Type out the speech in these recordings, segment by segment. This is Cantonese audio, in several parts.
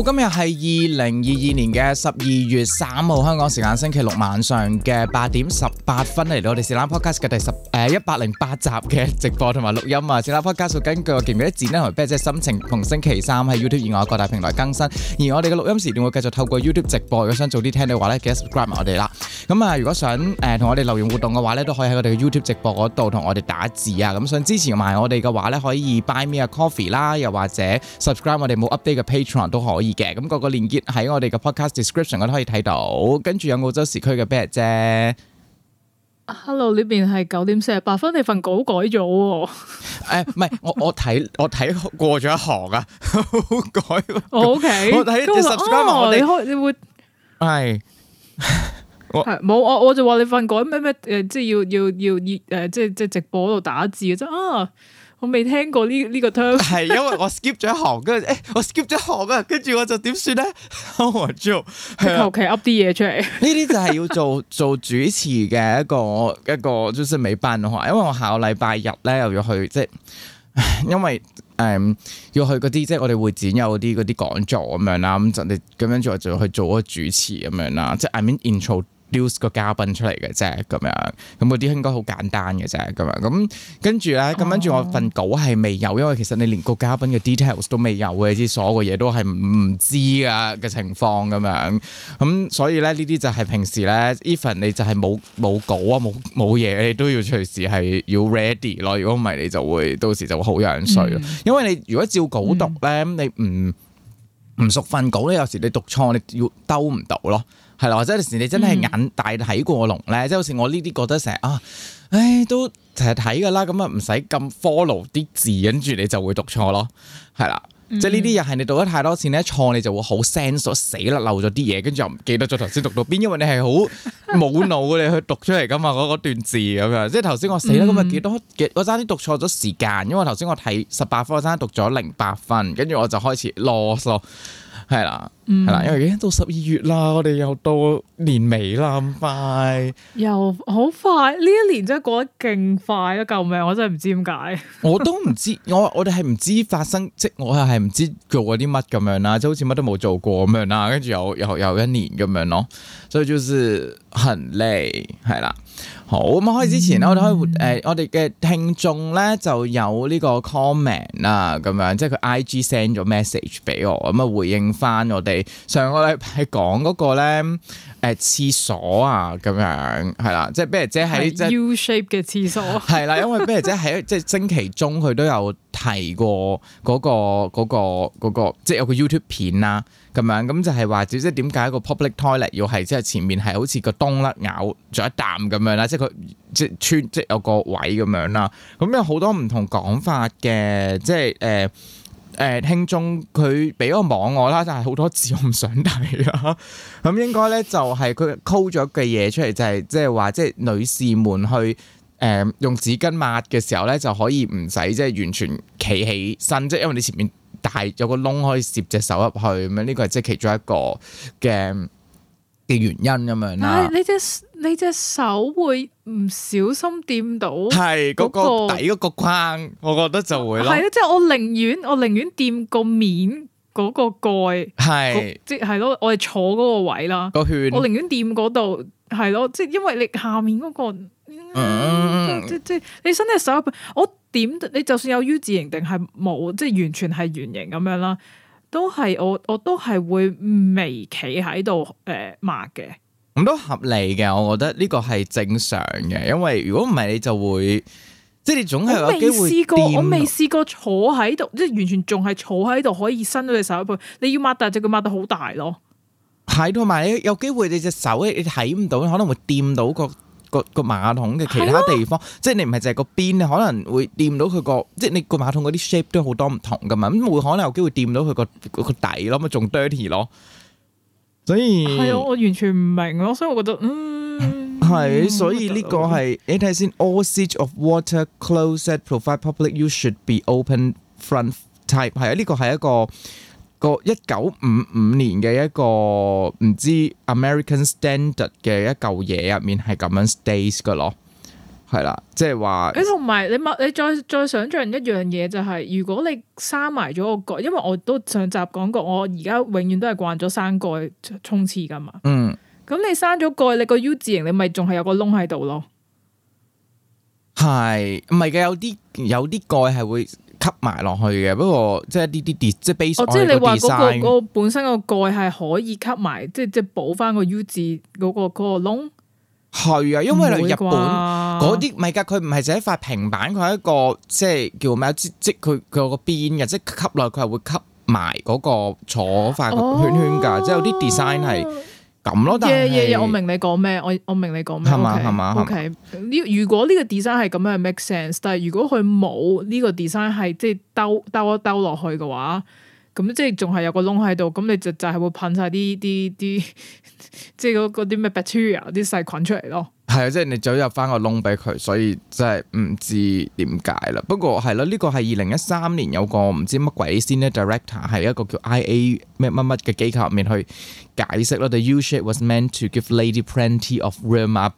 好，今日係二零二二年嘅十二月三號，香港時間星期六晚上嘅八點十八分，嚟到我哋 Whatever podcast 嘅第十誒一百零八集嘅直播同埋錄音啊！Whatever podcast 根據我記唔記得字咧同埋咩即係心情，同星期三喺 YouTube 以外各大平台更新，而我哋嘅錄音時段會繼續透過 YouTube 直播。如果想早啲聽到嘅話咧，記得 subscribe 我哋啦。咁啊，如果想誒同我哋留言互動嘅話咧，都可以喺我哋嘅 YouTube 直播嗰度同我哋打字啊。咁想支持埋我哋嘅話咧，可以 buy mea coffee 啦，又或者 subscribe 我哋冇 update 嘅 Patreon 都可以。咁個個鏈接喺我哋嘅 podcast description 我都可以睇到，跟住有澳洲時區嘅 Bad 啫。Hello，呢邊係九點四十八分，你份稿改咗？誒、 呃，唔係，我我睇我睇過咗一行啊，改。O K，我睇 s 你開你會係我係冇我我就話你份稿咩咩誒，即係要要要要誒，即係即係直播嗰度打字嘅啫啊。我未聽過呢呢、這個 term，係 因為我 skip 咗一行，跟住誒我 skip 咗一行 jo, 啊，跟住我就點算咧？我就係求其 up 啲嘢出嚟。呢啲就係要做做主持嘅一個一個，就係、是、美辦啊，因為我下個禮拜日咧又要去，即係因為誒、嗯、要去嗰啲，即係我哋會展有嗰啲嗰啲講座咁樣啦，咁就你咁樣做就去做嗰個主持咁樣啦。即係 I mean intro。n e 個嘉賓出嚟嘅啫，咁樣，咁嗰啲應該好簡單嘅啫，咁樣，咁、oh. 跟住咧，咁跟住我份稿係未有，因為其實你連個嘉賓嘅 details 都未有嘅，即係所有嘅嘢都係唔知噶嘅情況咁樣，咁所以咧呢啲就係平時咧 even 你就係冇冇稿啊，冇冇嘢，你都要隨時係要 ready 咯。如果唔係，你就會到時就會好樣衰咯。Mm. 因為你如果照稿讀咧，咁、mm. 你唔唔熟份稿咧，有時你讀錯，你要兜唔到咯。係啦，或者有時你真係眼大睇過龍咧，嗯、即係好似我呢啲覺得成日啊，唉都成日睇噶啦，咁啊唔使咁 follow 啲字，跟住你就會讀錯咯。係啦，嗯、即係呢啲又係你讀得太多次，你一錯你就會好 sense 咗死啦，漏咗啲嘢，跟住又唔記得咗頭先讀到邊，因為你係好冇腦 你去讀出嚟噶嘛嗰段字咁樣。即係頭先我死啦，咁啊幾多？我差啲讀錯咗時間，因為頭先我睇十八分，我差啲讀咗零八分，跟住我就開始囉嗦，係啦。係啦，嗯、因為已經到十二月啦，我哋又到年尾啦，咁快，又好快，呢一年真係過得勁快啊！救命，我真係唔知點解。 我都唔知，我我哋係唔知發生，即我又係唔知做咗啲乜咁樣啦，即好似乜都冇做過咁樣啦，跟住又又又一年咁樣咯，所以就是很累，係啦。好，咁開之前，咧、嗯呃，我哋開誒，我哋嘅聽眾咧就有呢個 comment 啦，咁樣，即係佢 IG send 咗 message 俾我，咁啊回應翻我哋。上個禮拜講嗰個咧，誒、呃、廁所啊，咁樣係啦，即係比如即係是 U shape 嘅廁所係啦， 因為比如即即係星期中佢都有提過嗰、嗰個嗰、嗰個嗰、嗰個嗰個，即係有個 YouTube 片啦，咁樣咁就係、是、話即係點解個 public toilet 要係即係前面係好似個冬甩咬咗一啖咁樣啦，即係佢即係穿即係有個位咁樣啦，咁有好多唔同講法嘅，即係誒。呃誒輕中佢俾個網我啦，但係好多字我唔想睇啦。咁應該咧就係佢溝咗嘅嘢出嚟，就係即係話即係女士們去誒、呃、用紙巾抹嘅時候咧，就可以唔使即係完全企起身，即係因為你前面大有個窿可以攝隻手入去咁樣，呢個係即係其中一個嘅。嘅原因咁樣啦，你隻你隻手會唔小心掂到、那個？係嗰、那個、底嗰個框，我覺得就會咯。係啊，即、就、係、是、我寧願我寧願掂個面嗰個蓋，即係咯，我哋坐嗰個位啦，個圈。我寧願掂嗰度，係咯是，即係因為你下面嗰、那個，即即、嗯就是就是、你伸隻手入去，我點你就算有 U 字形定係冇，即係、就是、完全係圓形咁樣啦。都係我，我都係會微企喺度誒，抹嘅咁都合理嘅。我覺得呢個係正常嘅，因為如果唔係你就會，即係你總係有機會。試過我未試過坐喺度，即係完全仲係坐喺度可以伸到隻手去。你要抹大隻，佢抹得好大咯。喺度埋有機會你隻手你睇唔到，可能會掂到嗰個。個個馬桶嘅其他地方，即係你唔係淨係個邊，你可能會掂到佢個，即係你個馬桶嗰啲 shape 都好多唔同噶嘛，咁會可能有機會掂到佢個嗰個底咯，咪仲 dirty 咯，所以係啊，我完全唔明咯，所以我覺得嗯，係，所以呢個係，你睇先，All seats of water closet provide public you should be open front type 係啊，呢個係一個。個一九五五年嘅一個唔知 American Standard 嘅一嚿嘢入面係咁樣 stays 噶咯，係啦，即係話。誒,同埋你默,你再再想象一樣嘢就係、是，如果你閂埋咗個蓋，因為我都上集講過，我而家永遠都係慣咗閂蓋沖刺噶嘛。嗯。咁你閂咗蓋，你個 U 字形，你咪仲係有個窿喺度咯。係，唔係嘅，有啲有啲蓋係會。吸埋落去嘅，不過即係啲啲跌，即係 basic design。哦，即係你話、嗰個本身、嗰個蓋係、嗰個、可以吸埋，即係即係補翻個 U 字嗰、嗰個、嗰個窿。係啊，因為嚟日本嗰啲唔係噶，佢唔係就一塊平板，佢係一個即係叫咩？即即係佢佢有個邊嘅，即係吸落去佢係會吸埋嗰個坐塊個圈圈噶，哦、即係有啲 design 係。咁咯，但係，yeah, yeah, 我明你講咩，我明你講咩，係嘛係嘛，OK 如果呢個 design 係咁樣係 make sense，但係如果佢冇呢個 design 係即係兜兜一兜落去嘅話，咁即係仲係有個窿喺度，咁你就噴 就係會噴晒啲啲啲即係嗰嗰啲咩 bacteria 啲細菌出嚟咯。係啊，即係你走入翻個窿俾佢，所以真係唔知點解啦。不過係咯，呢個係二零一三年有個唔知乜鬼先咧，director 係一個叫 IA 咩乜乜嘅機構入面去解釋咯。The U shape was meant to give lady plenty of room 啊，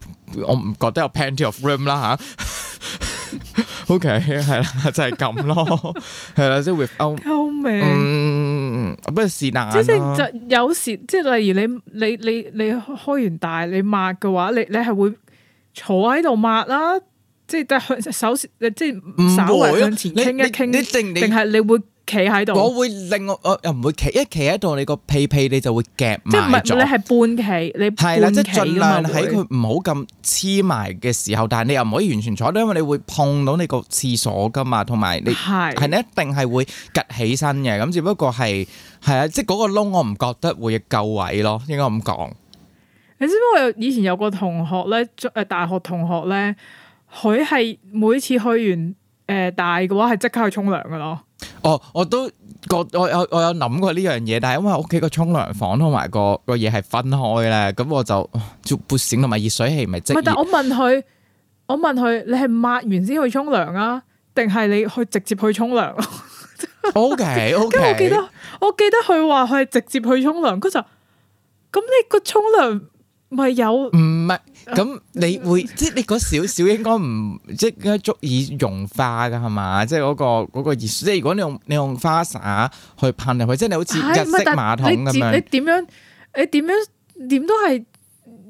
我唔覺得有 plenty of room 啦吓。OK 係啦，就係咁咯，係啦，即係 with 歐，救命，嗯，不過是難。即係就有時，即係例如你你你你開完大，你抹嘅話，你你係會。坐喺度抹啦，即係但係首即係唔稍微向前傾一傾。你淨定係你會企喺度？我會令我，我又唔會企，一企喺度，你個屁屁你就會夾埋咗。你係半企，你半企，即係盡量喺佢唔好咁黐埋嘅時候，係，但係你又唔可以完全坐，因為你會碰到你個廁所噶嘛，同埋你係你係係一定係會趷起身嘅。咁只不過係係啊，即係嗰個窿，我唔覺得會夠位咯，應該咁講。你知唔知我有以前有個同學咧？誒，大學同學咧，佢係每次去完誒大嘅話，係即刻去沖涼噶咯。哦，我都覺我有我有諗過呢樣嘢，但係因為屋企個沖涼房同埋個個嘢係分開咧，咁我就做撥線同埋熱水器咪即。唔係，但我問佢，我問佢，你係抹完先去沖涼啊，定係你去直接去沖涼？OK OK。我記得我記得佢話佢係直接去沖涼，佢就咁你個沖涼。唔係有？唔係咁，你會、嗯、即係你嗰少少應該唔即係應該足以溶化噶係嘛？即係、嗰、嗰個嗰、嗰個熱即係如果你用你用花灑去噴入去，即係你好似日式馬桶咁樣，哎、樣。你點樣？你點樣？點都係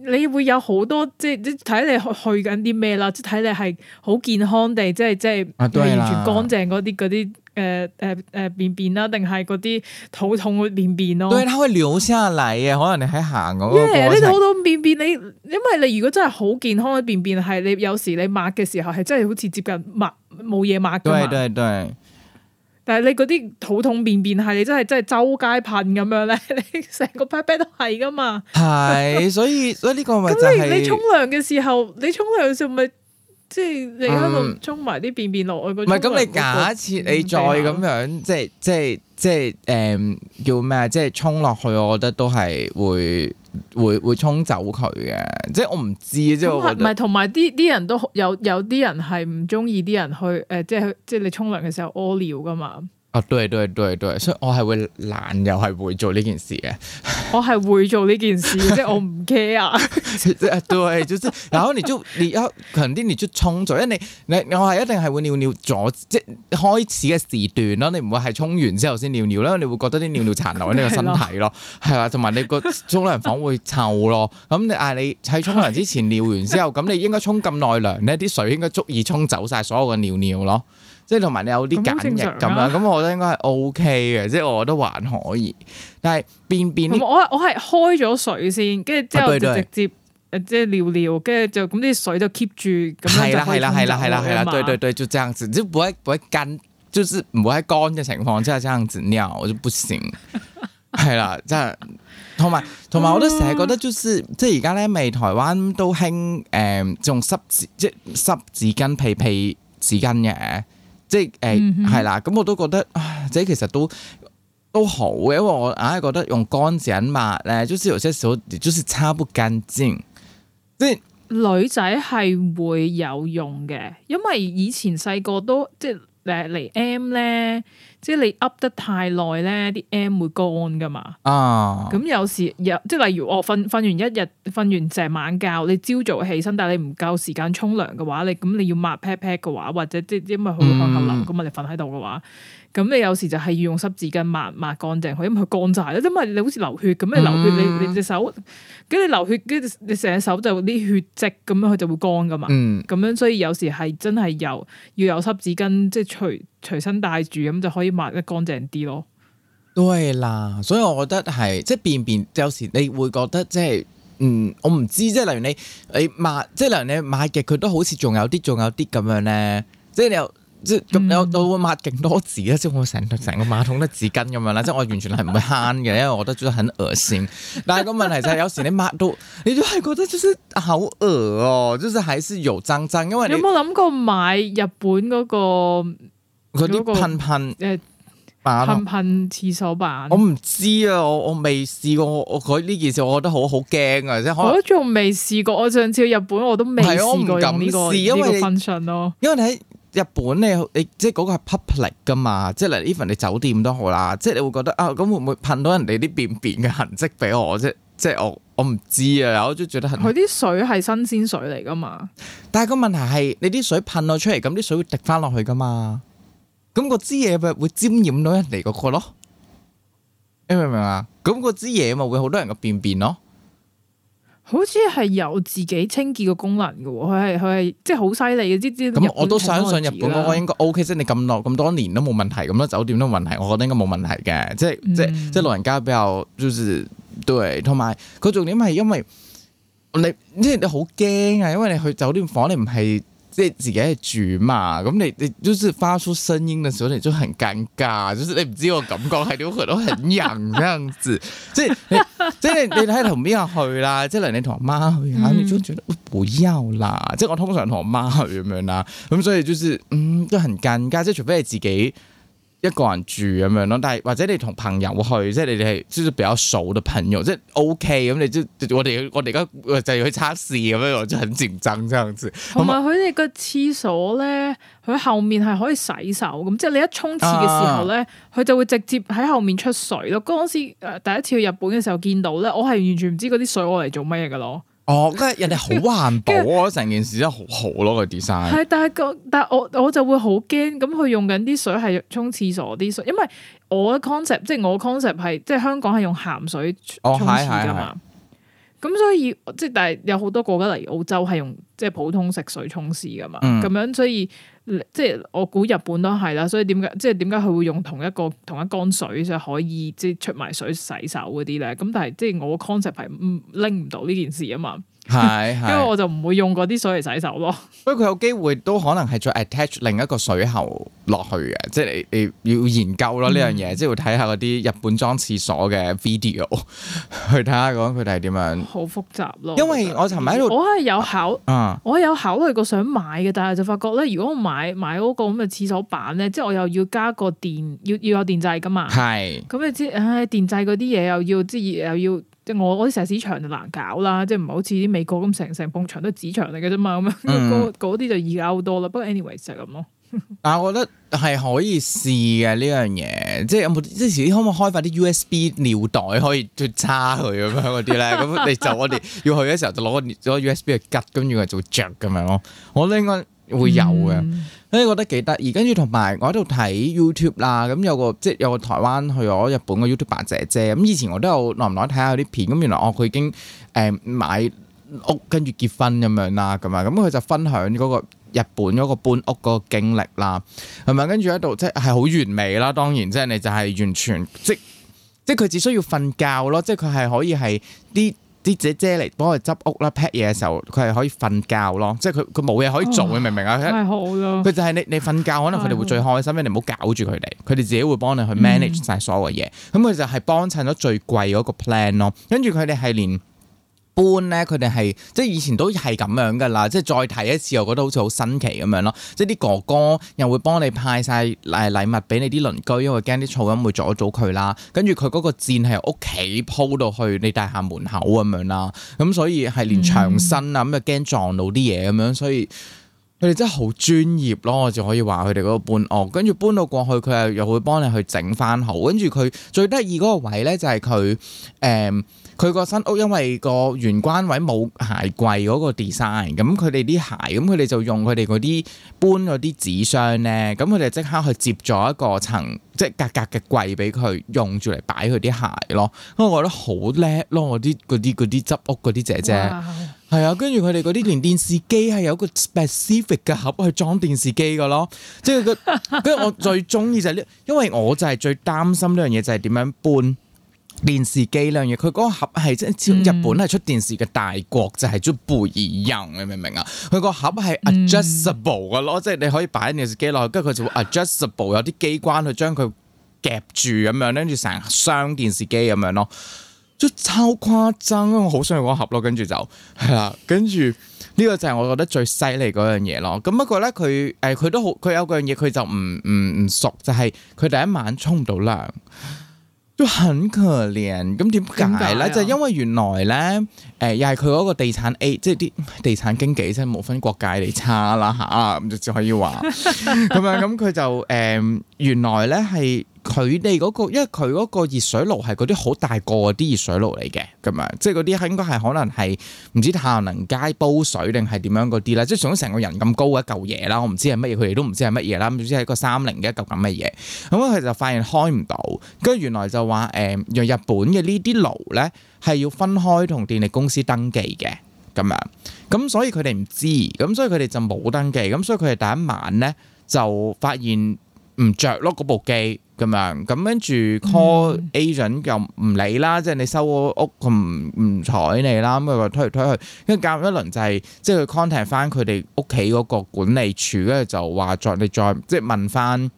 你會有好多即係，你睇你去去緊啲咩啦？即睇你係好健康地，即係即係完全乾淨嗰啲嗰啲，啊誒誒誒，便便啦，定係嗰啲肚痛嘅便便咯。對，佢會流下來嘅，可能你喺行嗰度。因為、yeah, 你肚痛便便，你因為你如果真係好健康嘅便便，係你有時你抹嘅時候係真係好似接近抹冇嘢抹。噶嘛對對，對但係你嗰啲肚痛便便係你真係真係周街噴咁樣咧，你成個 pat pat 都係噶嘛。係，所以嗰呢個咪就係、是、 你沖涼嘅時候，你沖涼嘅時候咪。即係你喺度沖埋啲便便落去嗰，唔係咁，你假設你再咁樣，嗯、即係即係即係誒叫咩啊？即係沖落去，我覺得都係會會會沖走佢嘅。即係我唔知，即我唔係同埋啲啲人都有有啲人係唔中意啲人去誒、呃，即係即係你沖涼嘅時候屙尿㗎嘛。啊，oh，對對對對，所以我係會懶又係會做呢件事嘅。 我係會做呢件事，即係我唔 care 啊。都 然 後你就你一肯啲你就沖咗，因為你你我係一定係會尿尿咗，即係開始嘅時段咯。你唔會係沖完之後先尿尿啦，你會覺得啲尿尿殘留喺呢個身體咯，係啊、 嗯。同埋你個沖涼房會臭咯。咁 你嗌你喺沖涼之前尿完之後，咁你應該沖咁耐涼，你啲水應該足以沖走晒所有嘅尿尿咯。即係同埋你有啲簡易咁樣，咁我覺得應該係 OK 嘅，即係我覺得還可以。但係便便，我我係開咗水先，跟住之後就直接誒即係尿尿，跟住就咁啲水就 keep 住咁樣。係啦係啦係啦係啦係啦，對對對，就這樣子，即係唔會唔會乾，就是唔會乾嘅情況之下，這樣子尿我就不行。係啦，真係，即係同埋同埋我都成日覺得，就是即係而家咧，咪台灣都興誒用濕紙即係濕紙巾、屁屁紙巾嘅。即係誒，係、呃、啦，咁、嗯哼啊、我都覺得，唉，即係其實都都好嘅，因為我硬係覺得用乾紙巾抹咧，都、就是、有些少，都係擦不乾淨。即係女仔係會有用嘅，因為以前細個都即係。誒，嚟 M 咧，oh.，即係你 up 得太耐咧，啲 M 會乾噶嘛。咁有時即係例如我瞓瞓完一日，瞓完成晚覺，你朝早起身，但係你唔夠時間沖涼嘅話，你咁你要抹 pat pat 嘅話，或者即因為佢會吸濕淋噶嘛，mm. 你瞓喺度嘅話。咁你有時就係要用濕紙巾抹抹乾淨佢，因為佢乾晒啦，因為你好似流血咁，你流血你你隻手，咁你流血，咁你成隻手，手就啲血跡咁樣、嗯、樣，佢就會乾㗎嘛。咁樣所以有時係真係有要有濕紙巾，有濕紙巾即係隨隨身帶住，咁就可以抹得乾淨啲咯。對啦，所以我覺得係即係便便，有時你會覺得即係，嗯，我唔知，即係例如你你抹，即係例如你抹極，佢都好似仲有啲，仲有啲咁樣咧，即係你又。即咁有都會抹勁多紙啊！即我成成個馬桶都紙巾咁樣啦，即 我完全係唔會慳嘅，因為我都覺得很惡心。但係個問題就係有時你抹到，你都係覺得就是好惡哦，即是還是有油爭爭。因為你有冇諗過買日本嗰、嗰個嗰啲噴噴誒噴噴廁所板？我唔知啊，我我未試過。我佢呢件事，我覺得好好驚啊！我仲未試過。我上次去日本，我都未試過用呢個呢個噴唇咯。因為喺日本咧，你即係嗰個係 public 噶嘛，即係例如 even 你酒店都好啦，即係你會覺得啊，咁、哦、會唔會噴到人哋啲便便嘅痕跡俾我啫？即係我我唔知啊，我都覺得佢啲水係新鮮水嚟噶嘛。但係個問題係你啲水噴咗出嚟，咁啲水會滴翻落去噶嘛？咁、個支嘢咪會沾染到人哋嗰個咯？你明唔明啊？咁、個支嘢咪會好多人嘅便便咯。好似係有自己清潔嘅功能嘅喎，佢係佢係即係好犀利嘅啲啲。咁我都相信日本嗰個應該 O K 啫，你咁落咁多年都冇問題，咁多酒店都冇問題，我覺得應該冇問題嘅，即係、嗯、即係老人家比較就是對同埋佢重點係因為你因為你好驚啊，因為你去酒店房你唔係。即係自己係住嘛，咁你你就是發出聲音的時候，你就很尷尬，就是你唔知個感覺係點，可能很癢這樣子， 即係即係你睇同邊個去啦，即係你同阿媽去啊，你總覺得我唔要啦，即係我通常同阿媽去咁樣啦，咁所以就是嗯都係很尷尬，即係除非你，自己。一個人住咁樣咯，但係或者你同朋友去，即係你哋係即係比較熟嘅朋友，即係 O K 咁。你知我哋我哋而家就要去測試咁樣，我就很緊張，真係同埋佢哋個廁所咧，佢後面係可以洗手咁，即係你一沖廁嘅時候咧，佢、啊、就會直接喺後面出水咯。嗰時，誒，第一次去日本嘅時候見到咧，我係完全唔知嗰啲水我嚟做乜嘢噶咯。哦，咁人哋好環保啊，我覺得成件事真係好好咯個 design。係，但係個，但我我就會好驚，咁佢用緊啲水係沖廁所啲水，因為我嘅 concept 即係我 concept 係即係香港係用鹹水沖廁噶嘛。哦廁咁所以即係，但係有好多國家嚟澳洲係用即係普通食水沖廁噶嘛，咁、嗯、樣，所以即係我估日本都係啦。所以點解即係點解佢會用同一個同一缸水就可以即係出埋水洗手嗰啲咧？咁但係即係我個 concept 係唔拎唔到呢件事啊嘛。係，因為 我就唔會用嗰啲水嚟洗手咯。 所以佢有機會都可能係再 attach 另一個水喉落去嘅，即、就、係、是、你你要研究咯呢、嗯、樣嘢，即、就、係、是、要睇下嗰啲日本裝廁所嘅 video 去睇下，講佢哋係點樣。好複雜咯。因為我尋日喺度，我係有考，啊、我有考慮過想買嘅，但係就發覺咧，如果我買買嗰個咁嘅廁所板咧，即係我又要加個電，要要有電掣㗎嘛。係是。咁你知，唉，電掣嗰啲嘢又要，即係又要。又要又要即係我我啲石屎牆就難搞啦，即係唔係好似啲美國咁成成埲牆都係紙牆嚟嘅啫嘛，咁樣嗰啲就易搞好多啦。不過 anyways 就咁咯。但係、 啊、我覺得係可以試嘅呢樣嘢，即係有冇即時你可唔可以開發啲 USB 尿袋可以去叉佢咁樣嗰啲咧？咁 你就我哋要去嘅時候就攞個 USB 去拮，跟住就着咁樣咯。我覺得應該會有嘅。嗯我覺得幾得意，跟住同埋我喺度睇 YouTube 啦、嗯，咁有個即係有個台灣去咗日本嘅 YouTuber 姐姐，咁以前我都有耐唔耐睇下啲片，咁原來哦佢已經誒、呃、買屋跟住結婚咁樣啦，咁啊，咁佢就分享嗰個日本嗰個搬屋嗰個經歷啦，係、嗯、咪？跟住喺度即係好完美啦，當然即係你就係完全即即佢只需要瞓覺咯，即係佢係可以係啲。啲姐姐嚟幫佢執屋啦、pack 嘢嘅時候，佢係可以瞓覺咯，即係佢佢冇嘢可以做，你明唔明啊？佢就係你你瞓覺，可能佢哋會最開心，你唔好搞住佢哋，佢哋自己會幫你去 manage 曬、嗯、所有嘢，咁、嗯、佢、嗯、就係幫襯咗最貴嗰個 plan 咯，跟住佢哋係連。搬咧，佢哋係即係以前都係咁樣噶啦，即係再睇一次，我覺得好似好新奇咁樣咯。即係啲哥哥又會幫你派晒誒禮物俾你啲鄰居，因為驚啲噪音會阻到佢啦。跟住佢嗰個箭係屋企鋪到去你大廈門口咁樣啦。咁所以係連牆身啊，咁又驚撞到啲嘢咁樣，所以佢哋真係好專業咯，我就可以話佢哋嗰個搬屋。跟、哦、住搬到過去，佢係又會幫你去整翻好。跟住佢最得意嗰個位咧，就係佢誒。佢個新屋因為個玄關位冇鞋櫃嗰個 design，咁佢哋啲鞋，咁佢哋就用佢哋嗰啲搬嗰啲紙箱咧，咁佢哋即刻去接咗一個層，即係格格嘅櫃俾佢用住嚟擺佢啲鞋咯。咁我覺得好叻咯，嗰啲啲啲執屋嗰啲姐姐，係哇啊，跟住佢哋嗰啲連電視機係有個 specific 嘅盒去裝電視機㗎咯。即係個，跟住我最鍾意就係、是、呢，因為我就係最擔心呢樣嘢就係點樣搬。電視機呢樣嘢，佢嗰個盒係即係日本係出電視嘅大國，mm. 就係做背人，你明唔明啊？佢個盒係 adjustable 噶咯，mm. 即係你可以擺喺電視機落去，跟住佢就會 adjustable，有啲機關去將佢夾住咁樣，跟住成箱電視機咁樣咯，都超誇張，我好想嗰盒咯，跟住就係啦，跟住呢個就係我覺得最犀利嗰樣嘢咯。咁不過咧，佢誒佢都好，佢有嗰樣嘢，佢就唔唔唔熟，就係、是、佢第一晚沖唔到涼。就很可憐，咁點解咧？就因為原來咧，誒、呃、又係佢嗰個地產 A，即係啲地,地產經紀即係冇分國界嚟差啦嚇，咁、啊、就只可以話咁樣！咁佢、 嗯、就誒、呃、原來咧係。佢哋嗰個，因為佢嗰個熱水爐係嗰啲好大個啲熱水爐嚟嘅，咁樣，即係嗰啲應該係可能係唔知太陽能街煲水定係點樣嗰啲啦，即係總成個人咁高嘅一嚿嘢啦，我唔知係乜嘢，佢哋都唔知係乜嘢啦，唔知係一個三菱嘅一嚿咁嘅嘢，咁佢就發現開唔到，跟住原來就話誒、呃、日本嘅呢啲爐咧係要分開同電力公司登記嘅，咁樣，咁所以佢哋唔知，咁所以佢哋就冇登記，咁所以佢哋第一晚咧就發現唔着咯嗰部機。咁樣，咁跟住 call agent、嗯、又唔理啦，即係即係即係，即係你收咗屋佢唔唔睬你啦，咁佢話推嚟推去，跟住隔咗一輪就係，即係佢 contact 翻佢哋屋企嗰個管理處，跟住就話再你再即係問翻。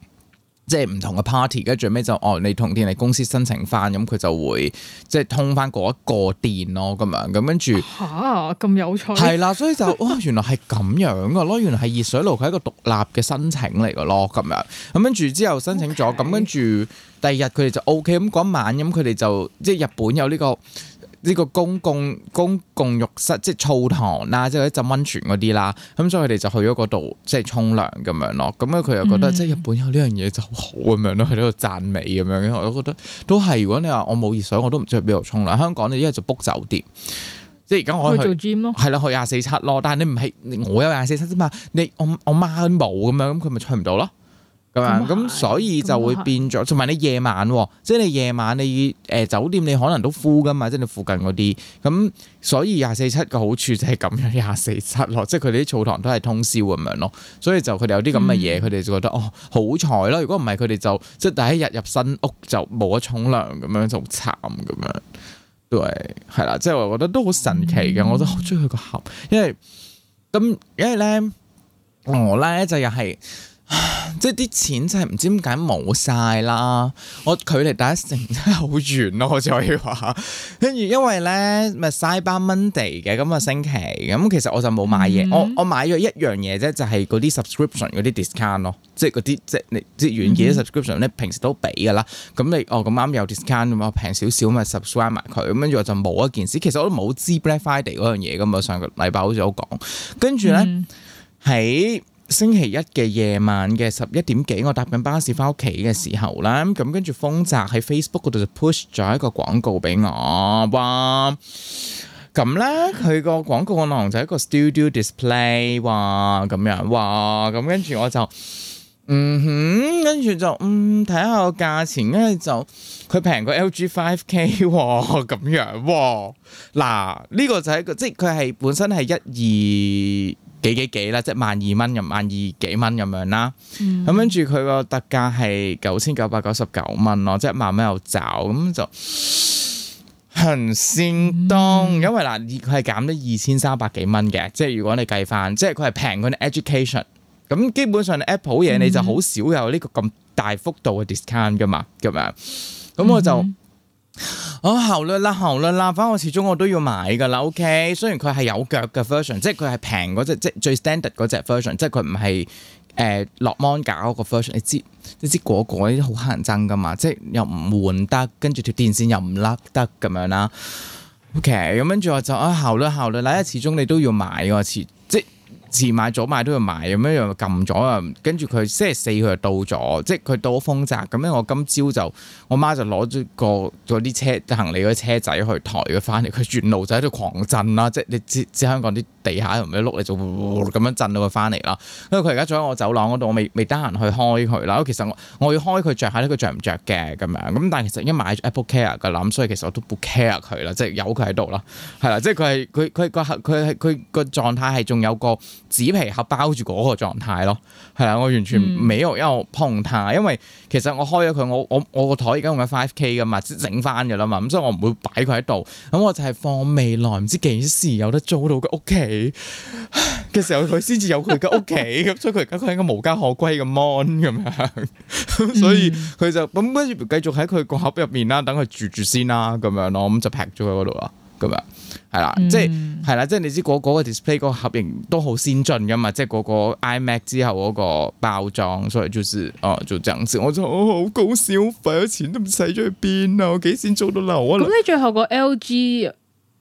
即係唔同嘅 party，跟住最尾就哦，你同電力公司申請翻，咁佢就會即係通翻嗰一個電咯，咁樣咁跟住吓，咁有趣係啦，所以就哦，原來係咁樣㗎咯，原來係熱水爐佢係一個獨立嘅申請嚟㗎咯，咁樣咁跟住之後申請咗，咁跟住第二日佢哋就 OK，咁嗰晚咁佢哋就即係日本有呢個。呢個公共公共浴室即係澡堂啦，即係一浸溫泉嗰啲啦，咁所以佢哋就去咗嗰度即係沖涼咁樣咯。咁咧佢又覺得、嗯、即係日本有呢樣嘢就好咁樣咯，喺呢度讚美咁樣。嘅。我都覺得都係，如果你話我冇熱水，我都唔知去邊度沖涼。香港你一係就 book 酒店，即係而家我去做 gym 咯，係啦去廿四七咯。7, 但係你唔係我有廿四七啫嘛，7, 你我我媽冇咁樣，咁佢咪出唔到咯。咁啊，咁所以就會變咗，同埋你夜晚，即係你夜晚你誒、呃、酒店你可能都敷噶嘛，即係你附近嗰啲，咁所以廿四七嘅好處就係咁樣廿四七咯，7, 即係佢哋啲澡堂都係通宵咁樣咯，所以就佢哋有啲咁嘅嘢，佢哋、嗯、就覺得哦好彩咯，如果唔係佢哋就即係第一日入新屋就冇得沖涼咁樣就慘咁樣，對，係啦，即係我覺得都好神奇嘅，嗯、我都好中意個盒，因為咁因為咧我咧就又、是、係。即係啲錢真係唔知點解冇晒啦，我距離第一成真係好遠咯，我只可以話，跟住因為咧咪 Cyber Monday 嘅今個星期，咁其實我就冇買嘢、mm hmm.，我我買咗一樣嘢啫，就係嗰啲 subscription 嗰啲 discount 咯，即係嗰啲即係你啲軟件啲 subscription 咧平時都俾噶啦，咁你哦咁啱有 discount 咁啊平少少咪 subscribe 埋佢，跟住我就冇一件事，其實我都冇知 Black Friday 嗰樣嘢咁嘛，上個禮拜好似有講，跟住咧喺。Mm hmm. 星期一嘅夜晚嘅十一點幾，我搭緊巴士翻屋企嘅時候啦，咁跟住豐澤喺 Facebook 嗰度就 push 咗一個廣告俾我，咁咧佢個廣告內容就係一個 Studio Display 哇，咁樣哇，咁跟住我就嗯哼，跟住就嗯睇下個價錢，跟住就佢平過 LG 5K 咁樣，嗱呢個就係一個，即係佢係本身係一二。幾幾幾啦，即係萬二蚊咁，萬二幾蚊咁樣啦。咁跟住佢個特價係九千九百九十九蚊咯，即係萬蚊有找。咁就恆先當。因為嗱，佢係減咗二千三百幾蚊嘅，即係如果你計翻，即係佢係平過啲 education。咁基本上 Apple 嘢、嗯、你就好少有呢個咁大幅度嘅 discount 㗎嘛，咁樣。咁我就。嗯哦，效率啦，效率啦，反正我始終我都要買噶啦，OK。雖然佢係有腳嘅 version，即係佢係平嗰隻，即係最 standard 嗰隻 version，即係佢唔係誒落 mon 架嗰個 version。你知你知嗰個呢啲好乞人憎噶嘛，即係又唔換得，跟住條電線又唔甩得咁樣，OK？哦、啦。OK，咁跟住我就啊效率效率啦，因為始終你都要買噶，遲買早買都要買，咁樣又撳咗啊！跟住佢星期四佢就到咗，即係佢到咗豐澤咁樣。我今朝就我媽就攞咗個啲車行李嗰啲車仔去抬佢翻嚟，佢沿路就喺度狂震啦。即係你知香港啲地下唔係碌嚟就咁樣震到佢翻嚟啦。因為佢而家仲喺我走廊嗰度，我未未得閒去開佢啦。其實我我要開佢着下呢，佢着唔着嘅咁樣。咁但係其實已經買咗 AppleCare 嘅啦，所以其實我都唔 care 佢啦，即係有佢喺度啦，係啦，即係佢係佢佢佢佢佢個狀態係仲有個紙皮盒包住嗰個狀態咯，係啊，我完全未冇因為我碰彈，因為其實我開咗佢，我我我個台而家用緊 five K 㗎嘛，整返㗎啦嘛，咁所以我唔會擺佢喺度，咁我就係放未來唔知幾時有得租到佢屋企嘅時候，佢先至有佢嘅屋企，咁所以佢而家佢喺個無家可歸嘅 mon 咁樣，所以佢就咁跟住繼續喺佢個盒入面啦，等佢住住先啦，咁樣，我咁就劈咗佢嗰度啦，咁啊。係啦、嗯那個，即係係啦，即係你知嗰嗰個 display 個合型都好先進噶嘛，即係嗰個 iMac 之後嗰個包裝，所以就是哦做增值我就，哦、好高消費，錢都唔使咗去邊啊，我幾錢做到流啊！咁你最後個 LG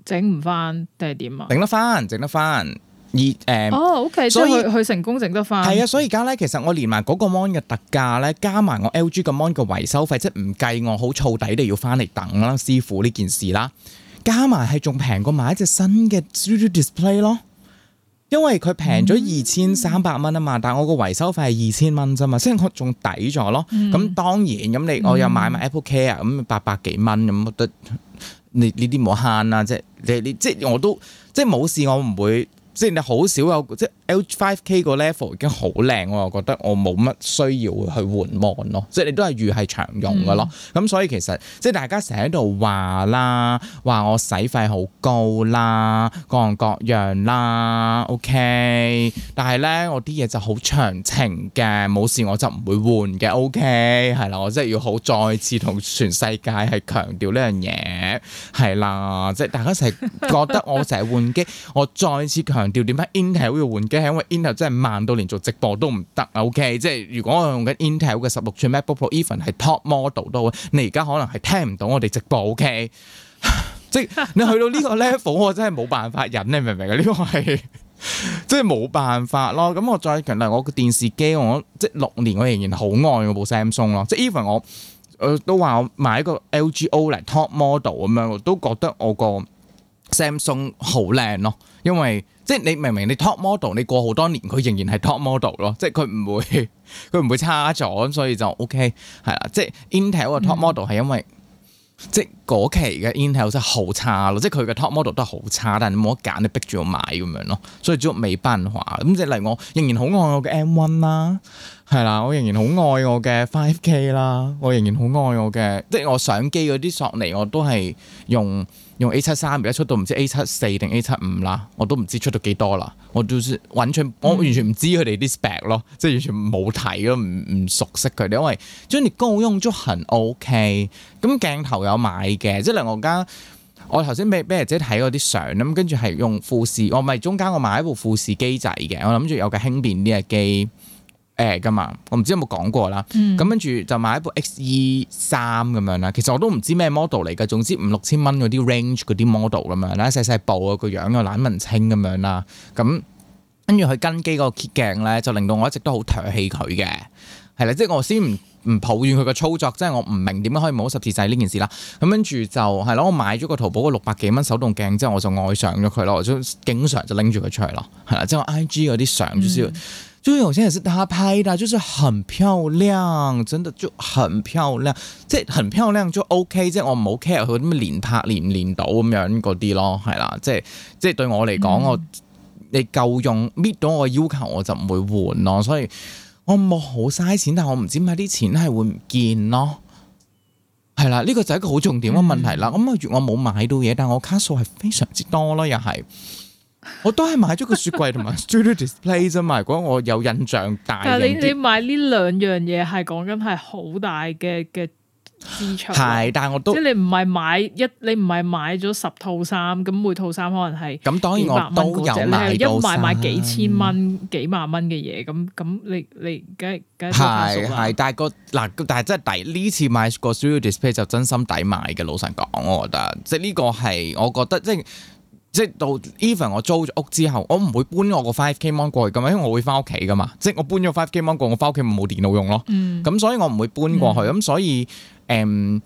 整唔翻定係點啊？整得翻，整得翻，而誒、呃、哦，OK，所以佢成功整得翻。係啊，所以而家咧，其實我連埋嗰個 mon 嘅特價咧，加埋我 LG 個 mon 嘅維修費，即係唔計我好燥底都要翻嚟等啦，師傅呢件事啦。加埋係仲平過買一隻新嘅 Studio Display 咯，因為佢平咗二千三百蚊啊嘛，但我個維修費係二千蚊啫嘛，雖然我仲抵咗咯。咁當然，咁、嗯、你我又買埋 Apple Care，咁八百幾蚊，咁都呢呢啲冇慳啦，即係你，你，即係我都即係冇事，我唔會。即係你好少有即係 L5K 個 level 已經好靚，我又覺得我冇乜需要去換網咯。即係你都係預係常用嘅咯。咁所以其實即係大家成日喺度話啦，話我使費好高啦，各樣各樣啦。OK，但係咧我啲嘢就好長情嘅，冇事我就唔會換嘅。OK，係啦，我即係要好再次同全世界係強調呢樣嘢，係啦，即係大家成日覺得我成日換機，我再次強。強調點解 Intel 要換機，係因為 Intel 真係慢到連做直播都唔得。OK，即係如果我用緊 Intel 嘅十六寸 MacBook Pro，even 係 Top Model 都好。你而家可能係聽唔到我哋直播。OK， 即係你去到呢個 level，我真係冇辦法忍。你明唔明啊？呢、呢個係 即係冇辦法咯。咁我再強調，我個電視機我即係六年，我仍然好愛我部 Samsung 咯。即係 even 我，我都話我買一個 LG O 嚟 Top Model 咁樣，我都覺得我個 Samsung 好靚咯，因為。即係你明明你 top model，你過好多年佢仍然係 top model 咯，即係佢唔會佢唔會差咗，所以就 OK 係啦。即係 Intel 個 top model 係因為、嗯、即係嗰期嘅 Intel 真係好差咯，即係佢嘅 top model 都係好差，但係你冇得揀，你逼住我買咁樣咯，所以主要未辦法。咁即係例如我仍然好愛我嘅 M1 啦、啊。係啦，我仍然好愛我嘅 Five K 啦，我仍然好愛我嘅，即係我相機嗰啲索尼我都係用用 A 七三，而家出到唔知 A 七四定 A 七五啦，我都唔知出到幾多啦，我都我完全唔知佢哋啲 spec 咯，嗯、即係完全冇睇咯，唔唔熟悉佢哋，因為 Sony 高用咗很 OK，咁鏡頭有買嘅，即係嚟我家我頭先俾俾姐睇我啲相咁，跟住係用富士，我唔係中間我買一部富士機仔嘅，我諗住有個輕便啲嘅機。誒，噶嘛、欸，我唔知有冇講過啦。咁跟住就買一部 XE 三咁樣啦。其實我都唔知咩 model 嚟嘅，總之五六千蚊嗰啲 range 嗰啲 model 咁樣啦，細細部個樣又懶文青咁樣啦。咁跟住佢跟機嗰個 key 鏡咧，就令到我一直都好唾棄佢嘅。係啦，即係我先唔唔抱怨佢嘅操作，即係我唔明點解可以冇十字制呢件事啦。咁跟住就係咯，我買咗個淘寶嗰六百幾蚊手動鏡之後，我就愛上咗佢咯。我經常就拎住佢出去咯，係啦，即係我 IG 嗰啲相少少。就有些也是他拍的，就是很漂亮，真的就很漂亮。即係很漂亮就 OK，即係我唔好 care 佢啲咩連拍連唔連到咁樣嗰啲咯，係啦。即係即係對我嚟講，嗯、我你夠用 meet 到我要求，我就唔會換咯。所以我冇好嘥錢，但係我唔知買啲錢係會唔見咯。係啦，呢、這個就係一個好重點嘅問題啦。咁、嗯、我我冇買到嘢，但我卡數係非常之多咯，又係。我都係買咗個雪櫃同埋 studio display 啫嘛，如果我有印象大。但係你你買呢兩樣嘢係講緊係好大嘅嘅支出。係，但係我都即係你唔係買一，你唔係買咗十套衫，咁每套衫可能係咁，當然我都有買到，一買買幾千蚊、幾萬蚊嘅嘢，咁咁你你梗係梗係。係係，但係個嗱，但係真係第呢次買個 studio display 就真心抵買嘅，老實講，我覺得即係呢個係我覺得即係。即到 even 我租咗屋之後，我唔會搬我個 five kmon 過去噶嘛，因為我會返屋企噶嘛。即我搬咗 five kmon 過，K 過去，我返屋企咪冇電腦用咯。咁、嗯、所以我唔會搬過去。咁、嗯、所以誒。嗯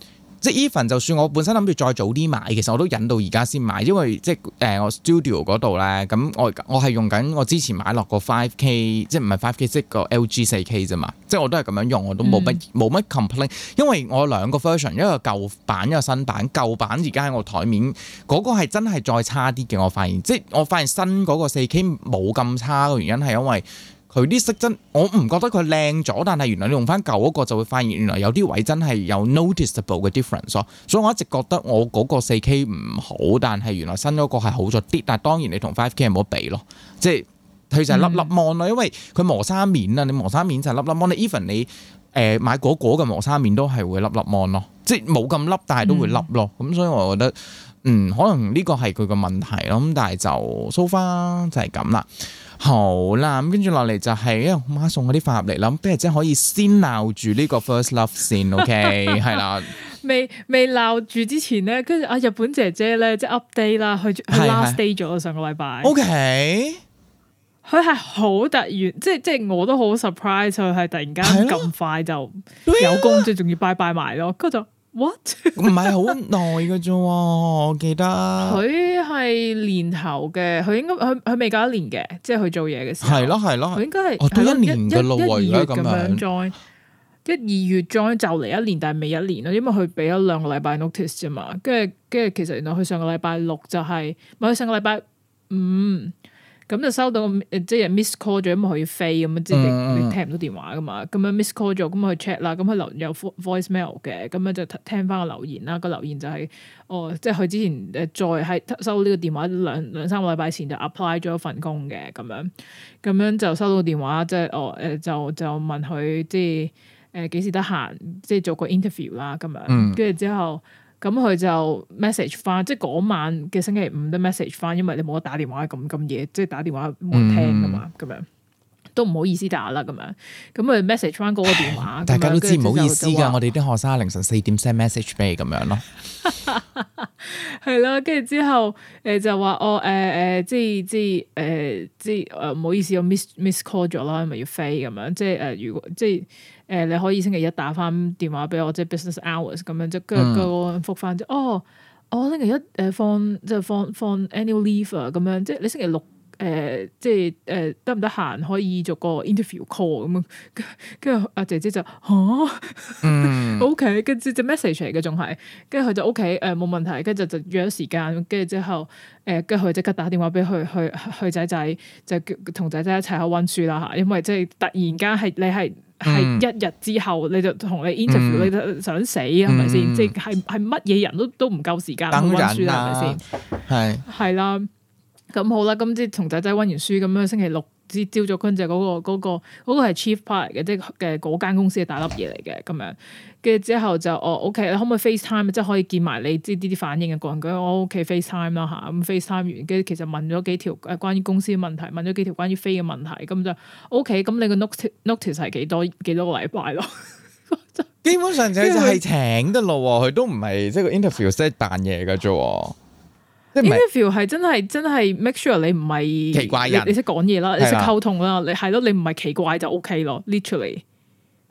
即 even 就算我本身諗住再早啲買，其實我都忍到而家先買，因為即係誒我 studio 嗰度咧，咁我我係用緊我之前買落個 five k，即係唔係 five k，即係個 L G 四 K 啫嘛。即係我都係咁樣用，我都冇乜冇乜、mm. complain，因為我兩個 version，一個舊版一個新版，舊版而家喺我台面嗰、嗰個係真係再差啲嘅。我發現即係我發現新嗰個四 K 冇咁差嘅原因係因為。佢啲色真，我唔覺得佢靚咗，但係原來你用翻舊嗰個就會發現原來有啲位真係有 noticeable 嘅 difference 咯，所以我一直覺得我嗰個四 K 唔好，但係原來新嗰個係好咗啲，但係當然你同 five K 冇得比咯，即係佢就係粒粒芒咯，因為佢磨砂面啊，你磨砂面就係粒粒芒，你 even 你誒買果果嘅磨砂面都係會粒粒芒咯，即係冇咁粒，但係都會粒咯，咁、嗯、所以我覺得。嗯，可能呢個係佢個問題咯，咁但係就 so far 就係咁啦。好啦，咁跟住落嚟就係因為我媽送我啲飯入嚟啦， 不如即係可以先鬧住呢個 first love 先，OK 係啦 了。未未鬧住之前咧，跟住阿日本姐姐咧，即係 update 啦，佢佢 last day 咗上個禮拜。是是 OK，佢係好突然，即係即係我都好 surprise，佢係突然間咁快就有工，即仲要拜拜埋咯，跟住 what 唔係好耐㗎咋喎，我記得佢係年頭嘅，佢應該佢佢未夠一年嘅，即係佢做嘢嘅時候係咯係咯。佢應該係哦，一年嘅路喎而家咁樣 join 樣一二月 join 就嚟一年，但係未一年咯，因為佢俾咗兩個禮拜 notice 啫嘛，跟住跟住其實原來佢上個禮拜六就係唔係佢上個禮拜五。咁就收到，呃、即係 miss call 咗，咁啊佢要飛咁啊，即係你，你聽唔到電話噶嘛？咁啊 miss call 咗，咁啊去 check 啦，咁佢留有 voicemail 嘅，咁啊就聽翻個留言啦。個留言就係、是，哦，即係佢之前再係收到呢個電話，兩兩三個禮拜前就 apply 咗一份工嘅，咁樣咁樣就收到電話，即係哦，誒、呃、就就問佢，即係誒幾時得閒，即係做個 interview 啦，咁樣，跟住、嗯、之後。咁佢就 message 翻，即係嗰晚嘅星期五都 message 翻，因為你冇得打電話咁咁夜，即係打電話冇聽噶嘛，咁樣都唔好意思打啦，咁樣咁佢 message 翻嗰個電話。大家都知唔好意思噶，我哋啲學生凌晨四點 send message 俾你咁樣咯。係啦、um.，跟住之後誒就話我誒誒即係即係誒即係誒唔好意思，我 miss miss call 咗啦，咪要飛咁樣，即係誒如果即係。誒、呃，你可以星期一打翻電話俾我，即係 business hours 咁樣，即係跟住覆翻即哦，我星期一誒、呃、放，放，放 leave，即係放放 annual leave 啊，咁樣即你星期六誒、呃、即係誒、呃、得唔得閒可以做個 interview call 咁樣，跟住阿姐姐就吓，OK，跟住只 message 嚟嘅仲係，跟住佢就 O K，誒冇問題，跟 住、 嗯 okay, 就約咗時間，跟住之後誒，跟佢即刻打電話俾佢佢佢仔仔就同仔，仔仔一齊去溫書啦吓，因為即係突然間係你係。你係一日之後你就同你 interview，、嗯、你就想死係咪先？嗯、是是即係係乜嘢人都都唔夠時間溫書係咪先？係係啦，咁是、嗯、好啦，咁即係同仔仔溫完書咁樣，星期六至朝早、那個，昆姐嗰個嗰個嗰個係 chief part 嚟嘅，即係嘅嗰間公司嘅大粒嘢嚟嘅咁樣。跟住之後就哦，OK，你可唔可以 FaceTime？即係可以見埋你呢啲反應嘅個人嘅。我 OK FaceTime 啦、嗯、嚇，咁 FaceTime 完，跟住其實問咗幾條誒關於公司嘅問題，問咗幾條關於飛嘅問題。咁就 OK，咁你個 not notice notice 係幾多幾多個禮拜咯？ 基本上就係請得咯，佢都唔係即係個 interview 即係扮嘢嘅啫。即 interview 係真係真係 make sure 你唔係奇怪人，你識講嘢啦，你識的溝通啦，你係咯，你唔係奇怪就 OK 咯，literally。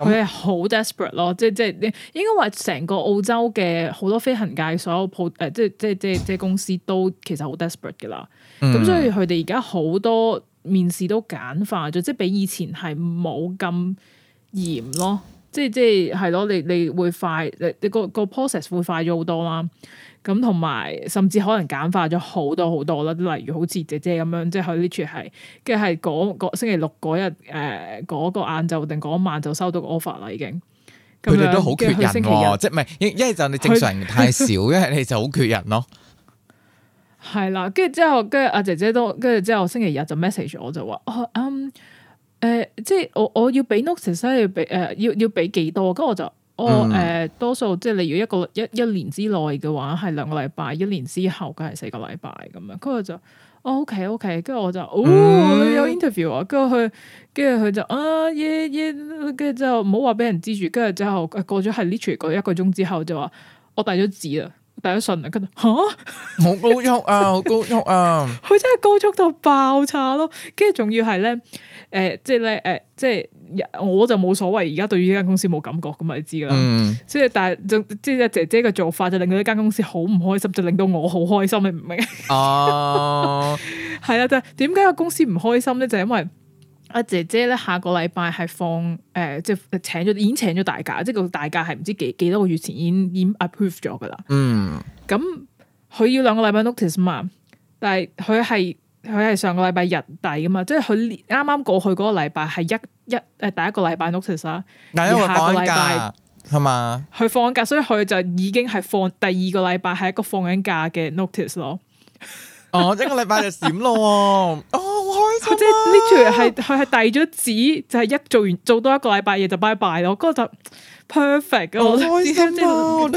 佢係好 desperate 咯，即即應應該話成個澳洲嘅好多飛行界所有鋪誒，即即即即公司都其實好 desperate 㗎喇。咁、嗯、所以佢哋而家好多面試都簡化咗，即比以前係冇咁嚴咯。即即係咯，你你會快，你你、嗰個個 process 會快咗好多啦。咁同埋甚至可能簡化咗好多好多啦，例如好似姐姐咁樣，即係呢處係，跟住係嗰個星期六嗰日，誒、呃、嗰、嗰個晏晝定嗰晚就收到 offer 啦，已經。佢哋都好缺人、哦、 即係唔係一係就你正常人太少，一係 你就好缺人咯、哦。係啦，跟住之後，跟住阿姐姐都跟住之後，星期日就 message 我就話，哦、oh, um, 呃，即係我我要俾 notes 俾誒，要要俾幾多？跟住我就。我誒，多數即係例如一個一一年之內嘅話係兩個禮拜，一年之後梗係四個禮拜咁樣。跟住就，哦 OK OK，跟住我就，哦，有 interview、mm hmm. 啊，跟、yeah, 住、yeah,，跟住佢就啊，耶耶，跟住就唔好話俾人知住，跟住之後過咗係 literally 嗰一個鐘之後就話，我遞咗紙啊。第一瞬啊，跟住吓，冇，高喐啊，好高喐啊，佢真係高速到爆炸咯。跟住仲要係咧，誒、呃，即係咧，誒、呃，即係，我就冇所謂。而家對於呢間公司冇感覺咁啊，你知啦、嗯。即係但係就即係姐姐嘅做法就令到呢間公司好唔開心，就令到我好開心，你明唔明？哦 、啊，係啦， 就係點解個公司唔開心咧？就係因為。阿姐姐咧，下個禮拜係放，誒、呃，即係請咗，已經請咗大假，即係個大假係唔知幾幾多個月前已經已經 approve 咗噶啦。嗯，咁佢要兩個禮拜 notice 嘛？但係佢係佢係上個禮拜日底噶嘛？即係佢啱啱過去嗰個禮拜係一一誒第一個禮拜 notice 啊。但係因為放假係嘛，佢放緊假，假嗎？所以佢就已經係放第二個禮拜係一個放緊假嘅 notice 咯。哦，一個禮拜就閃咯！哦，開心。即係呢條係佢係遞咗紙，就係一做完做多一個禮拜嘢，就拜拜咯。嗰個就 perfect，開心啊！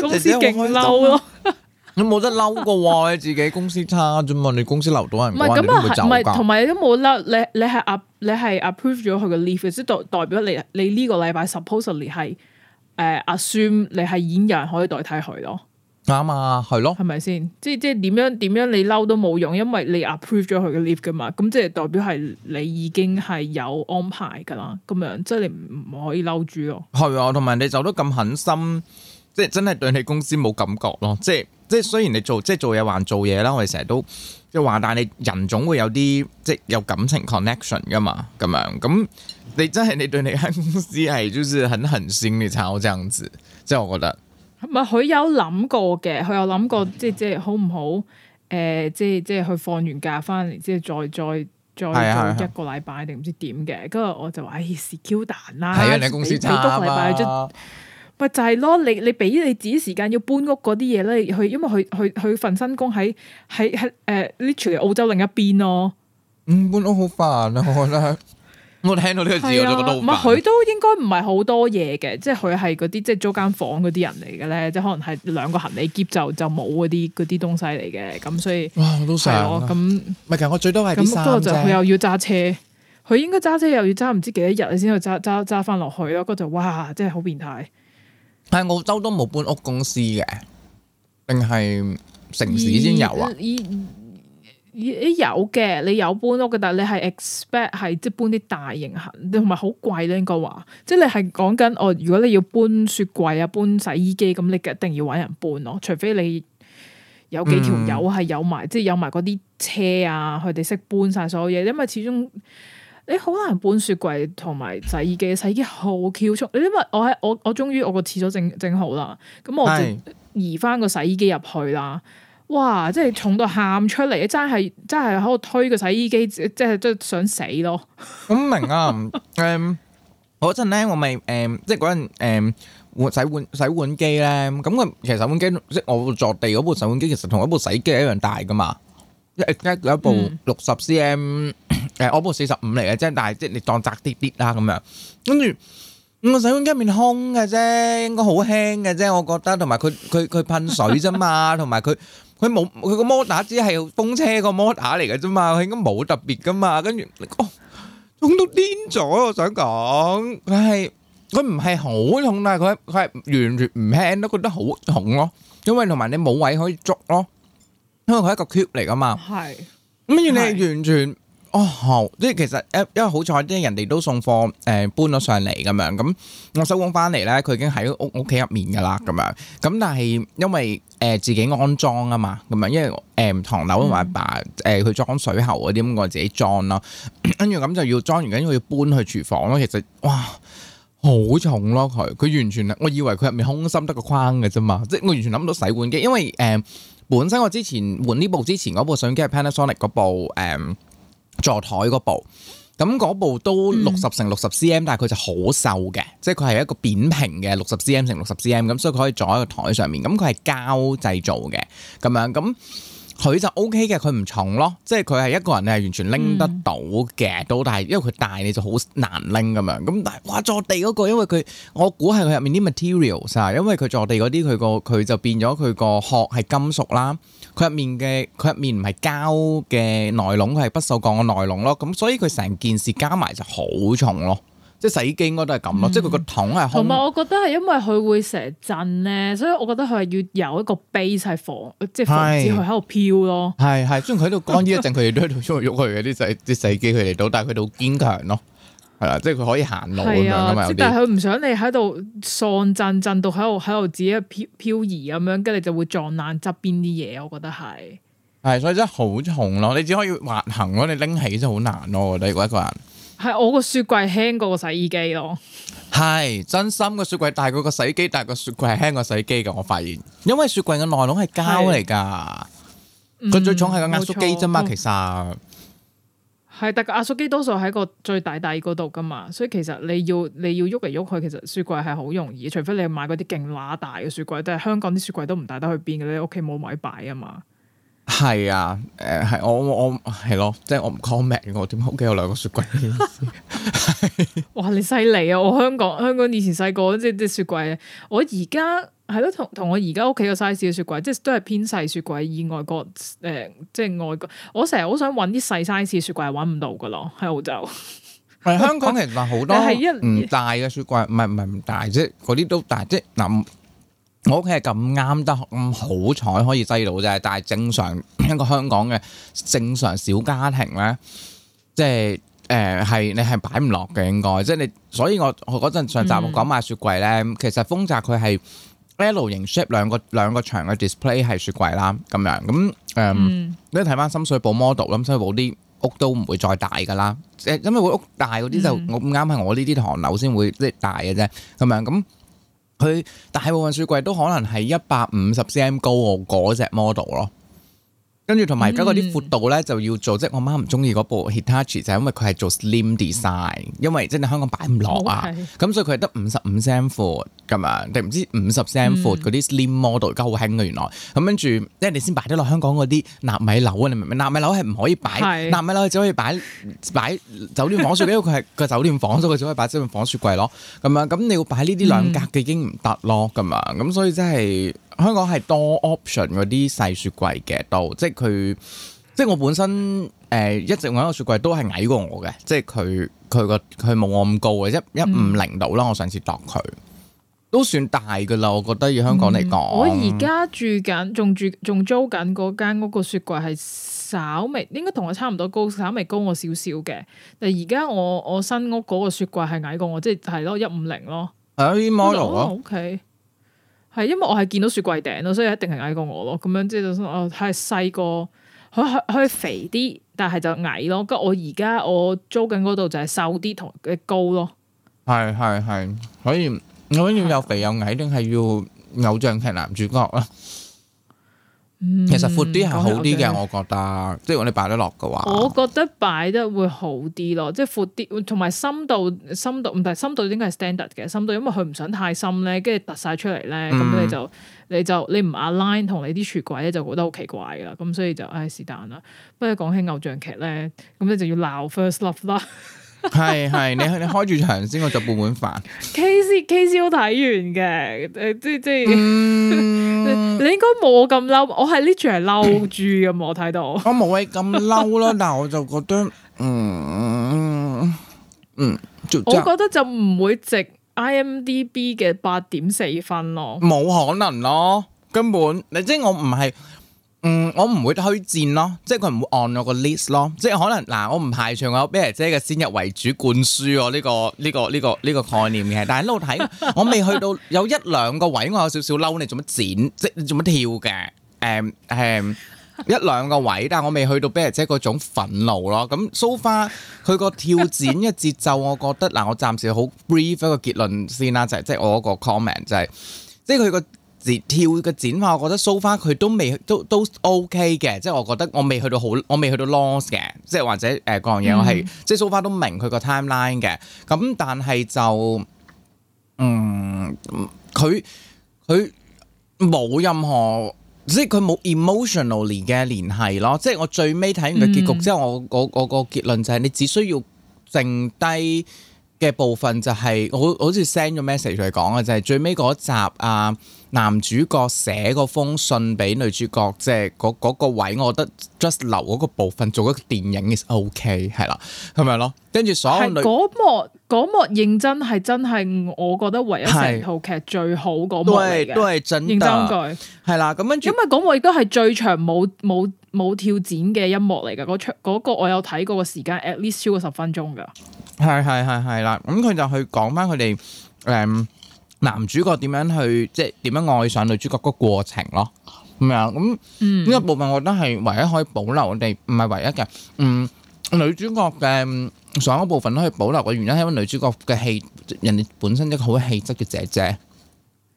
公司勁嬲咯，姐姐啊， 你冇得嬲噶喎， 你自己公司差啫嘛，問你公司留到係唔唔係咁啊？唔係同埋你都冇嬲你，你係阿你係 approve 咗佢嘅 leave，即代表你你呢個禮拜 supposedly 係誒 assume 你係演人可以代替佢咯。啱啊，係咯，係咪先？即係即係點樣點樣你嬲都冇用，因為你 approve 咗佢嘅 leave 噶嘛，咁即係代表係你已經係有安排噶啦，咁樣即係你唔可以嬲住咯。係啊，同埋你走得咁狠心，即係真係對你公司冇感覺咯。即係即係雖然你做即係做嘢還做嘢啦，我哋成日都即係話，但係人總會有啲即係有感情 connection 噶嘛，咁樣咁你真係你對你間公司係就是很狠心，你炒這樣子，即係我覺得。唔係佢有諗過嘅，佢有諗過、嗯、即係即係好唔好誒、即係即係去放完假翻嚟，即係再再再、嗯、再做一個禮拜定唔知點嘅，跟住我就話，唉，事 Q 彈啦，係啊，你、哎、公司多差啊，咪就係咯，你你俾你，你自己時間要搬屋嗰啲嘢咧，佢因為佢佢佢份新工喺喺喺誒，呢處、呃、澳洲另一邊咯、嗯，唔搬屋好煩啊，我覺得。 我聽到呢個字我就覺得好煩。唔係佢都應該唔係好多嘢嘅，即係佢係嗰啲即係租間房嗰啲人嚟嘅咧，即係可能係兩個行李夾就就冇嗰啲嗰啲東西嚟嘅，咁所以哇我都上咁唔係其實我最多係三張。咁多就佢又要揸車，佢應該揸車又要揸唔知幾多日先去揸揸揸翻落去咯。嗰、嗰個、就哇真係好變態。但係澳洲都冇搬屋公司嘅，定係城市先有啊？咦？有嘅，你有搬屋嘅，但你係 expect 係即搬啲大型同埋好貴咧，應該話，即係你係講緊哦。如果你要搬雪櫃啊，搬洗衣機咁，你一定要揾人搬咯。除非你有幾條友係有埋，嗯、即係有埋嗰啲車啊，佢哋識搬晒所有嘢。因為始終你好難搬雪櫃同埋洗衣機，洗衣機好 Q 速。你因為我喺我我終於我個廁所整整好啦，咁我就移翻個洗衣機入去啦。哇！即係重到喊出嚟，真係真係喺度推個洗衣機，即係即係想死咯。咁明、嗯、 啊？誒、就是，嗰陣咧，我咪誒，即係嗰陣誒，洗碗洗碗機咧。咁佢其實洗碗機，即係我坐地嗰部洗碗機，其實同一部洗衣機一樣大噶嘛。一有一部六十 cm，誒、嗯 啊，我部四十五嚟嘅啫。但係即係你當窄啲啲啦咁樣。跟住，咁、嗯、個洗碗機面空嘅啫，應該好輕嘅啫。我覺得，同埋佢佢佢噴水啫嘛，同埋佢。 佢冇佢個摩打只係風車個摩打嚟嘅啫嘛，佢應該冇特別噶嘛，跟住哦痛到癲咗，我想講佢係佢唔係好痛但係，佢佢係完全唔輕都覺得好痛咯，因為同埋你冇位可以捉咯，因為佢一個 tube 嚟噶嘛，係跟住你係完全。是完全哦，即係其實誒因為好彩啲人哋都送貨誒、呃、搬咗上嚟咁樣，咁我收工翻嚟咧，佢已經喺屋屋企入面噶啦，咁樣咁但係因為誒、呃、自己安裝啊嘛，咁樣因為誒、呃、唐樓同埋爸誒佢裝水喉嗰啲咁，我自己裝咯，跟住咁就要裝完，因佢要搬去廚房咯。其實哇，好重咯佢，佢完全，我以為佢入面空心得個框嘅啫嘛，即係我完全諗唔到洗碗機，因為誒、呃、本身我之前換呢部之前嗰部洗碗機係 Panasonic 嗰部誒。嗯坐台嗰部，咁嗰部都六十乘六十 cm，但係佢就好瘦嘅，即係佢係一個扁平嘅六十 cm 乘六十 cm，咁所以佢可以坐喺個台上面。咁佢係膠製造嘅，咁樣咁。佢就 OK 嘅，佢唔重咯，即係佢係一個人你係完全拎得到嘅，到但係因為佢大你就好難拎咁樣。咁但係哇坐地嗰個，因為佢我估係佢入面啲 material 啊，因為佢坐地嗰啲佢個佢就變咗佢個殼係金屬啦，佢入面嘅佢入面唔係膠嘅內籠，佢係不鏽鋼嘅內籠咯，咁所以佢成件事加埋就好重咯。即係洗衣機應該都係咁咯，嗯、即係佢個桶係同埋，我覺得係因為佢會成日震咧，所以我覺得佢係要有一個 base 係防，即係防止佢喺度漂咯。係係，雖然佢喺度乾啲一陣，佢哋都喺度喺度喐去嘅啲細啲洗機佢哋都，但係佢好堅強咯，係啦，即係佢可以行路咁樣，啊、點但係佢唔想你喺度喪震震到喺度喺度自己漂漂移咁樣，跟住就會撞爛側邊啲嘢。我覺得係係，所以真係好重咯。你只可以滑行咯，你拎起真係好難咯。我覺得如果一個人。係我個雪櫃輕過個洗衣機咯，係真心個雪櫃，大過個洗衣機，但係個雪櫃係輕過洗衣機噶。我發現，因為雪櫃嘅內籠係膠嚟噶，佢、嗯、最重係個壓縮機啫嘛。錯其實係，但個壓縮機多數喺個最大大嗰度噶嘛，所以其實你要你要喐嚟喐去，其實雪櫃係好容易，除非你買嗰啲勁乸大嘅雪櫃，但係香港啲雪櫃都唔大得去邊嘅，你屋企冇位擺啊嘛。係啊，誒、啊，係我我係咯、啊，即係我唔 comment 講明我點屋企有兩個雪櫃嘅意思。 哇，你犀利啊！我香港香港以前細個即係雪櫃，我而、啊、家係咯同同我而家屋企個 size 嘅雪櫃，即係都係偏細雪櫃，以外國誒、呃、即係外國，我成日好想揾啲細 size 雪櫃，又揾唔到噶咯，喺澳洲。係 香港其實好多係 一唔大嘅雪櫃，唔係唔係唔大啫，嗰啲都大啫，冧。我屋企係咁啱得咁好彩可以擠到啫，但係正常一個香港嘅正常小家庭咧，即係誒係你係擺唔落嘅，應該，即係你。所以我嗰陣上集我講埋雪櫃咧，其實豐澤佢係 L 型 shape 兩個兩個長嘅 display 係雪櫃啦，咁樣咁誒。你睇返深水埗 model 啦，深水埗啲屋都唔會再大㗎啦，誒，因為會屋大嗰啲就我唔啱，係我呢啲唐樓先會即係大嘅啫，咁樣咁。佢大部分雪櫃都可能係一百五十 cm 高嘅嗰隻 model 咯。跟住同埋而家嗰啲闊度咧就要做，嗯、即係我媽唔中意嗰部 Hitachi 就係因為佢係做 Slim Design，嗯、因為即係你香港擺唔落啊，咁、嗯、所以佢係得五十五 cm 咁樣定唔知五十 cm 闊嗰啲 Slim Model 而家好興嘅原來，咁跟住即係你先擺得落香港嗰啲納米樓啊，你明唔明？納米樓係唔可以擺，是 納米樓只可以擺擺酒店房 因為，佢係個酒店房所以佢只可以擺酒店房雪櫃咯，咁樣咁你要擺呢啲兩格嘅已經唔得咯，咁樣咁所以真係。香港係多 option 嗰啲細雪櫃嘅，都即係佢，即係我本身誒、呃、一直用緊個雪櫃都係矮過我嘅，即係佢佢個佢冇我咁高嘅，一一五零度啦。我上次度佢都算大嘅啦，我覺得以香港嚟講。嗯、我而家住緊，仲住仲租緊嗰間屋個雪櫃係稍微應該同我差唔多高，稍微高我少少嘅。但而家我我新屋嗰個雪櫃係矮過我，即係係咯一五零咯，係、啊、model 咯。O K、哦。Okay 係，因為我係見到雪櫃頂咯，所以一定係矮過我咯。咁樣即、就、係、是，我係細個，可可可以肥啲，但係就矮咯。咁我而家我租緊嗰度就係瘦啲同嘅高咯。係係係，所以我要又肥又矮，定係要偶像劇男主角啊！其實闊啲係好啲嘅，我覺得，即係、嗯嗯，如果你擺得落嘅話，我覺得擺得會好啲咯，即係闊啲，同埋深度深度唔係深度，深度深度深度應該係 standard 嘅深度，因為佢唔想太深咧，跟住凸晒出嚟咧，咁、嗯、你就你就你唔 align 同你啲櫥櫃咧，就覺得好奇怪噶啦，咁所以就唉是但啦。不過講起偶像劇咧，咁你就要鬧 first love 啦。係係，你 你開住場先，我就半碗飯。KC KC 都睇完嘅，誒、呃，即即。嗯 你應該冇我咁嬲，我係呢住係嬲住咁，我睇到。 我冇你咁嬲咯，但係我就覺得，嗯嗯，我覺得就唔會值 IMDB 嘅八點四分咯。冇可能咯，根本，你知我唔係。嗯，我唔會推薦咯，即係佢唔會按我個 list 咯，即係可能嗱，我唔排除，我 bear 姐嘅先入為主灌輸我呢個呢、呢個呢、呢個呢、呢個概念嘅。但係喺度睇，我未去到，有一兩個位，我有少少嬲你做乜剪，即係做乜跳嘅，誒、um, um, 一兩個位，但係我未去到 bear 姐嗰種憤怒咯。咁 so far 佢個跳剪嘅節奏，我覺得嗱，我暫時好 brief 一個結論先啦，就即、係、係我一個 comment 就係、係，即係佢個。跳嘅剪法，我覺得 so far 佢都未都都 OK 嘅，即係我覺得我未去到好，我未去到 loss 嘅，即係或者誒嗰樣嘢我係即係 so far 都明佢個 timeline 嘅，咁但係就嗯佢佢冇任何即係佢冇 emotionally 嘅聯繫咯，即係我最尾睇完個結局之後，嗯、我我我個結論就係你只需要剩低。嘅部分就係我好似 send 咗 message 嚟講嘅，就係最尾嗰集啊，男主角寫嗰封信俾女主角即係嗰個位，我覺得 just 留嗰個部分做一個電影 OK 係啦，係咪咯？跟住所有嗰幕嗰幕認真係真係我覺得唯一成套劇最好嗰幕嚟嘅，都係真認真句係啦。咁跟住，因為嗰幕應該係最長冇冇冇跳剪嘅一幕嚟嘅，嗰個我有睇過嘅時間 at least 超過十分鐘噶。係係係係啦，咁佢就去講翻佢哋誒男主角點樣去即係點樣愛上女主角個過程咯，咁樣咁呢一部分我覺得係唯一可以保留，我哋唔係唯一嘅，嗯，女主角嘅所有部分都可以保留嘅原因係因為女主角嘅氣，人哋本身一個好氣質嘅姐姐，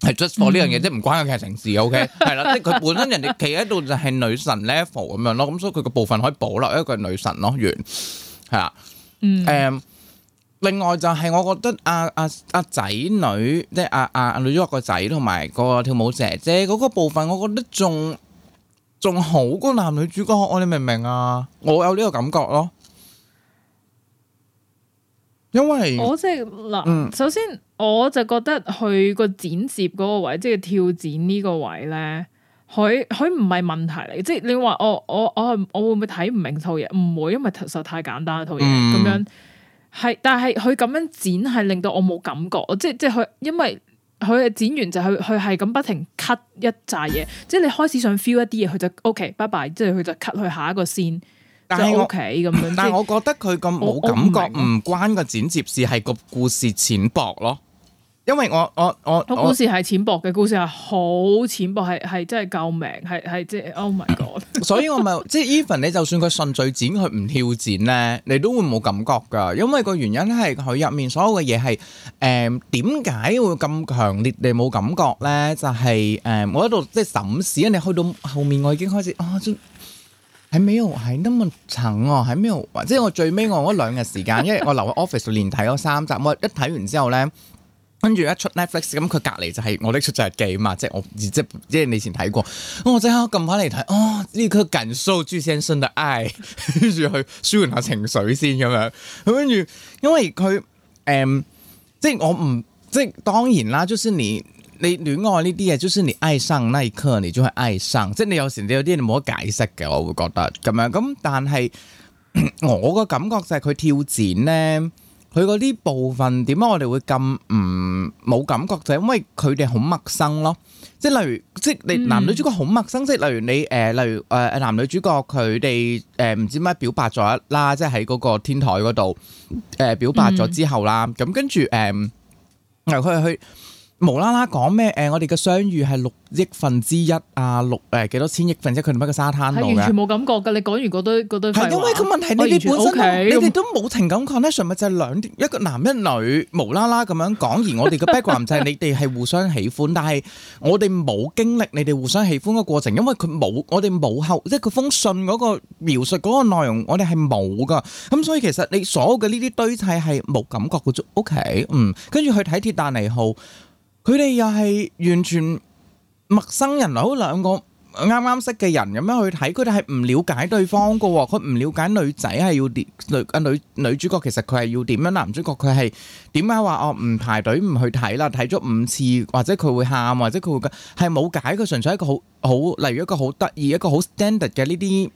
係 dress for 呢樣嘢，即係唔關佢嘅情事，OK 係啦，即係佢本身人哋企喺度就係女神 level 咁樣咯，咁所以佢個部分可以保留，因為佢係女神咯，完係啦，嗯誒。另外就係我覺得阿阿阿仔女，即係阿阿女主角個仔同埋個跳舞姐姐嗰個部分，我覺得仲仲好過男女主角。我你明唔明啊？我有呢個感覺咯。因為我即係嗱，嗯、首先我就覺得佢個剪接嗰個位，即、就、係、是、跳剪呢個位咧，佢佢唔係問題嚟，即、就、係、是、你話、哦、我我我我會唔會睇唔明套嘢？唔會，因為實在太簡單套嘢咁、嗯、樣。係，但係佢咁樣剪係令到我冇感覺，即係即係佢，因為佢嘅剪完就去、是，佢係咁不停 cut 一紮嘢， 即係你開始想 feel 一啲嘢，佢就 OK 拜拜，okay, bye bye, 即係佢就 cut 去下一個 scene。Okay, 但係 OK 咁樣，但係我覺得佢咁冇感覺，唔關個剪接事，係個故事淺薄咯。因為我我我故事係淺薄嘅，故事係好淺薄，係係真係救命，係係即係 Oh my god！ 所以我咪即係 even 你就算佢順序剪佢唔跳剪咧，你都會冇感覺㗎。因為個原因係佢入面所有嘅嘢係誒點解會咁強烈你冇感覺咧？就係、是、誒、嗯、我喺度即係審視啊！你去到後面我已經開始啊，喺係冇喺那麼層喎，係咩？即係我最尾我嗰兩日時間，因為我留喺 office 連睇咗三集， 我一睇完之後咧。跟住一出 Netflix，咁佢隔籬就係我拎出就係記嘛，即係我即即係你以前睇過，我即刻撳翻嚟睇哦呢個感受朱先生的愛，跟 住去舒緩下情緒先咁樣。咁跟住因為佢誒、嗯，即係我唔即係當然啦，就算、是、你你戀愛呢啲嘢，就算、是、你愛上那一刻你就會愛上，即係你有時你有啲你冇得解釋嘅，我會覺得咁樣咁。但係我個感覺就係佢跳剪咧。佢嗰啲部分點解我哋會咁唔冇感覺？就係、是、因為佢哋好陌生咯，即係例如，即係你男女主角好陌生，即係例如你誒、呃，例如誒、呃、男女主角佢哋誒唔知乜表白咗啦，即係喺嗰個天台嗰度誒表白咗之後啦，咁、呃、跟住誒，然後佢去。呃無啦啦講咩？誒、呃，我哋嘅相遇係六億分之一啊，六誒幾多千億分之一，佢哋喺個沙灘度完全冇感覺噶，你講完嗰堆嗰堆係因為個問題，你哋本身 okay，你哋都冇情感 connection、嗯。上咪就係兩一個男一女無啦啦咁樣講，而我哋嘅 background 就係你哋係互相喜歡， 但係我哋冇經歷你哋互相喜歡嘅過程，因為佢冇我哋冇後即係佢封信嗰個描述嗰個內容，我哋係冇噶。咁所以其實你所有嘅呢啲堆砌係冇感覺嘅。OK，嗯，跟住去睇鐵達尼號。佢哋又係完全陌生人嚟，好似兩個啱啱識嘅人咁樣去睇，佢哋係唔了解對方噶，佢唔了解女仔係要點女女主角，其實佢係要點樣？男主角佢係點解話哦唔排隊唔去睇啦？睇咗五次或者佢會喊，或者佢會係冇解，佢純粹一個好好例如一個好得意一個好 standard 嘅呢啲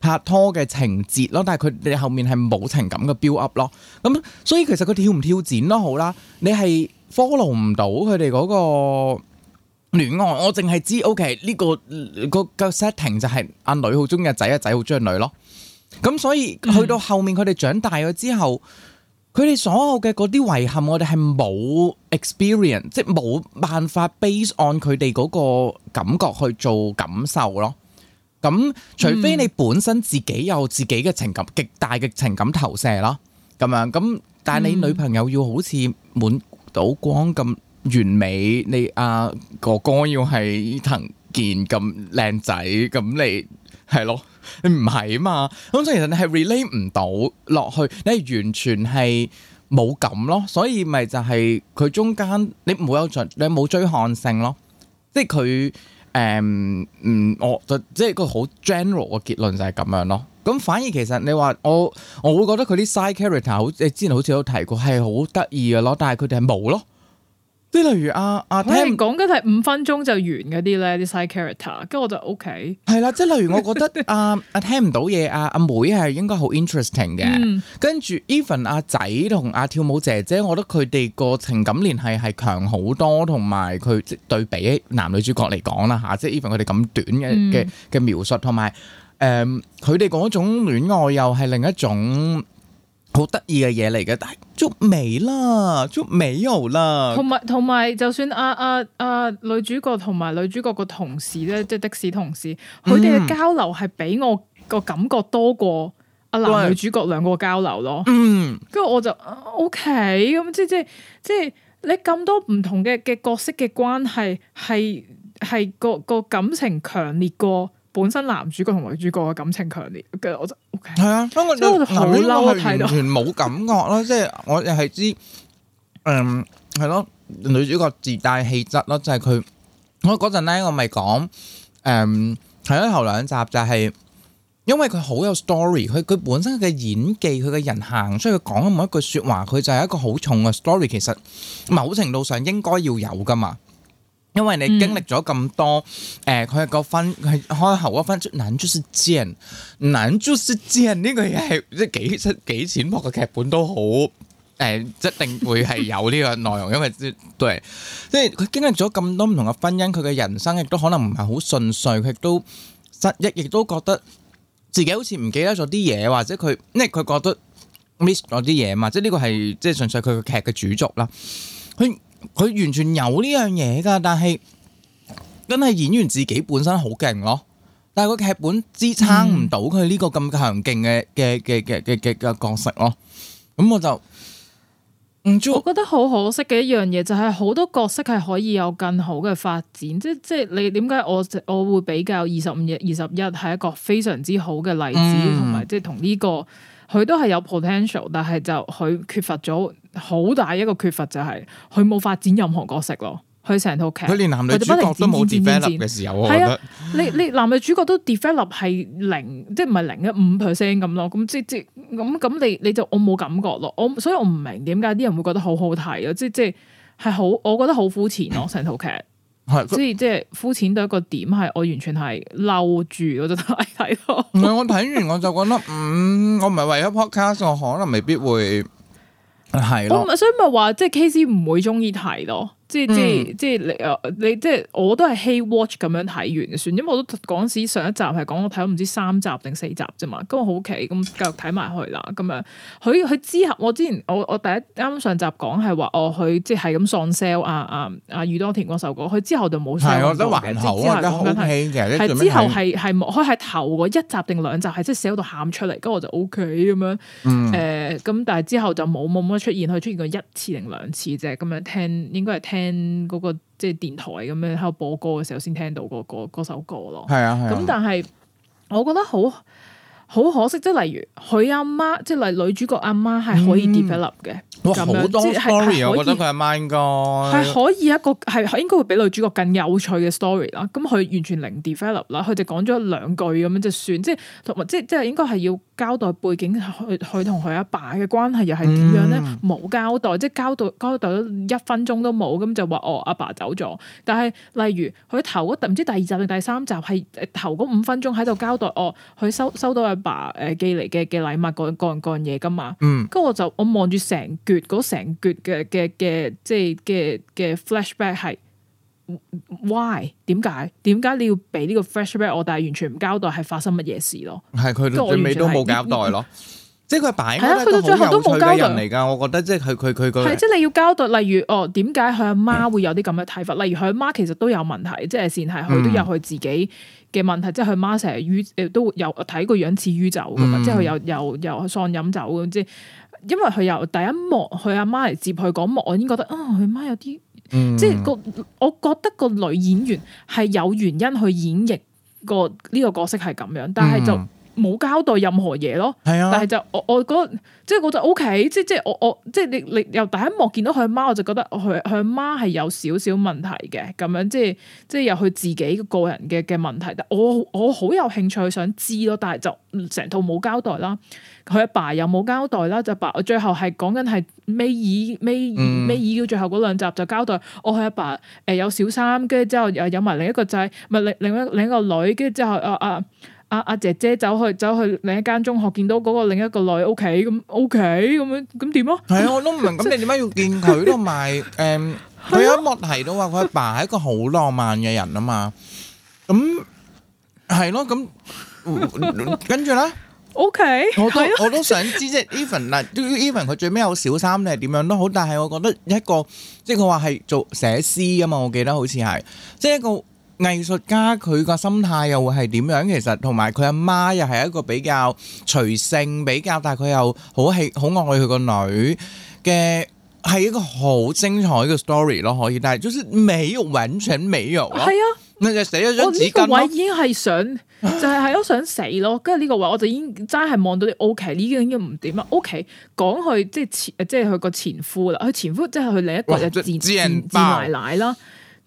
拍拖嘅情節咯。但係佢哋後面係冇情感嘅 build up 咯。咁所以其實佢跳唔跳剪都好啦，你係。follow 唔到佢哋嗰個戀愛，我淨係知 OK 呢個個 setting 就係阿女好中意阿仔，阿仔好中意女咯。咁所以去到後面，佢哋長大咗之後，佢哋所有嘅嗰啲遺憾，我哋係冇 experience，即係冇辦法 based on 佢哋嗰個感覺去做感受咯。咁除非你本身自己有自己嘅情感，極大嘅情感投射咯，咁樣咁，但係你女朋友要好似滿。到光咁完美，你阿哥哥要係藤健咁靚仔，咁你係咯，你唔係啊嘛？咁所以其實你係 relate 唔到落去，你係完全係冇感咯，所以咪就係佢中間你冇有追，你冇追看性咯，即係佢誒，嗯，我就即係個好 general 嘅結論就係咁樣咯。咁反而其實你話我，我會覺得佢啲 side character 好，誒之前好似有提過係好得意嘅咯，但係佢哋係冇咯。即係例如阿阿聽唔講，緊係五分鐘就完嗰啲咧啲 side character，跟住我就 OK。係啦，即係例如我覺得阿阿、 啊、聽唔到嘢阿阿妹係應該好 interesting 嘅，嗯、跟住 even 阿仔同阿跳舞姐姐，我覺得佢哋個情感聯繫係強好多，同埋佢對比男女主角嚟講啦嚇，即係 even 佢哋咁短嘅嘅嘅描述同埋。嗯誒，佢哋嗰種戀愛又係另一種好得意嘅嘢嚟嘅，但係就沒啦捉沒有啦。同埋同埋，就算阿阿阿女主角同埋女主角個同事咧，即係的士同事，佢哋嘅交流係比我個感覺多過阿男女主角兩個交流咯。嗯，跟住我就 OK，咁即即即係你咁多唔同嘅嘅角色嘅關係，係係個個感情強烈過。本身男主角同女主角嘅感情強烈，其實我就 OK。係啊，不過就好嬲，完全冇感覺咯。即係我又係知，嗯，係咯，女主角自帶氣質咯，就係佢。我嗰陣咧，我咪講，誒，係啦，頭兩集就係，因為佢好有 story，佢佢本身嘅演技，佢嘅人行，所以佢講嘅每一句說話，佢就係一個好重嘅 story。其實某程度上應該要有噶嘛。因為你經歷咗咁多，誒、嗯，佢、呃、個婚佢係開頭啊，婚難就是賤，難就是賤呢、這個嘢係即係幾幾淺薄嘅劇本都好，誒、呃，一定會係有呢個內容，因為對，即係佢經歷咗咁多唔同嘅婚姻，佢嘅人生亦都可能唔係好順遂，佢亦都失憶，亦都覺得自己好似唔記得咗啲嘢，或者佢，因為佢覺得 miss 咗啲嘢嘛，即係呢個係即係純粹佢嘅劇嘅主軸啦。佢。佢完全有呢樣嘢噶，但係真係演員自己本身好勁咯，但係個劇本支撐唔到佢呢個咁強勁嘅嘅嘅嘅嘅嘅角色咯。咁、嗯、我就唔知，我覺得好可惜嘅一樣嘢就係、是、好多角色係可以有更好嘅發展，即係即係你點解我我會比較二十五日二十一係一個非常之好嘅例子，同埋即係同呢個佢都係有 potential，但係就佢缺乏咗。好大一個缺乏就係佢冇發展任何角色咯，佢成套劇佢連男女主角都冇 develop 嘅時候，係啊， 你你男女主角都 develop 係零，即係唔係零一五 percent 咁咯，咁即即咁咁你你就我冇感覺咯，我所以我唔明點解啲人會覺得好好睇咯，即即係好，我覺得好膚淺咯，成套劇，即即係膚淺到一個點係，我完全係嬲住我，就睇睇咯。唔係我睇完我就覺得，嗯，我唔係為咗 podcast，我可能未必會。係咯對，所以咪話即係 KC 唔會中意睇咯。嗯、即係即係即你誒你即係我都係希、hey、watch 咁樣睇完嘅算，因為我都嗰陣上一集係講我睇到唔知三集定四集啫嘛，咁我好奇，咁繼續睇埋去啦。咁樣佢佢之後我之前我我第一啱上集講係話哦，佢即係咁喪 sale 啊啊啊宇多田嗰首歌，佢之後就冇。係我都還好啦，都好係之後係係冇，佢係頭嗰一集定兩集係即係寫到喊出嚟，咁我就 O K 咁樣。誒、嗯、咁、嗯，但係之後就冇冇乜出現，佢出現過一次定兩次啫。咁樣聽應該係聽。嗰個即係電台咁樣喺度播歌嘅時候，先聽到嗰個嗰首歌咯。係啊，係啊，咁但係我覺得好。好可惜，即係例如佢阿媽，即係例女主角阿媽係可以 develop 嘅、嗯，哇好多 story 啊！我覺得佢阿媽應該係可以一個係係應該會比女主角更有趣嘅 story 啦。咁佢完全零 develop 啦，佢就講咗一兩句咁樣就算，即係同埋即係即係應該係要交代背景，佢同佢阿爸嘅關係又係點樣咧？冇、嗯、交代，即係交代交代咗一分鐘都冇，咁就話哦，阿爸，爸走咗。但係例如佢頭唔知第二集定第三集係頭嗰五分鐘喺度交代哦，佢收收到阿爸誒，寄嚟嘅嘅禮物，幹幹幹嘢噶嘛，跟住我就我望住成段嗰成段嘅嘅嘅，即係嘅嘅 flashback 係 why 點解，點解你要俾呢個 flashback 我？但係完全唔交代係發生乜嘢事咯，係佢是最尾後 都冇交代咯。嗯呢個係擺，去到最後都冇交代嚟噶。我覺得即係佢佢佢係即係你要交代，例如哦，點解佢阿媽會有啲咁嘅睇法？例如佢阿媽其實都有問題，即係先係佢都有佢自己嘅問題。嗯、即係佢媽成日酗、誒，都有睇個樣似酗、嗯、酒咁啊！即係佢又又又喪飲酒咁。即係因為佢由第一幕佢阿媽嚟接佢嗰幕，我已經覺得啊，佢、哦、媽有啲、嗯、即係個，我覺得個女演員係有原因去演繹個呢個角色係咁樣，但係就。嗯冇交代任何嘢咯，但係就我我覺得即係我就 OK，即即我我即你你由第一幕見到佢阿媽，我就覺得佢佢阿媽係有少少問題嘅，咁樣即係即係佢自己個人嘅嘅問題，但我我好有興趣想知咯，但係就成套冇交代啦，佢阿爸又冇交代啦，就爸最後係講緊係尾二尾二尾二叫最後嗰兩集就交代，我佢阿爸誒有小三，跟住之後有埋另一個仔，咪另另一另一個女，跟住之後啊啊。阿、啊、姐姐走去走去另一間中學，見到嗰個另一個女屋企咁，O K 咁樣咁點啊？係啊，我都唔明。咁 你點解要見佢？同埋誒，佢、呃、 一幕提到話佢阿爸係一個好浪漫嘅人啊嘛。咁係咯，咁、啊嗯嗯、跟住咧，O K，我都， 我，都我都想知即係 Even 嗱，對於 Even 佢最尾有小三，你係點樣都好。但係我覺得一個即係佢話係做寫詩啊嘛，我記得好似係即係一個。藝術家佢個心態又會係點樣？其實同埋佢阿媽又係一個比較隨性，比較但係佢又好係好愛佢個女嘅，係一個好精彩嘅 story 咯。可以，但係總之冇完全冇啊。係啊，我就死咗張紙巾個位已經係想就係係都想死咯。跟住呢個位我就已經真係望到啲 OK，呢啲已經唔掂啊。OK，講佢即係即係佢個前夫啦。佢前夫即係佢另一個嘅字字奶奶啦。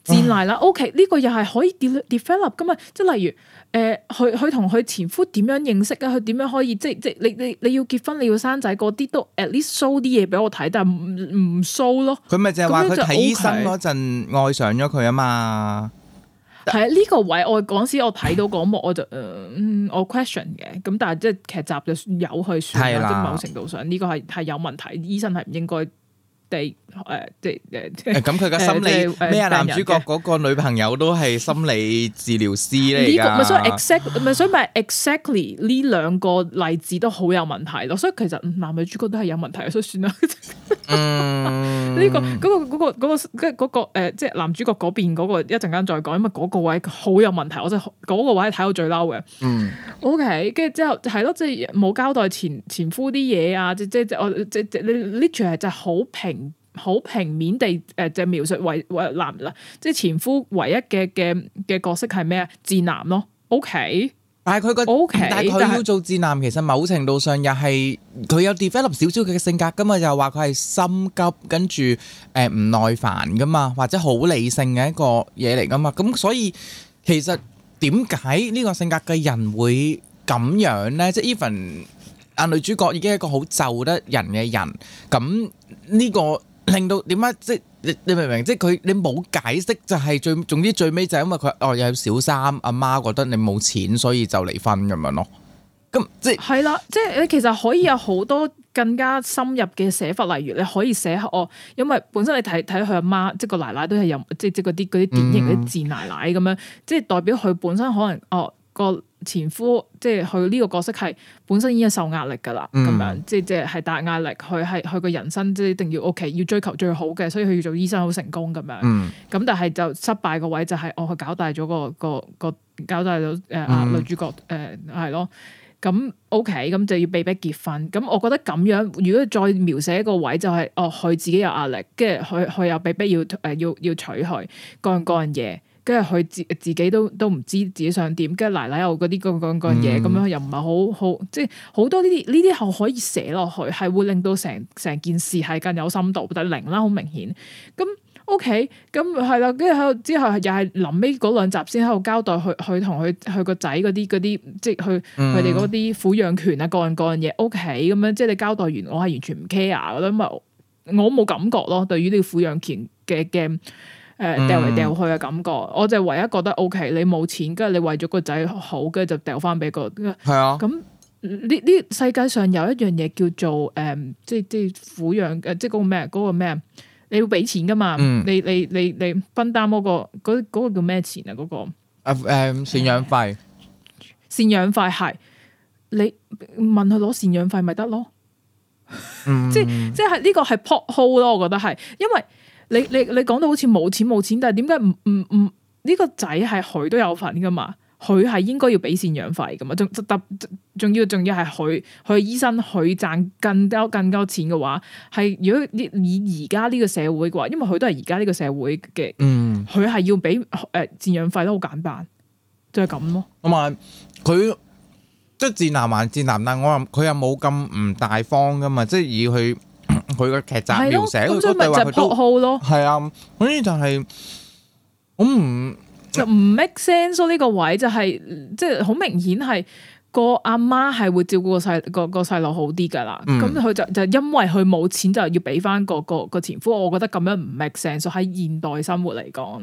戰賴啦哇，OK，呢個又係可以 develop，develop 噶嘛？即係例如，誒、呃，佢佢同佢前夫點樣認識啊？佢點樣可以即係即係你你你要結婚你要生仔嗰啲都 at least show 啲嘢俾我睇，但係唔 show 咯。佢咪就係話佢睇醫生嗰陣愛上咗佢啊嘛？係啊，呢個位我嗰時我睇到嗰幕我就，我 question 嘅。咁但係即係劇集就有去算了即係某程度上呢、這個係係有問題，醫生係唔應該。地誒，欸，即係咁佢嘅心理咩啊？男主角嗰人個女朋友都係心理治療師咧、 呢個，而家咪所以 exactly 咪所以咪 exactly 呢兩個例子都好有問題咯。所以其實男女主角都係有問題，所以算啦。呢、 mm. 呢個嗰、嗰個嗰、嗰個嗰、嗰個跟、呃、即係男主角嗰邊嗰、嗰個一陣間再講，因為嗰個位好有問題，我就嗰、嗰個位係睇到最嬲嘅。OK，跟住之後係咯，即係冇交代前前夫啲嘢啊，即即即我即即你 liter 就係好平。 好平面地誒，即係描述為為男啦，即係前夫唯一嘅嘅嘅角色係咩啊？賤男咯，O K。但係佢個 O K，但係佢要做賤男，其實某程度上又係佢有 develop 少少佢嘅性格噶嘛，又話佢係心急，跟住誒唔耐煩噶嘛，或者好理性嘅一個嘢嚟噶嘛，咁所以其實點解呢個性格嘅人會咁樣咧？即係 Even 啊女主角已經係一個好就得人嘅人，咁呢個。令到點解？即係你你明唔明？即係佢你冇解釋，就係最，總之最尾就係因為佢哦有小三，阿媽覺得你冇錢，所以就離婚咁樣咯。咁即係係啦，嗯、即係你其實可以有好多更加深入嘅寫法，例如你可以寫哦，因為本身你睇睇佢阿媽，即係個奶奶都係有即即嗰啲啲典型嗰啲賤奶奶咁樣，嗯、即係代表佢本身可能哦、嗰個。前夫即係佢呢個角色係本身已經受壓力噶啦，咁樣、嗯、即係即係大壓力，佢係佢個人生即一定要 OK，要追求最好嘅，所以佢要做醫生好成功咁樣。咁、嗯、但係就失敗個位就係、是、哦，佢搞大咗個個個搞大咗誒女主角誒係咯，咁 OK，咁就要被逼結婚。咁我覺得咁樣如果再描寫一個位就係、是、哦，佢自己有壓力，跟住佢佢又被逼要誒、呃、要要娶佢，各樣各樣嘢。跟住佢自自己都都唔知自己想點，跟住奶奶又嗰啲咁咁咁樣嘢，咁樣又唔係好好，即係好多呢啲呢啲後可以寫落去，係會令到成成件事係更有深度，但係零啦，好明顯。咁 OK，咁係啦，跟住之後又係臨尾嗰兩集先喺度交代佢佢同佢佢個仔嗰啲嗰啲，即係佢佢哋嗰啲撫養權啊，各樣各樣嘢。嗯、OK，咁樣即係你交代完，我係完全唔 care，我冇我冇感覺咯，對於呢個撫養權嘅 g 誒，掉嚟掉去嘅感覺，嗯、我就唯一覺得 O K。嗯、okay，你冇錢，跟住你為咗個仔好，跟住就掉翻俾個係啊。咁呢呢世界上有一樣嘢叫做誒、呃，即係即係撫養即係嗰、那個咩？那個咩？你要俾錢噶嘛？你你你你分擔嗰個、那個叫咩錢啊？嗰、那個誒誒贍養費，贍養費係你問佢攞贍養費咪得咯？即即係呢、這個係 plot hole 咯，我覺得係，因為。你你你講到好似冇錢冇錢，但係點解唔唔唔？呢、這個仔係佢都有份噶嘛？佢係應該要俾贍養費噶嘛？仲特仲要仲要係佢佢係醫生佢賺更多更多錢嘅話，係如果以而家呢個社會嘅話，因為佢都係而家呢個社會嘅，佢係、嗯、要俾誒贍養費都好簡單，就係、是、咁咯、嗯。同埋佢即係賤男還賤男，但我又，佢又冇咁唔大方噶嘛，即係以佢。佢個劇集描寫，咁所以咪就係破耗咯。係、嗯、啊，所以就係我唔就唔 make sense 呢個位就係即係好明顯係個阿媽係會照顧個細個個細路好啲噶啦。咁佢就就因為佢冇錢就要俾翻個個個前夫。我覺得咁樣唔 make sense 喺現代生活嚟講，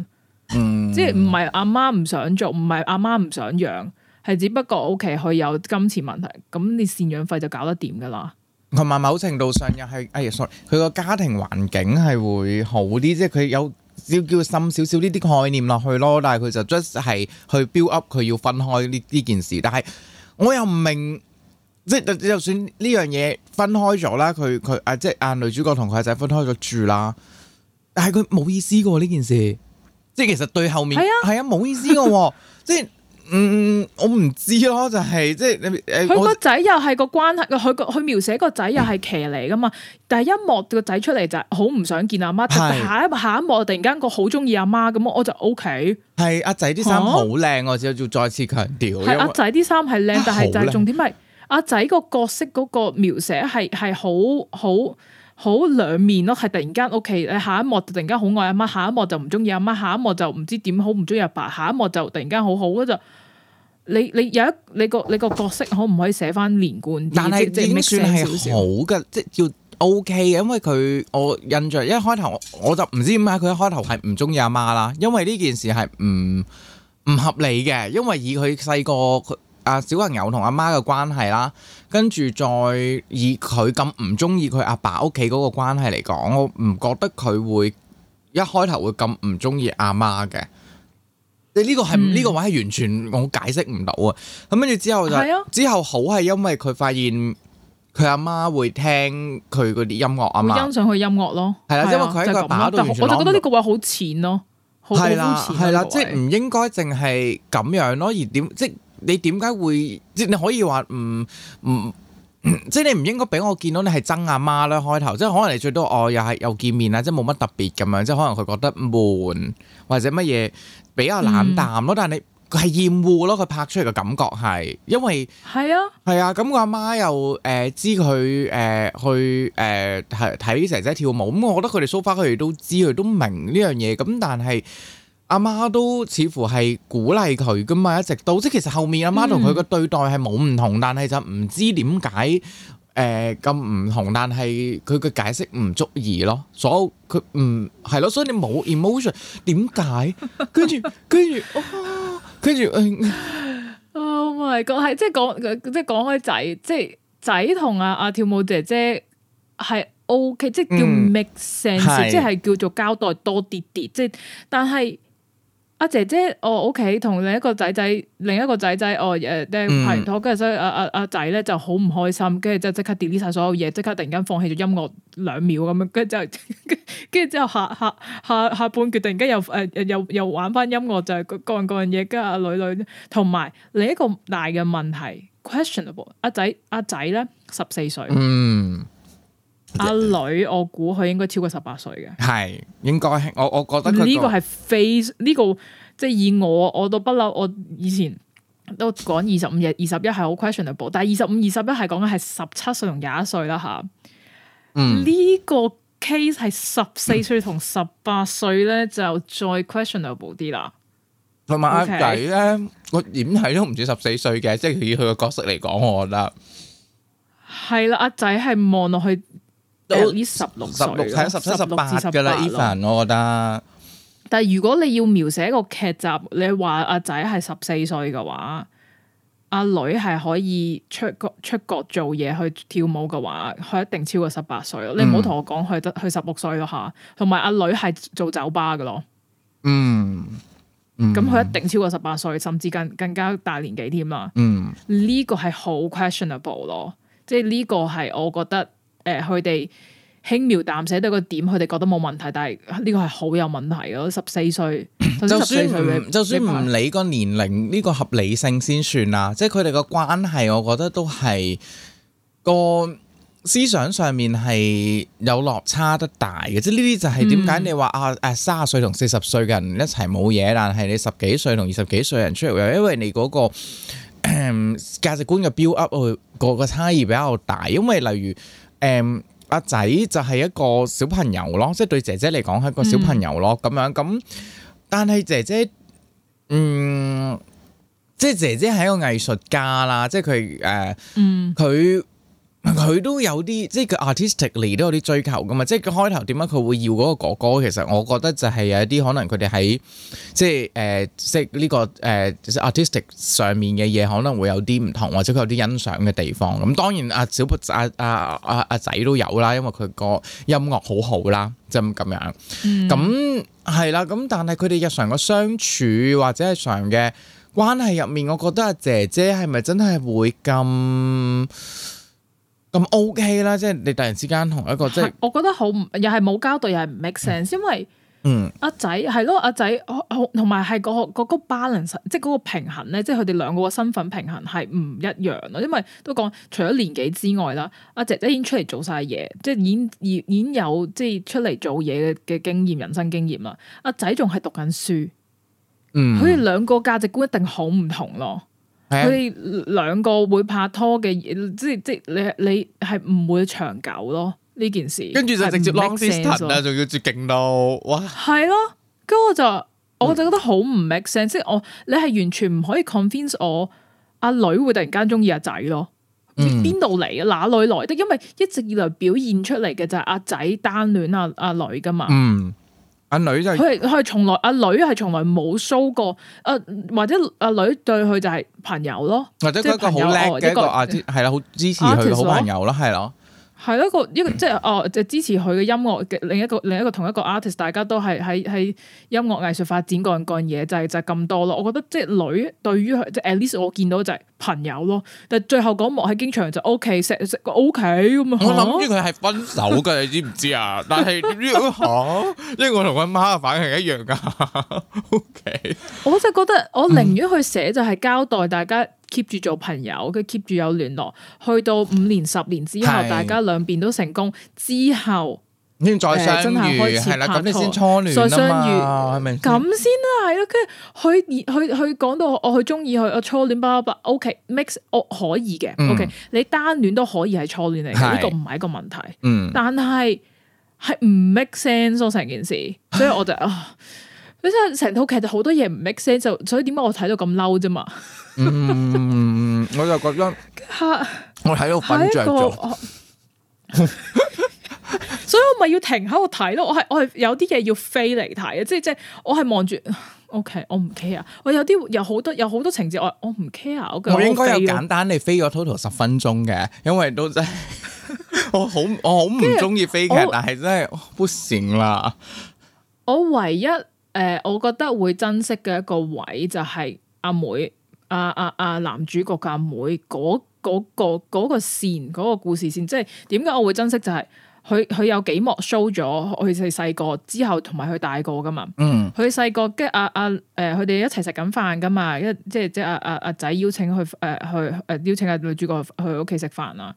嗯、即係唔係阿媽唔想做，唔係阿媽唔想養，係只不過 O K 佢有金錢問題，咁你贍養費就搞得掂噶啦。同埋某程度上又係，哎呀，sorry，佢個家庭環境係會好啲，即係佢有要叫滲少少呢啲概念落去咯。但係佢就 just 係去 build up 佢要分開呢呢件事。但係我又唔明，即係就算呢樣嘢分開咗啦，佢佢啊，即係啊女主角同佢阿仔分開咗住啦，但係佢冇意思噶呢件事，即係其實對後面係啊係啊冇意思噶，即係。嗯，我唔知咯，就係、係、即係你佢個仔又係個關係，佢佢描寫個仔又係騎呢㗎嘛，但係唉 一幕個仔出嚟就係好唔想見阿媽，但係是 下，下一幕下一幕突然間個好中意阿媽咁，我就 O、OK、K。係阿仔啲衫好靚，啊、我再再再次強調。係阿仔啲衫係靚，但係就係重點係阿仔個角色嗰個描寫係係好好。好兩面咯，係突然間 O K，你下一幕就突然間好愛阿媽，下一幕就唔中意阿媽，下一幕就唔知點好唔中意阿爸，下一幕就突然間好好，咁就你你有一個你個你個角色可唔可以寫翻連貫？但係即已經算係好嘅，即係要 O K 嘅，因為佢我印象一開頭我,我就唔知點解佢一開頭係唔中意阿媽啦，因為呢件事係唔唔合理嘅，因為以佢細個佢啊小朋友同阿媽嘅關係啦。跟住再以佢咁唔中意佢阿爸屋企嗰個關係嚟講，我唔覺得佢會一開頭會咁唔中意阿媽嘅。你呢個係呢個位係完全我解釋唔到啊！咁跟住之後就係啊，之後好係因為佢發現佢阿媽會聽佢嗰啲音樂啊嘛，欣賞佢音樂咯。係啦，因為佢喺佢阿爸度，我就覺得呢個位好淺咯，好膚淺。係啦，即係唔應該淨係咁樣咯，而點即你點解會即係你可以話唔唔即係你唔應該俾我見到你係憎阿媽啦。開頭，即係可能你最多哦又係又見面啦，即係冇乜特別咁樣，即係可能佢覺得悶或者乜嘢比較冷淡咯。嗯、但係你佢係厭惡咯，佢拍出嚟嘅感覺係因為係啊係啊，咁個阿媽又誒、呃、知佢誒、呃、去誒係睇姐姐跳舞咁、嗯，我覺得佢哋 so far 佢哋都知佢都明呢樣嘢，咁但係。阿媽都似乎係鼓勵佢噶嘛，一直到即係其實後面阿媽同佢嘅對待係冇唔同，但係就唔知點解誒咁唔同，但係佢嘅解釋唔足以咯。所以佢唔係咯，所以你冇 emotion，點解？跟住、啊、跟住跟住，oh my god 係即係講即係講，講開仔，即係仔同阿阿跳舞姐姐係 OK，即係叫 make sense，嗯、即係係，叫做交代多啲啲，即係但係。阿姐姐，我屋企同另一個仔仔，另一個仔仔，我誒，咧拍拖，跟住所以阿阿阿仔咧就好唔開心，跟住就即刻 delete 晒所有嘢，即刻突然間放棄咗音樂兩秒咁樣，跟住之跟跟住之後下下下下半決定。跟住又誒又又玩翻音樂就係各樣各樣嘢。跟住阿女女同埋另一個大嘅問題，questionable。阿仔阿仔咧十四歲。阿、啊、女，我估佢應該超過十八歲嘅。係，應該我我覺得呢個係非呢個，即係以我我都不嬲，我以前都講二十五日二十一係好 questionable，但係二十五二十一係講緊係十七歲同廿一歲啦吓。呢、啊嗯、個 case 係十四歲同十八歲咧，嗯、就再 questionable 啲啦。同埋阿仔咧，Okay 我點睇都唔止十四歲嘅，即係佢以佢個角色嚟講，我覺得係啦。阿仔係望落去。到呢十六歲，十六十七、十八嘅啦 Even 但係如果你要描寫一個劇集，你話阿仔係十四歲嘅話，阿女係可以出國出國做嘢去跳舞嘅話，佢一定超過十八歲咯。嗯、你唔好同我講佢得佢十六歲咯吓。同埋阿女係做酒吧嘅咯，嗯。嗯，咁佢一定超過十八歲，甚至更更加大年紀添喇。呢個係好 questionable 咯，即係呢個係我覺得。誒，佢哋輕描淡寫到個點，佢哋覺得冇問題，但係呢個係好有問題囉。十四歲，就算佢，就算唔理個年齡呢、呢個合理性先算啊！即係佢哋個關係，我覺得都係、個思想上面係有落差得大嘅。即係呢啲就係點解你話、嗯、啊誒，三十歲同四十歲嘅人一齊冇嘢，但係你十幾歲同二十幾歲人出嚟，因為你嗰、個價值觀嘅 build up 個個差異比較大，因為例如。誒，阿仔、嗯、就係一個小朋友咯，即係對姐姐嚟講係一個小朋友咯，咁、嗯、樣咁，但係姐姐，嗯，即係姐姐係一個藝術家啦，即係佢誒，呃、嗯，佢。佢都有啲，即係佢 artistically 都有啲追求噶嘛。即係佢開頭點解佢會要嗰個哥哥？其實我覺得就係有啲可能，佢哋喺即係誒，即係呢、呃呢個誒 artistic、呃、上面嘅嘢可能會有啲唔同，或者佢有啲欣賞嘅地方咁。當然、啊，阿小阿阿阿阿仔都有啦，因為佢個音樂好好啦，就咁、係、樣咁係、嗯、啦。咁但係佢哋日常嘅相處或者係常嘅關係入面，我覺得阿姐姐係咪真係會咁？咁 OK 啦，即係你突然之間同一個即係，是就是、我覺得好，又係冇交代，又係唔 make sense，因為嗯，阿仔係咯，阿仔，同埋係個嗰個 balance，即係嗰個平衡咧，即係佢哋兩個嘅身份平衡係唔、就是、一樣咯，因為都講除咗年紀之外啦，阿姐姐已經出嚟做晒嘢，即係已已經有即係出嚟做嘢嘅嘅經驗，人生經驗啦，阿仔仲係讀緊書，嗯，佢哋兩個價值觀一定好唔同咯。佢哋兩個會拍拖嘅，即係即係你你係唔會長久咯呢件事。跟住就直接 long distance 啦，仲要住勁到，哇！係咯，咁我就我就覺得好唔 make sense，即係我你係完全唔可以 convince 我阿女會突然間中意阿仔咯，邊度嚟啊？嗯、哪裏來的？因為一直以來表現出嚟嘅就係阿仔單戀阿阿女噶嘛。嗯。女真、就、係、是，佢係從來阿女係從來冇 show 過，誒、呃、或者阿女對佢就係朋友咯，或者一個好叻，一個阿，係啦、哦，好、啊、支持佢嘅、啊、好朋友咯，係咯。係咯，一個一個即係哦，就是、支持佢嘅音樂嘅另一個另一個同一個 artist，大家都係喺喺音樂藝術發展嗰樣嗰樣嘢就係、是、就係、是、咁多咯。我覺得即係女對於佢即係 at least 我見到就係朋友咯。但係最後嗰幕係機場就 O K 錫錫個 O K 咁樣。我諗住佢係分手噶，你知唔知啊？但係吓，因為我同佢媽嘅反應係一樣噶。 o Okay . K，我真係覺得我寧願去寫就係交代大家。keep 住做朋友，佢 keep 住有聯絡，去到五年、十年之後，的大家兩邊都成功之後，先再相遇，係啦、呃，咁你先初戀啊嘛，咁先啦，係咯、嗯，佢佢佢講到我佢中意佢，我、哦、初戀不吧，O K，mix，我可以嘅，O K，你單戀都可以係初戀嚟，嘅的。呢個唔係一個問題，嗯、但係係唔 make sense 成件事，嗯、所以我就啊，你真係成套劇就好多嘢唔 make sense，就所以點解我睇到咁嬲啫嘛？ 嗯，我就覺得我喺度瞓着咗， 所以我咪要停喺度睇咯。我係我係有啲嘢要飛嚟睇啊！即係即係我係望住。O、okay, K，我唔 care。我有啲有好多有好多情節，我我唔 care。我,我,我應該有簡單地飛咗 total 十分鐘嘅，因為都真係我好我好唔中意飛劇，但係真係不行啦。我唯一誒、呃，我覺得會珍惜嘅一個位就係阿妹。阿阿阿男主角嘅妹，妹、嗰個，嗰、嗰、嗰個嗰、嗰個線，嗰個故事線，即係點解我會珍惜就係佢佢有幾幕 show 咗，佢哋細個之後同埋佢大個噶嘛，嗯，佢細個跟阿阿誒，佢、啊、哋、啊呃、一齊食緊飯噶嘛，一即係即係阿阿阿仔邀請佢誒、啊、去誒、啊、邀請阿女主角去屋企食飯啊。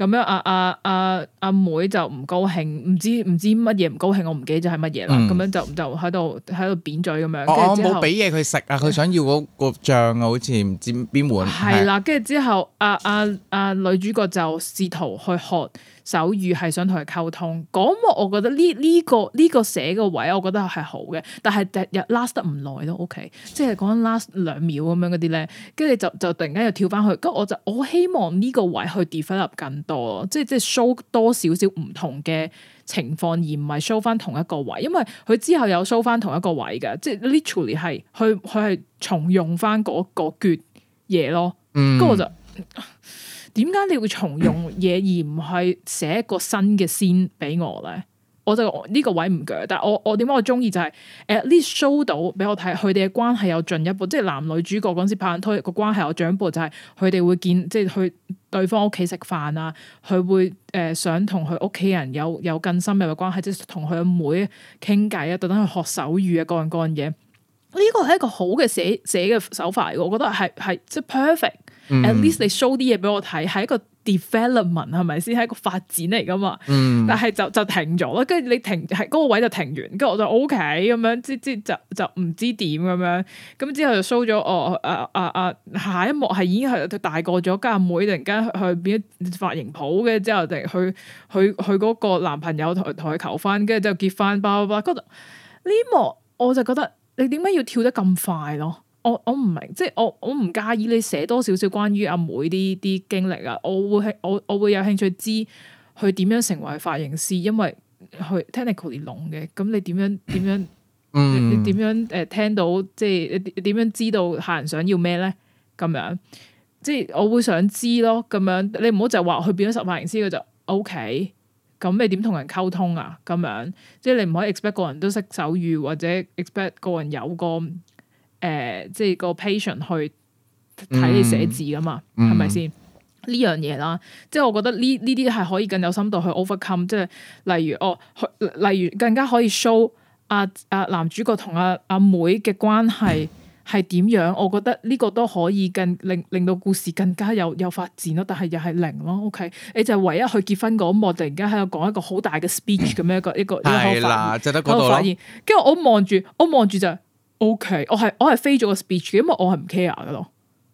咁樣阿阿阿阿妹就唔高興，唔知唔知乜嘢唔高興，我唔記得咗係乜嘢啦。咁樣就就喺度喺度扁嘴咁樣。哦，冇俾嘢佢食啊，佢想要嗰個醬啊，好似唔知邊碗。係啦，跟住之後阿阿阿女主角就試圖去學手語，係想同佢溝通。嗰幕我覺得呢呢個呢個寫個位，我覺得係好嘅。但係第日 last 得唔耐咯，OK，即係講 last 兩秒咁樣嗰啲咧，跟住就就突然間又跳翻去。咁我就我希望呢個位去 develop 緊。多即係即係 show 多少少唔同嘅情況，而唔係 show 翻同一個位。因為佢之後有 show 翻同一個位嘅，即係 literally 係佢佢係重用翻、那、嗰個橛嘢、那個、咯。咁、嗯、我就點解你會重用嘢而唔係寫一個新嘅 scene 俾我咧？我就呢個位唔鋸，但我我點解我中意就係、是、 at least show 到俾我睇佢哋嘅關係有進一步，即係男女主角嗰陣時拍緊拖個關係有進一步，就係佢哋會見即係去對方屋企食飯啊，佢會誒、呃、想同佢屋企人有有更深入嘅關係，即係同佢阿妹傾偈啊，特登去學手語啊，各樣各樣嘢。呢個係一個好嘅寫寫嘅手法嚟㗎我覺得係係即係 perfect、嗯。at least 你 show 啲嘢俾我睇，係一個。development 係咪先係一個發展嚟噶嘛？嗯、但係就就停咗咯，跟住你停係嗰、嗰個位就停完，跟住我就 O K 咁樣，即即就就唔知點咁樣。咁之後就 show 咗我啊啊啊下一幕係已經係大個咗，跟阿妹突然間去變咗髮型鋪嘅，之後突然去去去嗰個男朋友同佢求婚，跟住之後結婚，巴巴巴。嗰度呢幕我就覺得你點解要跳得咁快咯？我我唔明，即係我我唔介意你寫多少少關於阿妹啲啲經歷啊。我會興我我會有興趣知佢點樣成為髮型師，因為佢 technically 聾嘅。咁你點樣點樣？樣嗯、你點樣誒、呃、聽到？即係你點樣知道客人想要咩咧？咁樣即係我會想知咯。咁樣、okay, 樣你唔好就話佢變咗實髮型師，佢就 OK。咁你點同人溝通啊？咁樣即係你唔可以 expect 個人都識手語或者 expect 個人有個。誒，即係、呃就是、個 patient 去睇你寫字㗎嘛，係咪先？呢樣嘢啦，即係我覺得呢呢啲係可以更有深度去 overcome，即係例如哦，例如，、oh, bar, 例如更加可以 show 阿、uh, 阿、uh, 男主角同阿阿妹嘅關係係點樣？我覺得呢個都可以更令令到故事更加有有發展咯。但係又係零咯，OK？你就唯一去結婚嗰幕突然間喺度講一個好大嘅 speech 咁樣、hmm、一個一個係啦，就喺嗰度啦。跟住我望住， 我望住就。OK，我係我係飛咗個 speech 因為我係唔 care 嘅咯。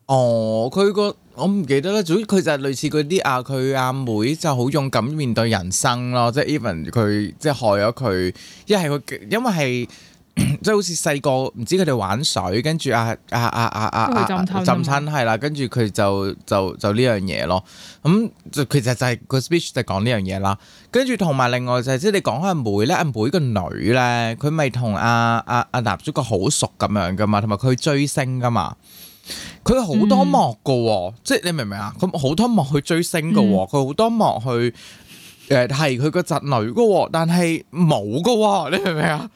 哦，佢個我唔記得啦，總之佢就係類似嗰啲啊，佢阿妹就好勇敢面對人生咯，即係 even 佢即係害咗佢，一係佢因為係。即係 好似細個唔知佢哋玩水，跟住啊啊啊啊啊，啊浸親係啦，跟住佢就就就呢樣嘢咯。咁就其實就係、是、個 speech 就講呢樣嘢啦。跟住同埋另外就係即係你講開阿妹咧，阿妹個女咧，佢咪同阿阿阿男主角好熟咁樣噶嘛，同埋佢追星噶嘛，佢好多幕噶，嗯、即係你明唔明啊？咁好多幕去追星噶，佢好、嗯、多幕去誒係佢個侄女噶，但係冇噶，你明唔明啊？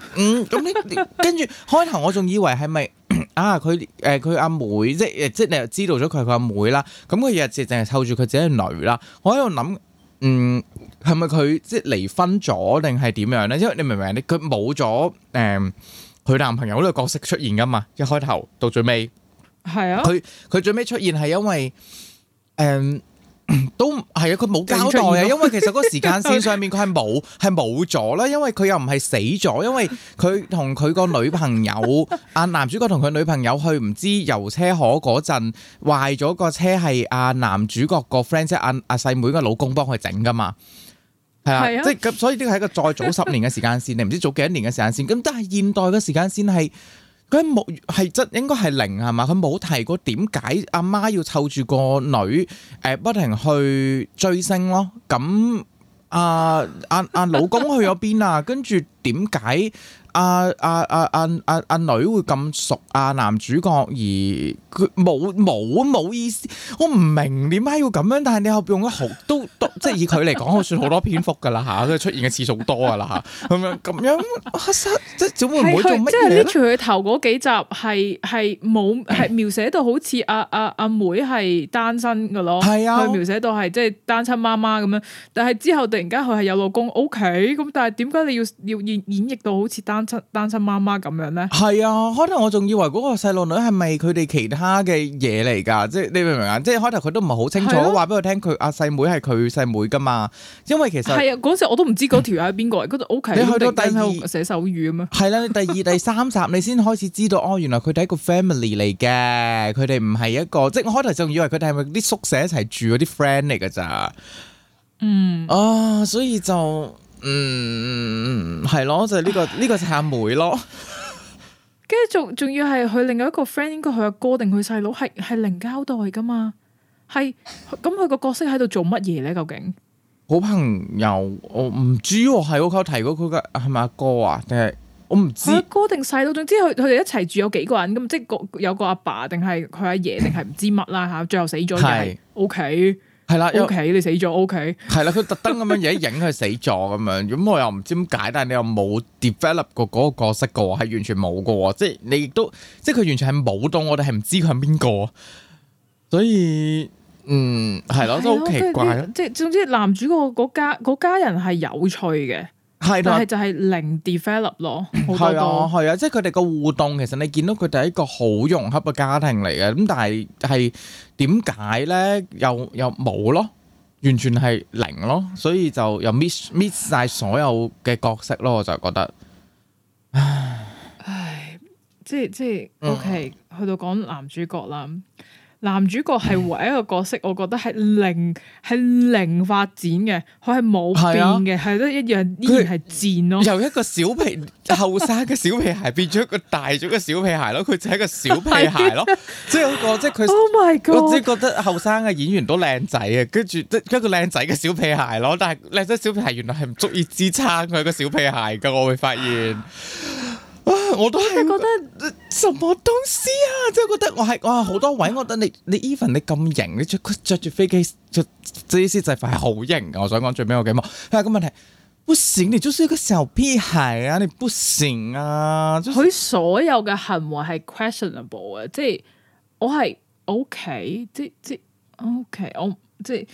嗯，咁呢？ 跟住開頭我仲以為係咪啊？佢誒，佢、呃、阿妹即誒，即你又知道咗佢係佢阿妹啦。咁佢日日淨係湊住佢自己女啦。我喺度諗，嗯，係咪佢即離婚咗，定係點樣咧？因為你明唔明咧？佢冇咗誒，佢、呃、男朋友呢個角色出現噶嘛？一開頭到最尾係啊，佢佢最尾出現係因為誒。呃都係啊，佢冇交代啊，因為其實個時間線上面佢係冇係冇咗啦，因為佢又唔係死咗，因為佢同佢個女朋友啊，男主角同佢女朋友去唔知遊車河嗰陣壞咗個車，係啊，男主角個 friend 即，阿阿細妹個老公幫佢整噶嘛，係啊，即係咁，所以呢個係一個再早十年嘅時間線，你唔知早幾多年嘅時間線咁，但係現代嘅時間線係。佢冇係真應該係零係嘛？佢冇提過點解阿媽要湊住個女誒不停去追星咯？咁阿阿阿老公去咗邊啊？跟住點解？阿阿阿阿阿阿女會咁熟阿、啊、男主角，而佢冇冇冇意思，我唔明點解要咁樣。但係你後邊用咗好都即係以佢嚟講，我算好多篇幅噶啦吓，即出現嘅次數多噶啦吓，咁樣咁樣即係小妹妹做乜即係拎住佢頭嗰幾集係係冇係描寫到好似阿阿阿妹係單身噶咯，係啊的，佢描寫到係即係單親媽媽咁樣，但係之後突然間佢係有老公，O K，咁但係點解你要要演演繹到好似單？單親單親媽媽咁樣咧，係啊，開頭我仲以為嗰個細路女係咪佢哋其他嘅嘢嚟噶，即係你明唔明啊？即係開頭佢都唔係好清楚，話俾我聽佢阿細妹係佢細妹噶嘛，因為其實係啊，嗰時我都唔知嗰條友係邊個，嗰度屋企。OK, 你去到第二集寫手語啊？咩係啦？第二第三集 你先開始知道哦，原來佢哋係一個 family 嚟嘅，佢哋唔係一個，即係我開頭仲以為佢哋係咪啲宿舍一齊住嗰啲 friend 嚟噶咋？嗯啊，所以就。嗯，係咯，就係、是、呢、這個呢、啊、個就阿妹咯、嗯。跟住仲仲要係佢另外一個 friend，應該佢阿哥定佢細佬，係係零交代噶嘛？係咁佢個角色喺度做乜嘢咧？究竟好朋友，我唔知喎。係我剛提過佢嘅，係咪阿哥啊？定係我唔知阿哥定細佬。總之佢佢哋一齊住有幾個人咁，即係有個阿爸，爸，定係佢阿爺，定係唔知乜啦吓。 最後死咗嘅係 OK。是係啦，O K，你死咗 O K。係啦，佢特登咁樣影影佢死咗咁 樣，咁我又唔知點解，但係你又冇 develop 過嗰個角色嘅喎，係完全冇嘅喎，即係你亦都，即係佢完全係冇到，我哋係唔知佢係邊個，所以嗯係咯，了都好奇怪咯。即係總之，男主角嗰家嗰家人係有趣嘅。係，但係就係零 develop 咯，係 啊，係啊，即係佢哋個互動，其實你見到佢哋係一個好融洽嘅家庭嚟嘅，咁但係係點解咧？又又冇咯，完全係零咯，所以就又 miss miss 晒 所有嘅角色咯，我就覺得，唉，唉即係即係，OK，嗯，去到講男主角啦。男主角係唯一一個角色，我覺得係零係零發展嘅，佢係冇變嘅，係、啊、都一樣依然係賤咯、哦。由一個小屁後生嘅小屁孩變咗一個大咗嘅小屁孩咯，佢就係一個小屁孩咯， 即係我 即係佢。Oh my god！我即係覺得後生嘅演員都靚仔啊，跟住即一個靚仔嘅小屁孩咯，但係靚仔小屁孩原來係唔足以支撐佢個小屁孩嘅，我會發現。語言い我都係覺得什麼東西啊？即係語い覺得我係哇好多位，我覺得你你 even 你咁型，你着著住飛機師制服係好型啊！我想講最尾個結幕係個問題，不行，你就是一個小屁孩啊！你不行啊！佢、就是、所有嘅行為係 questionable 啊、就是 okay。即係我係 OK，即即 OK，我即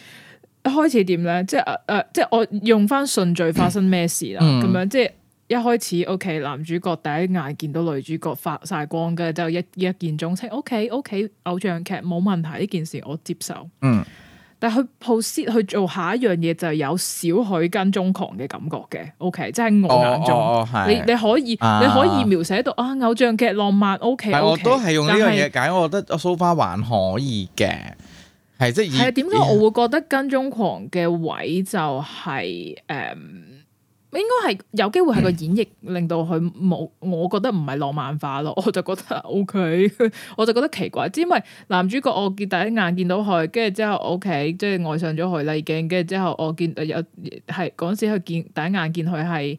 開始點咧？即誒誒，uh, 即我用翻順序發生咩事啦？咁、嗯、樣即。一開始 OK, 男主角第一眼見到女主角發晒光嘅，就一一見鐘情。O K O K 偶像劇冇問題呢件事我接受。嗯，但係去 post 去做下一樣嘢就有少許跟蹤狂嘅感覺嘅。OK, 即係我眼中，哦哦哦、你你可以、啊、你可以描寫到啊偶像劇浪漫。OK, okay, 我都係用呢樣嘢解，我覺得蘇花還可以嘅，係即係點解我會覺得跟蹤狂嘅位就係、是、誒。嗯嗯應該係有機會係個演繹，令到佢冇我覺得唔係浪漫化咯，我就覺得 OK， 我就覺得奇怪，因為男主角我見第一眼見到佢，跟住之後 OK，即係愛上咗佢啦已經，跟住之後我見有係嗰陣時佢見第一眼見佢係。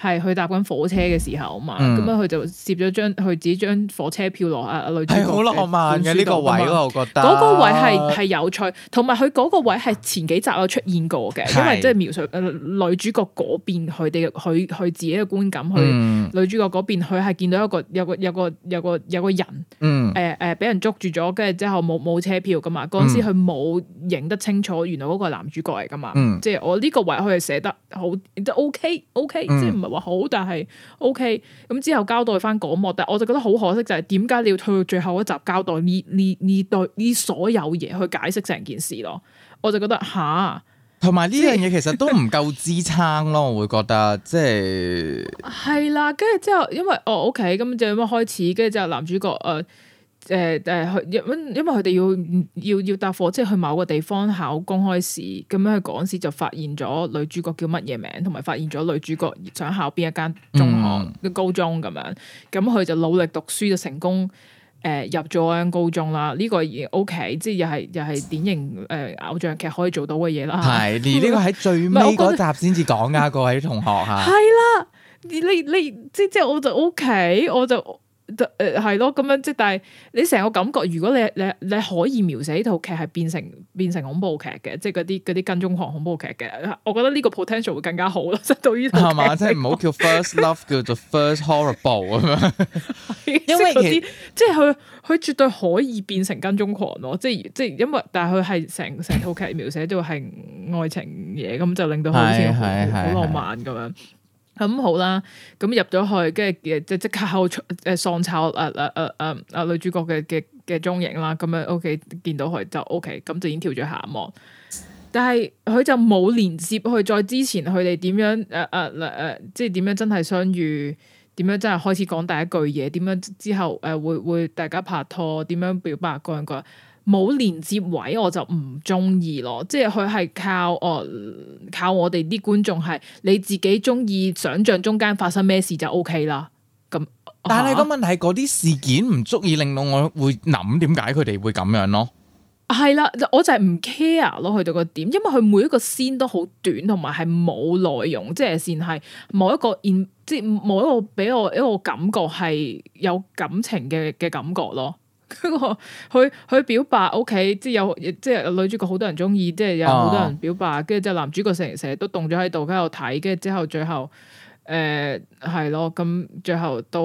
係佢搭緊火車嘅時候嘛，咁、嗯、樣佢就攝咗張佢自己張火車票落啊。女主角好浪漫嘅呢個位我覺得嗰個位係係有趣，同埋佢嗰個位係前幾集有出現過嘅，是因為即係描述誒、呃、女主角嗰邊佢哋佢佢自己嘅觀感，去、嗯、女主角嗰邊佢係見到一個有一個有個有個有個人，誒誒俾人捉住咗，跟住之後冇冇車票噶嘛，嗰、嗯、時佢冇認得清楚，原來嗰個男主角嚟噶嘛，嗯、即係我呢個位佢係寫得好都 OK OK，、嗯、即係。話好，但係 O K，咁之後交代翻嗰幕，但我就覺得好可惜，就係點解你要退到最後一集交代呢呢呢對呢所有嘢，去解釋成件事咯？我就覺得吓，同埋呢樣嘢其實都唔夠支撐咯， 我會覺得即係係啦，跟住之後因為哦 O K，咁就咁樣開始，跟住之後男主角誒。呃誒誒，去因、呃、因為佢哋要要要搭火車去某個地方考公開試，咁樣佢陣時就發現咗女主角叫乜嘢名，同埋發現咗女主角想考邊一間中學、嗯、高中咁樣，咁佢就努力讀書就成功誒、呃、入咗嗰間高中啦。呢、這個 O K，即又係又係典型誒偶像劇可以做到嘅嘢啦。係而呢個喺最尾嗰集先至講噶， 得各位同學吓。係啦， 你你即即係我就 O K，我就。我就誒，係咯，咁樣即係，但係你成個感覺，如果你你你可以描寫呢套劇係變成變成恐怖劇嘅，即係嗰啲啲跟蹤狂恐怖劇嘅，我覺得呢個 potential 會更加好咯。即係到呢，係嘛？即係唔好叫 First Love 叫做 First Horrible 咁樣。因為 即係佢佢絕對可以變成跟蹤狂咯，即係即係因為但係佢係成成套劇描寫都係愛情嘢，咁就令到好似好浪漫咁樣。咁好啦，咁入咗去，跟住即即刻喺度上抄啊啊啊啊！女主角嘅嘅嘅蹤影啦，咁樣 OK 見到佢就 OK，咁就已經跳咗去下一幕。但係佢就冇連接去再之前佢哋點樣誒誒誒，即係點樣真係相遇，點樣真係開始講第一句嘢，點樣之後誒會會大家拍拖，點樣表白，個人個。冇連接位我就唔中意咯，即係佢係靠哦靠我哋啲觀眾係你自己中意想像中間發生咩事就 OK 啦。咁、啊、但係個問題嗰啲事件唔足以令到我會諗點解佢哋會咁樣咯。係啦，我就係唔 care 咯去到個點，因為佢每一個 scene 都好短，同埋係冇內容，即係 scene 係冇一個 in 即冇一個俾我一個感覺係有感情嘅嘅感覺咯。佢佢佢表白屋企、OK，即有即女主角好多人中意，即有好多人表白，跟住即係男主角成成日都凍咗喺度，喺度睇，跟住之後最後誒係、呃、咯，咁最後到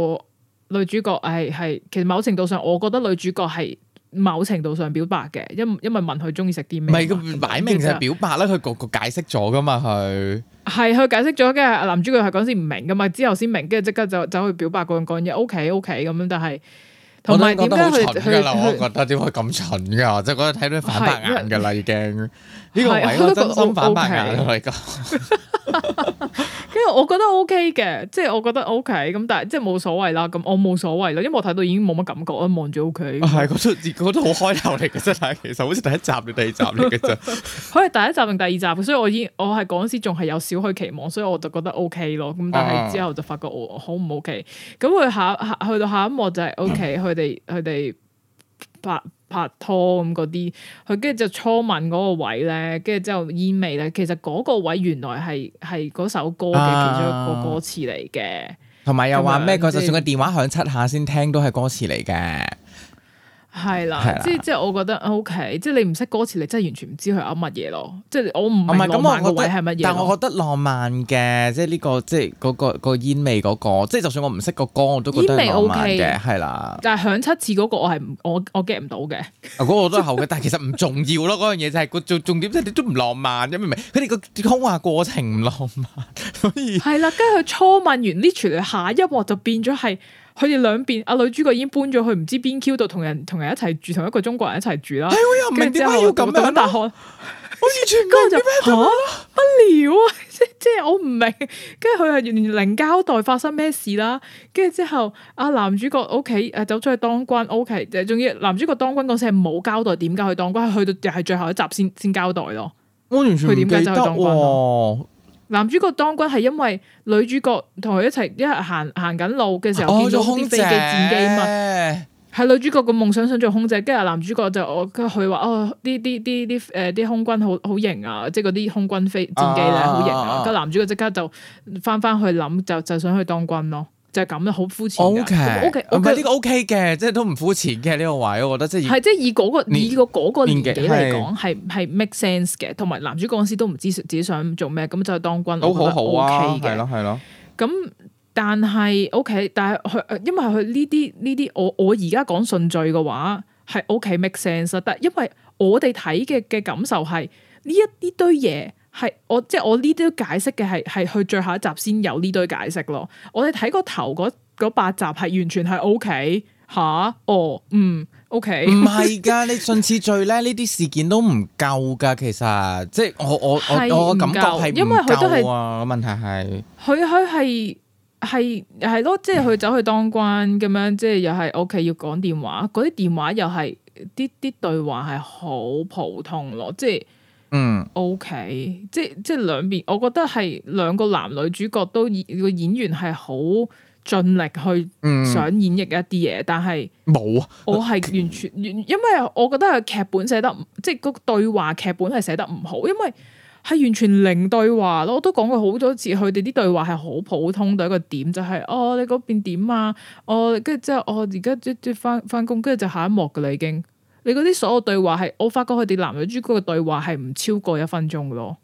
女主角係係、哎，其實某程度上我覺得女主角係某程度上表白嘅，因為因為問佢中意食啲咩，唔係佢擺明就係表白啦，佢個個解釋咗噶嘛，佢係佢解釋咗，跟住男主角係嗰陣時唔明噶嘛，之後先明，跟住即刻就走去表白嗰樣嗰樣嘢，OK OK 咁，但係。我都覺得好蠢㗎啦！我覺得點解咁蠢㗎？即係覺得睇到反白眼㗎啦，已經。呢個唔係個真心反白嘅，係咁。跟住我覺得 O K 嘅，即係我覺得 O K。咁但係即係冇所謂啦，咁我冇所謂啦，因為我睇到已經冇乜感覺啦，望住 O K。係，我都我都好開頭嚟嘅啫。但其實好似第一集定第二集嚟嘅啫。係第一集定第二集，所以我已經我係嗰時仲係有少許期望，所以我就覺得 O K 咯。咁但係之後就發覺好唔 O K。咁佢下去到下一幕就係 O K，佢哋佢哋拍。拍拖咁嗰啲，佢跟住就初吻嗰個位咧，跟住之後意味咧，其實嗰個位原來係係嗰首歌嘅、啊、其中一個歌詞嚟嘅，同埋又話咩？佢後就算個電話響七下先聽都係歌詞嚟嘅。係啦的，即係即係，我覺得 OK，即係你唔識歌詞，你真係完全唔知佢嘔乜嘢咯。即係我唔唔係咁，我覺得係乜嘢？但係我覺得浪漫嘅，即係呢個即係嗰個個煙味嗰個，即係、那個那個那個那個、就算我唔識個歌，我都覺得係浪漫嘅。係啦，但係響七次嗰個我係我我 get 唔到嘅。嗰個都係後嘅，但係其實唔重要咯。嗰樣嘢就係個重重點，即係你都唔浪漫，你明唔明？佢哋個講話過程唔浪漫，所以係啦。跟住佢初問完呢條，佢下一幕就變咗係。佢哋兩邊阿女主角已經搬咗去唔知邊區度，同人同人一齊住，同一個中國人一齊住啦。係、欸、我又唔明點解後要咁樣。大汗我完全跟住 就吓，不了蛤啊！ 即即係我唔明。跟住佢係完全零交代發生咩事啦。跟住之後，阿男主角屋企誒走出去當軍，屋企仲要男主角當軍嗰時係冇交代點解去當軍，去到又係最後一集先先交代咯。我完全唔記得，佢點解走去當軍。男主角當軍係因為女主角同佢一齊一行行緊路嘅時候，哦、見到啲飛機戰機啊，係女主角個夢想想做空姐，跟住男主角就哦佢話，哦啲啲啲啲誒啲空軍好好型啊，即係嗰啲空軍飛戰機咧，哦、好型啊，跟住，哦、男主角即刻就翻翻去諗就就想去當軍咯。就係咁咯，好膚淺。O K，唔係呢個 O K 嘅，即係都唔膚淺嘅呢個位，我覺得即係、嗰個。係即係以嗰個以個個年紀嚟講，係係是 make sense 嘅。同埋男主角嗰陣時都唔知自己想做咩，咁就當軍都好好 O K 嘅咯係咯。咁、okay、但係 O K，但係佢，因為佢呢啲呢啲，我我而家講順序嘅話係 O K make sense，但係因為我哋睇嘅嘅感受係呢一啲堆嘢。係我即係我呢啲解釋嘅係係去最後一集先有呢堆解釋咯。我哋睇個頭嗰八集係完全係 O K 吓哦嗯 O K 唔係噶你順次序咧呢啲事件都唔夠噶其實即係我我我我感覺係唔夠啊因為佢都係問題係佢佢係係係咯即係佢走去當官咁樣即係又係 O K 要講電話嗰啲電話又係啲啲對話係好普通咯即係。嗯，OK，即係即兩邊，我覺得係兩個男女主角都演個演員係好盡力去想演繹一啲嘢，但係冇，我係完全，因為我覺得係劇本寫得即係個對話劇本係寫得唔好，因為係完全零對話咯。我都講過好多次，佢哋啲對話係好普通。到一個點就係，是，哦，你嗰邊點啊？我跟住之後，我而家即即返返工，跟、哦、住就，就下一幕㗎喇已經。你嗰啲所有對話係，我發覺佢哋男女主角嘅對話係唔超過一分鐘咯，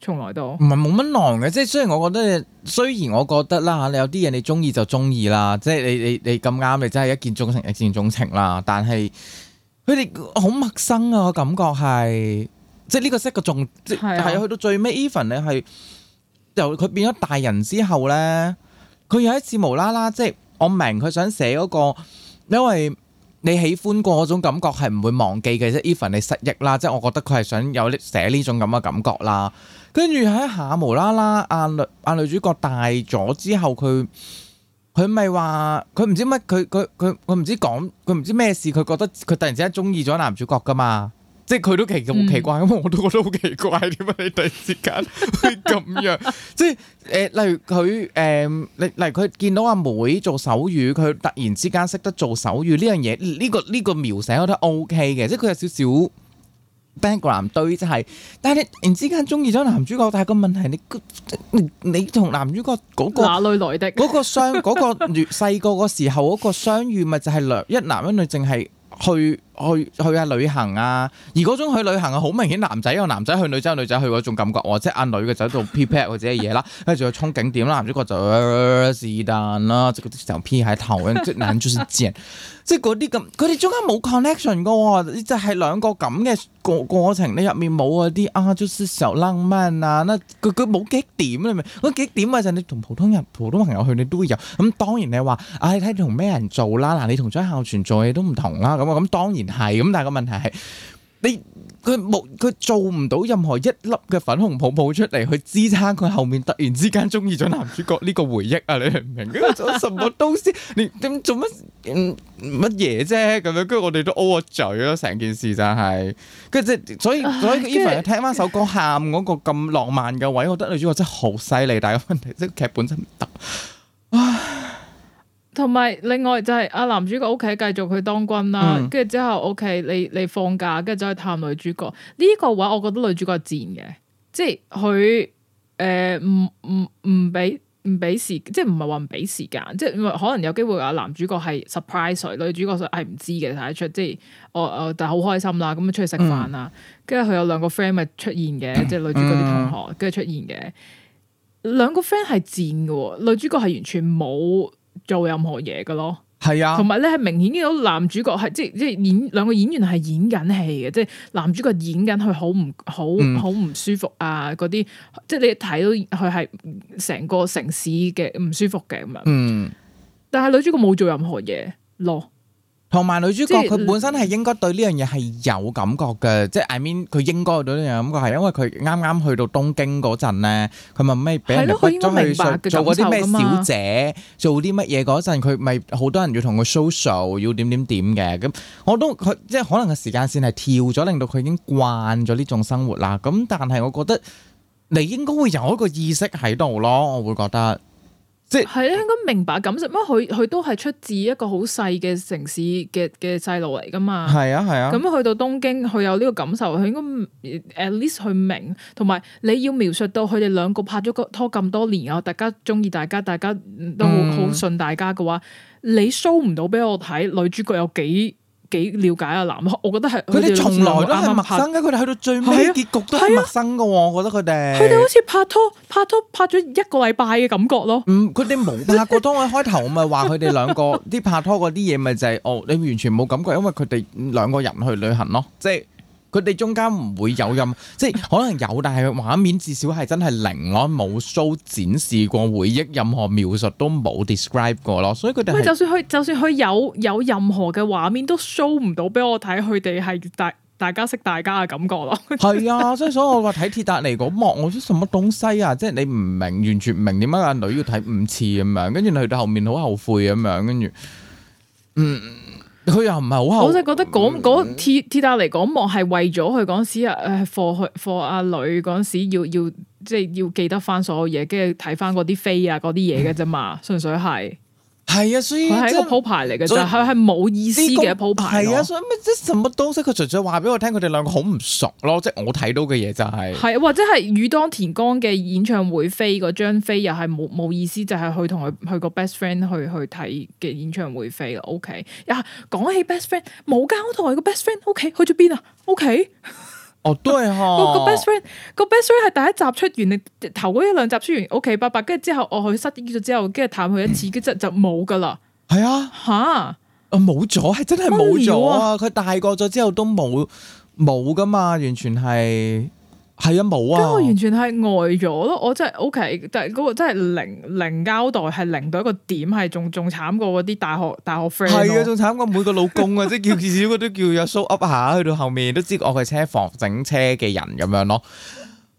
從來都唔係冇乜浪嘅。即係雖然我覺得，雖然我覺得啦吓，有你有啲嘢，你中意就中意啦，即係你你你咁啱你真係一見鍾情，一見鍾情啦。但係佢哋好陌生啊，我感覺係，即係呢個 set 個仲係，係去到最尾 even 你係由佢變咗大人之後咧，佢有一次無啦啦，即係我明佢想寫嗰、嗰個，因為。你喜歡過嗰種感覺係唔會忘記嘅，即 even 你失憶啦，即係我覺得佢係想有寫呢種咁嘅感覺啦。跟住喺下無啦啦，阿女阿女主角大咗之後，佢佢咪話佢唔知乜，佢佢佢佢唔知講佢唔知咩事，佢覺得佢突然之間鍾意咗男主角㗎嘛。即係佢都其實咁奇怪，咁我都我都覺得好奇怪，點解你突然之間會咁樣？即係誒，例如佢誒，嚟嚟佢見到阿妹做手語，佢突然之間識得做手語呢樣嘢，呢個呢個描寫我覺得 OK 嘅，即係佢有少少 background，對，即係，但係你突然之間中意咗男主角，但係個問題，你你你同男主角嗰個哪裏來的？嗰個相嗰個細個個時候嗰個相遇，咪就係兩一男一女，淨係去。去去下旅行啊，而嗰種去旅行啊，好明顯男仔有男仔去，女仔有女仔去嗰種感覺，即係阿女嘅就喺度 prepare 或者嘢啦，跟住仲有衝景點啦，男主角就是但啦，即係成 P 喺頭，即係男就是賤，即嗰啲咁，佢哋中間冇 connection 噶，即係兩個咁嘅過過程，你入面冇嗰啲啊，就是小浪漫啊，嗱佢冇激點啊，你明？嗰激點啊就係你同普通人、普通朋友去你都有，咁當然你話，唉睇你同咩人做啦，嗱你同張孝全做嘢都唔同啦，咁咁當然。係咁，但係個問題係你佢，冇佢做唔到任何一粒嘅粉紅泡泡出嚟去支撐佢後面突然之間中意咗男主角呢個回憶啊！你明唔明？佢做什麼東西？你點做乜乜嘢啫？咁樣跟住我哋都 O 咗嘴咯，成件事就係跟住即係，所以所以 even 聽翻首歌喊嗰個咁浪漫嘅位， 我覺得女主角真係好犀利，但係個問題即係劇本真唔得。同埋，另外就係阿男主角屋企繼續去當軍啦，跟住、嗯、之後屋、OK，企你你放假，跟住走去探女主角。呢、這個話我覺得女主角賤嘅，即係佢誒，唔唔唔俾唔俾時，即係唔係話唔俾時間，即係可能有機會阿男主角係 surprise 佢，女主角係唔知嘅睇得出。即係我我但係好開心啦，咁出去食飯啦，跟住佢有兩個 friend 咪出現嘅，嗯、即係女主角啲同學跟住、嗯、出現嘅，兩個 friend 係賤嘅喎，女主角係完全冇。做任何嘢嘅咯，係是啊呢，同埋咧係明顯見到男主角係即係即係演兩個演員係演緊戲嘅，即係男主角演緊佢好唔好好唔舒服啊，嗰啲即係你睇到佢係成個城市嘅唔舒服嘅咁樣，嗯，但係女主角冇做任何嘢咯。同埋女主角佢是本身係應該對呢樣嘢係有感覺嘅，嗯、即係 I mean 佢應該對呢樣感覺，係因為佢啱啱去到東京嗰陣咧，佢咪咩俾人哋逼咗去做嗰啲咩小姐，做啲乜嘢嗰陣，佢咪好多人要同佢 social，要點點點嘅咁，我都佢即係可能個時間線係跳咗，令到佢已經慣咗呢種生活啦。咁但係我覺得你應該會有一個意識喺度咯，我會覺得。即係咧，應該明白感受乜？佢佢都係出自一個好細嘅城市嘅嘅細路嚟噶嘛？咁、係啊係啊、去到東京，佢有呢個感受，佢應該 at least 佢明。同埋你要描述到佢哋兩個拍咗個拖咁多年啊，大家中意大家，大家都好、嗯、好信大家嘅話，你 show 唔到俾我睇女主角有幾幾了解啊男客，我覺得係佢哋從來都係陌生㗎，佢哋去到最尾結局都係陌生㗎喎，啊、我覺得佢哋，佢哋好似拍，拍拖拍拖拍咗一個禮拜嘅感覺咯。嗯，佢哋冇拍過拖。我開頭，我咪話佢哋兩個啲拍拖嗰啲嘢，咪就係哦，你完全冇感覺，因為佢哋兩個人去旅行咯，即係。佢哋中間唔會有任，即係可能有，但係畫面至少係真係零安冇 show 展示過回憶，任何描述都冇 describe 過咯。所以佢哋，就算佢就算佢有有任何嘅畫面都 show 唔到俾我睇，佢哋係大大家識大家嘅感覺咯。係 啊，所以所以我話睇鐵達尼嗰幕，我說什麼東西啊？即係你唔明，完全唔明點解阿女要睇五次咁樣，跟住去到後面好後悔咁樣，跟住嗯。佢又唔係好後悔， 我就覺得嗰嗰鐵鐵達尼嗰幕係為咗佢嗰時啊，誒、呃，放去放阿女嗰時要要即係要記得翻所有嘢，跟住睇翻嗰啲飛啊嗰啲嘢嘅啫嘛，純 粹係。係啊，所以佢係一個鋪排嚟嘅啫，佢係冇意思嘅鋪排。係啊，所以咩即係什麼東西？佢純粹話俾我聽，佢哋兩個好唔熟咯，即係我睇到嘅嘢就係、是、係、啊、或者係宇多田光嘅演唱會飛嗰張飛又係冇冇意思，就係、是、去同佢去個 best friend 去去睇嘅演唱會飛。O、okay、K 啊，講起 best friend 冇交代。我個 best friend okay,、啊。O K 去咗邊啊？O K。哦，對吓，喔，個 best descript or. friend 個 best friend 係第一集出完，你頭嗰一兩集出完，O K，八八，跟住之後我去失憶咗之後，跟住探佢一次，跟住就就冇噶啦，係 啊，吓，啊冇咗，係真係冇咗啊，佢大個咗之後都冇冇噶嘛，完全係。係啊，冇啊！咁我完全係呆咗，我我真係 OK，但係嗰個真係零零交代，係零到一個點，係仲仲慘過嗰啲大學大學 friend。係啊，仲慘過每個老公啊，即係 叫至少都叫阿叔 up 下，去到後面都知我係車房整車嘅人咁樣咯。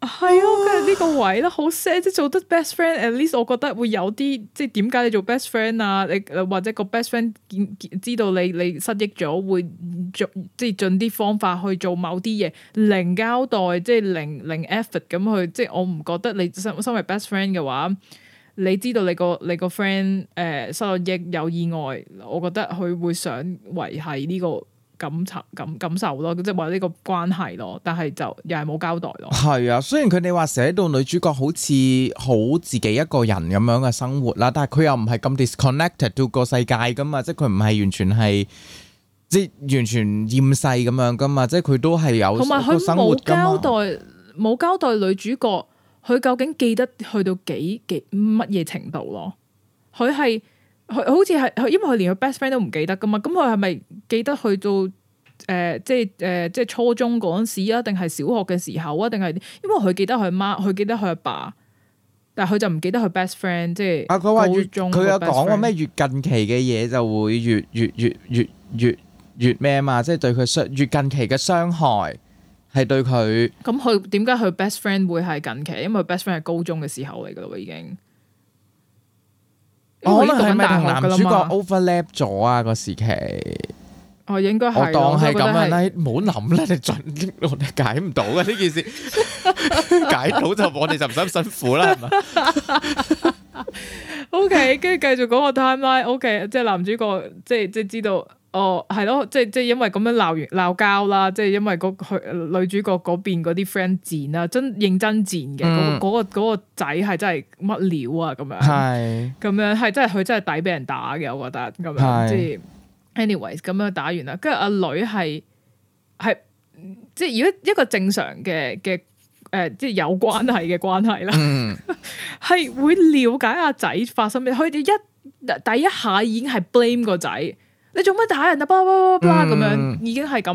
係啊，跟住呢個位啦，好 sad 即係做得 best friend，at least 我覺得會有啲，即係點解你做 best friend 啊？你或者個 best friend 見知道你你失憶咗，會做即係盡啲方法去做某啲嘢，零交代即係零零 effort 咁去。即係我唔覺得你身身為 best friend 嘅話，你知道你個你個 friend 誒、呃、失憶有意外，我覺得佢會想維繫呢個。感感感受咯，即係話呢個關係咯，但係就又係冇交代咯。係啊，雖然佢哋話寫到女主角好似好自己一個人咁樣嘅生活啦，但係佢又唔係咁 disconnected to 個世界噶嘛，即係佢唔係完全係即係完全厭世咁樣噶嘛，即係佢都係有生活噶嘛。同埋佢冇交代冇交代女主角，佢究竟記得去到幾幾乜嘢程度咯？佢係。佢好似係，因為佢連佢 best friend 都唔記得噶嘛，咁佢係咪記得去到誒、呃，即係誒、呃，即係初中嗰陣時啊，定係小學嘅時候啊，定係？因為佢記得佢媽，佢記得佢阿爸，爸，但係佢就唔記得佢 best friend，即係阿佢話佢有講過咩越近期嘅嘢就會越越越越越越咩啊嘛，即係對佢越近期嘅傷害係對佢。咁佢點解佢 best friend 會係近期？因為 best friend 係高中嘅時候嚟噶啦，已經。可能係咪同男主角 overlap 咗啊個時期？哦，應該係我當係咁樣啦，唔好諗啦，你盡我哋解唔到嘅呢件事，解到就我哋就唔使辛苦啦。係咪？OK，跟住繼續講個 timeline。OK，即係男主角，即係即係知道。哦，係咯，即係即係，因為咁樣鬧完鬧交啦，即係因為嗰女主角嗰邊嗰啲 friend 賤啦，真認真賤嘅，嗰嗰個個仔係真係乜料啊？咁樣，咁樣係真係佢真係抵俾人打嘅，我覺得咁樣，即係 anyways 咁樣打完啦，跟住阿女係係即係如果一個正常嘅嘅誒，即係有關係嘅關係啦，係會了解阿仔發生咩，佢哋一第一下已經係 blame 個仔。你做乜打人啊？咁樣已經係咁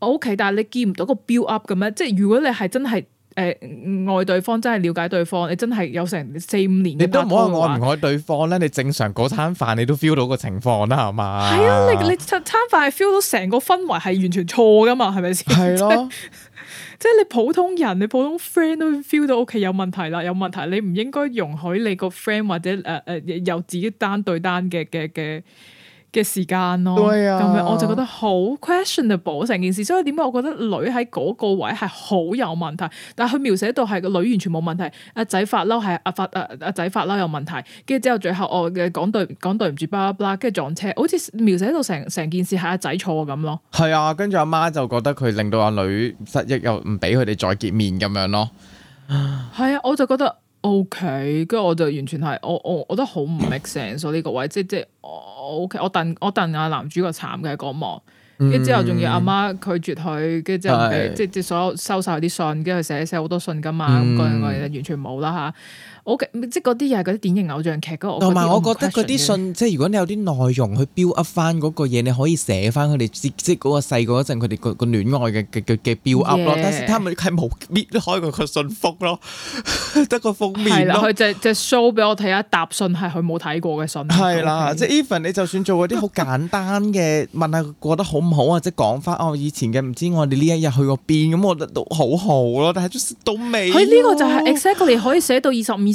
屋企，嗯、okay, 但係你見唔到個 build up 咁樣，即係如果你係真係誒、呃、愛對方，真係了解對方，你真係有成四五年。你都唔愛，愛唔愛對方咧？你正常嗰餐飯你都 feel 到個情況啦，係嘛？係啊，你你餐餐飯係 feel 到成個氛圍係完全錯㗎嘛？係咪先？係咯，即係你普通人，你普通 friend 都 feel 到屋企有問題啦，有問題，你唔應該容許你個 friend 或者誒誒、呃呃呃、由自己單對單嘅嘅嘅。嘅時間咯，咁、哎、呀樣我就覺得好 questionable 成件事，所以點解我覺得女喺嗰個位係好有問題，但係佢描寫到係個女完全冇問題，阿仔發嬲係阿發阿阿仔發嬲有問題，跟住之後最後我嘅講對講對唔住，巴拉巴拉，跟住撞車，好似描寫到成成件事係阿仔錯咁咯。係啊，跟住阿媽就覺得佢令到阿女失憶，又唔俾佢哋再見面咁樣咯。係 啊，我就覺得。O K，跟住我就完全係，我我我覺得好唔 make sense 呢個位，即即 O 我，我戥我戥阿、 哦 okay, 男主角慘嘅嗰一幕，跟跟之後仲要阿媽拒絕佢，跟之後、嗯、即即所有收晒啲信，跟住佢寫寫好多信噶嘛，嗰樣嗰樣嘅嘢完全冇啦吓。下 Okay，即係嗰啲嘢係嗰啲典型偶像劇嗰個。同埋我覺得嗰啲信，即係如果你有啲內容去 build up 翻嗰個嘢，你可以寫翻佢哋即係嗰個細個嗰陣佢哋個個戀愛嘅嘅嘅 build up 咯。但是佢係冇搣開個個信封咯，得 個封面佢就就 show 俾我睇下，答信係佢冇睇過嘅信。係啦的，okay? 即係 even 你就算做嗰啲好簡單嘅 問下過得好唔好啊，即係講翻我以前嘅唔知我哋呢一日去過邊咁，我覺得都好好咯。但係都未。佢呢個就係 exactly 可以寫到二十五。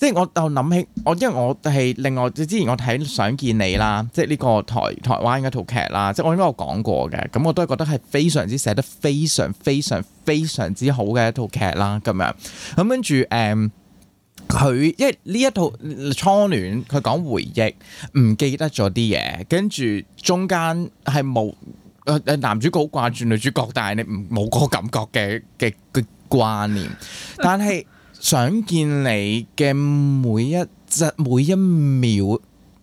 即係我就諗起我，因為我係另外，即之前我睇《想見你》啦，即係呢個台台灣嗰套劇啦，即係我應該有講過嘅，咁我都係覺得係非常之寫得非常非常非常之好嘅一套劇啦，咁樣咁跟住誒，佢、嗯、因為呢一套初戀，佢講回憶，唔記得咗啲嘢，跟住中間係冇誒誒男主角好掛住女主角，但係你唔冇嗰個感覺嘅嘅嘅掛念，但係。 想見你嘅每一隻，每一秒，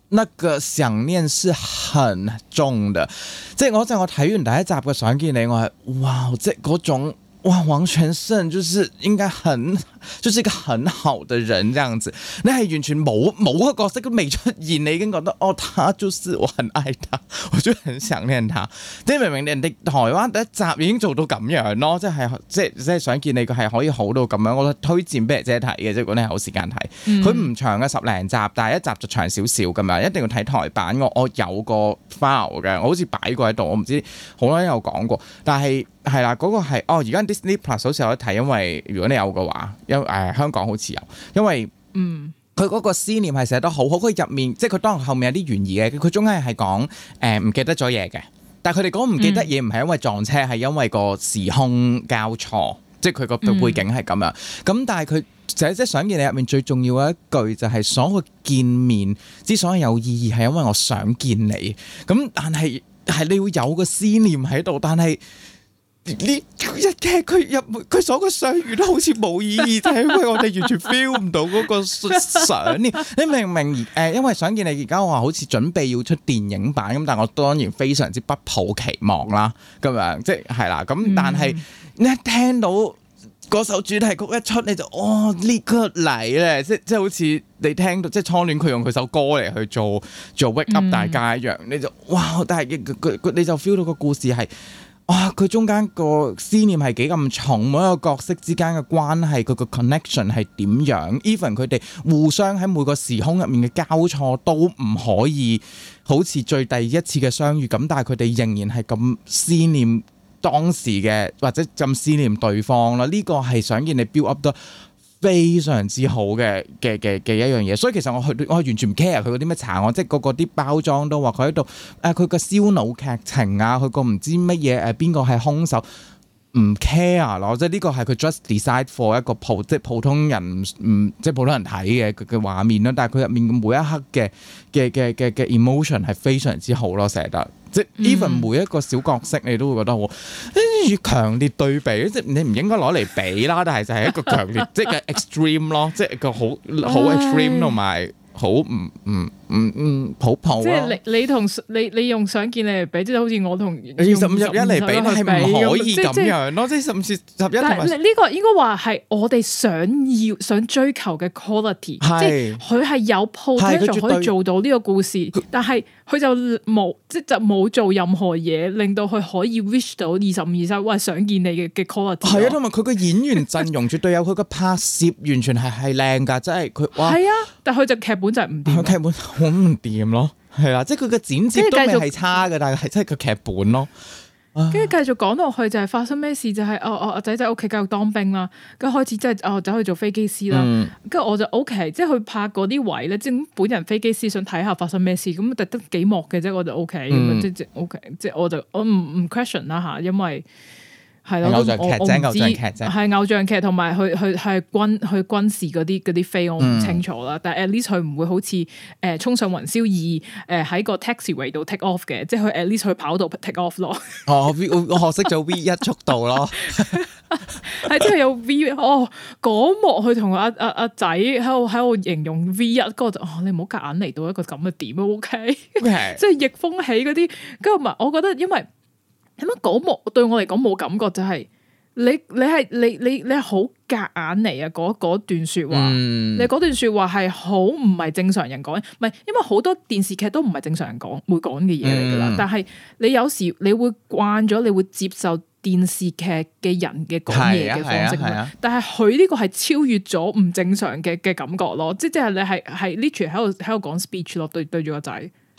那個想念是很重的。即係我嗰陣我睇完第一集嘅《想見你》，我係哇，即係嗰種。哇，王全盛就是應該很，就是一個很好的人，這樣子，你係完全冇冇一個角色都未出現你已經覺得，哦，他就是我很愛他，我就很想念他。你明唔明人哋台灣第一集已經做到咁樣咯，即係即係即係想見你佢係可以好到咁樣，我推薦俾阿姐睇嘅，即係如果你有時間睇，佢唔、嗯、長嘅十零集，但係一集就長少少噶嘛，一定要睇台版，我我有個 file 嘅，我好似擺過喺度，我唔知好多人有講過，但係。係啦，嗰、那個係哦，而家 Disney+ 好似有得睇，因為如果你有嘅話，因誒、哎、香港好似有，因為嗯，佢嗰個思念係寫得好好，佢入面即係佢當然後面有啲懸疑嘅，佢中終係係講誒唔記得咗嘢嘅，但係佢哋講唔記得嘢唔係因為撞車，係因為個時空交錯，即係佢個背景係咁樣。咁、嗯、但係佢就係想見你入面最重要嘅一句就係想去見面之所以有，有意義係因為我想見你。咁但係係你會有個思念喺度，但係。呢一劇佢入佢所嘅相遇都好似冇意義，就係因為我哋完全 feel 唔到嗰個想念。你明唔明？誒因為想見你而家話好似準備要出電影版咁，但我當然非常之不抱期望啦。咁樣即係係啦，咁但係你一聽到嗰首主題曲一出，你就哦呢個嚟咧，即即係好似你聽到即係《初戀》，佢用佢首歌嚟去做做 wake up 大家一樣，你就哇！但係佢佢你就 feel 到個故事係。哇！佢、啊、中間個思念係幾咁重，每一個角色之間嘅關係佢個 connection 係點樣？Even 佢哋互相喺每個時空入面嘅交錯都唔可以好似最第一次嘅相遇咁，但係佢哋仍然係咁思念當時嘅，或者咁思念對方啦。呢個係想見你 build up 得多。非常之好嘅嘅嘅嘅一樣嘢，所以其實我去我係完全唔 care 佢嗰啲咩查案，即係個個啲包裝都話佢喺度，誒佢個燒腦劇情啊，佢個唔知乜嘢誒邊個係兇手，唔 care 咯，即係呢個係佢 just decide for 一個普即係普通人唔即係普通人睇嘅嘅畫面咯，但係佢入面每一刻嘅嘅嘅嘅嘅 emotion 係非常之好咯，成日得。即係 even 每一個小角色，你都會覺得好與強烈對比，即係你唔應該攞嚟比啦。但係就係一個強烈， 即係 extreme 咯，即係個好好 extreme 同埋好唔唔。嗯嗯嗯，普，即係你你同你你用想見你嚟比，即係好似我同二十五十一嚟比，係唔可以咁樣咯。即係十五十十一，但係呢個應該話係我哋想要想追求嘅 quality，即係佢係有 potential 可以做到呢個故事，但係佢就冇即係就冇做任何嘢，令到佢可以 reach 到二十五二十一。我係想見你嘅嘅 quality，係啊，同埋佢嘅演員陣容絕對有，佢嘅拍攝完全係係靚噶，即係佢係啊，但係佢就劇本就係唔掂，劇本。穩唔掂咯，係啊，即係佢嘅剪接都未係差嘅，著但係係真係佢劇本咯。跟住繼續講落去就係、是、發生咩事？就係、是、哦哦仔仔屋企繼續當兵啦，跟開始即、就、係、是、哦走去做飛機師啦。跟住、嗯、我就 O、OK, K，即係去拍嗰啲位咧，即係本人飛機師想睇下發生咩事，咁特得幾幕嘅啫，我就 O K 咁即係 O K，即係我就我唔唔 question 啦吓，因為。係咯，我我唔知係偶像劇，同埋佢佢係軍,軍去軍事嗰啲嗰啲飛，我唔清楚啦。但係 at least 佢唔會好似誒衝上雲霄二誒喺個 taxi 位度 take off 嘅，即係佢 at least 佢跑到 take off 咯。我我學識咗 V 一速度咯，係真係有 V 哦，嗰幕佢同阿阿阿仔喺度喺度形容 V 一，嗰個就哦你唔好夾硬嚟到一個咁嘅點啊，OK，即係逆風起嗰啲，跟住唔係，我覺得因為。點解講冇對我嚟講冇感覺，就是？就係你你係你你你好夾硬嚟啊！嗰嗰段說話，嗯、你嗰段說話係好唔係正常人講唔係，因為好多電視劇都唔係正常人講會講嘅嘢，嚟噶啦。嗯、但係你有時你會慣咗，你會接受電視劇嘅人嘅講嘢嘅方式。啊啊啊啊、但係佢呢個係超越咗唔正常嘅嘅感覺咯，即係你係係 literally 喺度喺度講 speech 咯，對對住個仔。係，跟住喺度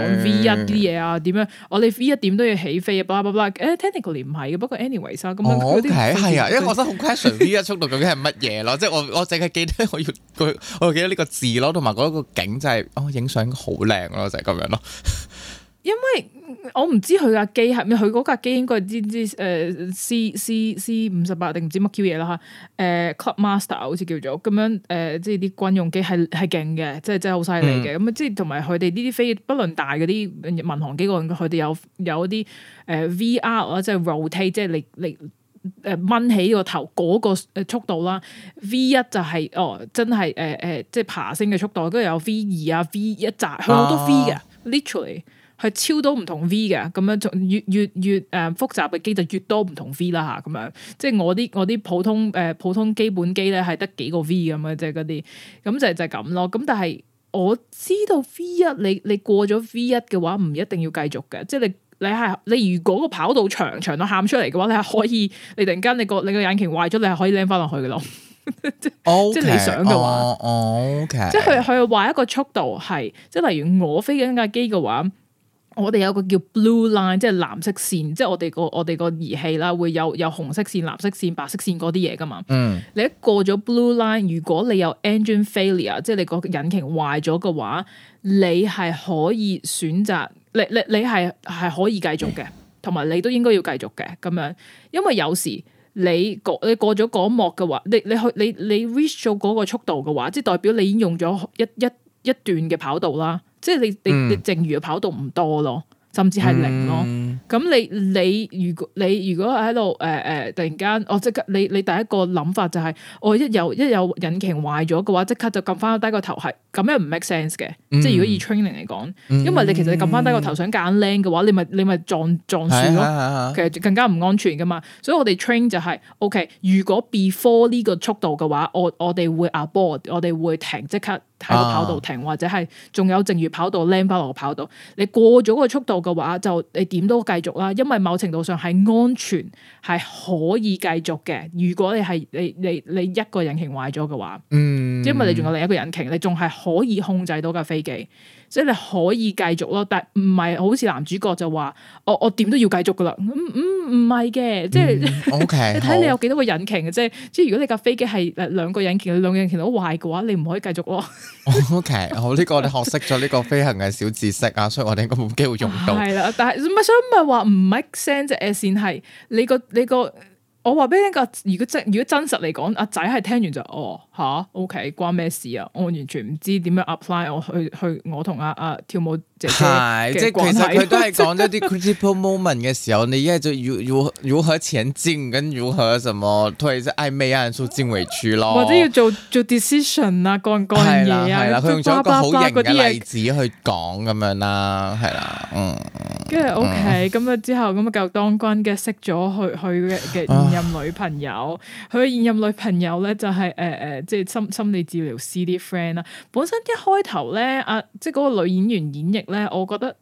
講 V1 啲嘢啊，點樣？我哋 V1 點都要起飛啊，blah technically 唔係嘅，blah blah blah, 不過 anyways 啦，咁樣嗰啲係啊，都因為我真係好 question V1 速度究竟係乜嘢咯？ 即係我我淨係記得我要佢，我記得呢個字咯，同埋覺得個景真係，哦，影相好靚咯，就係咁樣咯。 因為我唔知佢架機係咪佢嗰架機應該知唔知誒 C C C 五十八定唔知乜 Q 嘢啦嚇。誒、呃、Club Master 好似叫做咁樣誒、呃，即係啲軍用機係係勁嘅，即係真係好犀利嘅。咁即係同埋佢哋呢啲飛不論大嗰啲民航機，我佢哋有有啲誒、呃、VR 即係 rotate，即係嚟嚟誒掹起個頭嗰、那個速度啦。V 一就係、是、哦，真係誒誒，即係爬升嘅速度，跟住有 V 二啊，V 一咋佢好多 V 嘅、啊，literally。係超多唔同 V 嘅，咁樣越越越誒、呃、複雜嘅機就越多唔同 V 啦嚇，咁樣即係我啲我啲普通誒、呃、普通基本機咧係得幾個 V 咁樣，即係嗰啲咁就就咁咯。咁但係我知道 V 一你你過咗 V 一嘅話唔一定要繼續嘅，即係你你係你如果個跑道長長到喊出嚟嘅話，你係可以你突然間你個你個引擎壞咗，你係可以拎翻落去嘅咯。Okay, 即係你想嘅話，uh, okay. 即係佢佢話一個速度係即係例如我飛緊架機嘅話。我哋有個叫 blue line，即係藍色線，即係我哋個我哋個儀器啦，會有有紅色線、藍色線、白色線嗰啲嘢㗎嘛。嗯。你一過咗 blue line，如果你有 engine failure，即係你嗰個引擎壞咗嘅話，你係可以選擇，你你你係係可以繼續嘅，同埋你都應該要繼續嘅咁樣，因為有時你過你過咗嗰幕嘅話，你你去你你 reach 到嗰個速度嘅話，即代表你已經用咗一一一段嘅跑道啦。即係你你你剩餘跑道唔多咯，甚至係零咯。咁、嗯、你你如果你如果喺度誒誒，突然間我即刻你你第一個諗法就係、是、我一有一有引擎壞咗嘅話，即刻就撳翻低個頭，係咁樣唔 make sense 嘅。嗯、即係如果以 training 嚟講，嗯、因為你其實你撳翻低個頭想揀 lane 嘅話，你咪你咪撞撞樹咯。啊、其實更加唔安全噶嘛。所以我哋 train 就係、是、OK。如果 before 呢個速度嘅話，我我哋會 abort，我哋會，會停即刻。喺跑道停，啊、或者係仲有，正如跑道，landing，啊、跑道，你過咗個速度嘅話，就你點都繼續啦。因為某程度上係安全，係可以繼續嘅。如果你係你你你一個引擎壞咗嘅話，嗯，因為你仲有另一個引擎，你仲係可以控制到架飛機。即係你可以繼續咯，但係唔係好似男主角就話，我我點都要繼續噶啦，唔唔唔係嘅，即係，嗯、okay, 你睇你有幾多個引擎嘅？好即係，即係如果你架飛機係誒兩個引擎，兩引擎都壞嘅話，你唔可以繼續咯。 o、okay, K，好呢、這個我哋學識咗呢個飛行嘅小知識啊，所以我哋應該冇機會用到。係啦， 但係所以唔係話唔 make sense 啫，誒，先係你，你個你個，我話俾你聽個，如果真如果真實嚟講，阿仔係聽完就哦。吓，OK，關咩事啊？我完全唔知點樣 apply，我去去我同阿阿跳舞姐姐係。即係其實佢都係講咗啲 critical moment 嘅時候，你一係就要如何前進，跟如何什麼，推，即就曖昧暗處受委屈咯。或者要做做 decision 啊，乾乾嘢啊，啦用咗一個好型嘅例子去講咁樣啦，啊，係啦，嗯。跟住，嗯，OK，咁啊，嗯，之後咁啊舊當軍嘅識咗佢佢嘅嘅現任女朋友，佢嘅現任女朋友咧就係誒誒。呃呃呃，即係心心理治療師啲 friend 啦，本身一開頭咧，啊，即係個女演員演繹咧，我覺得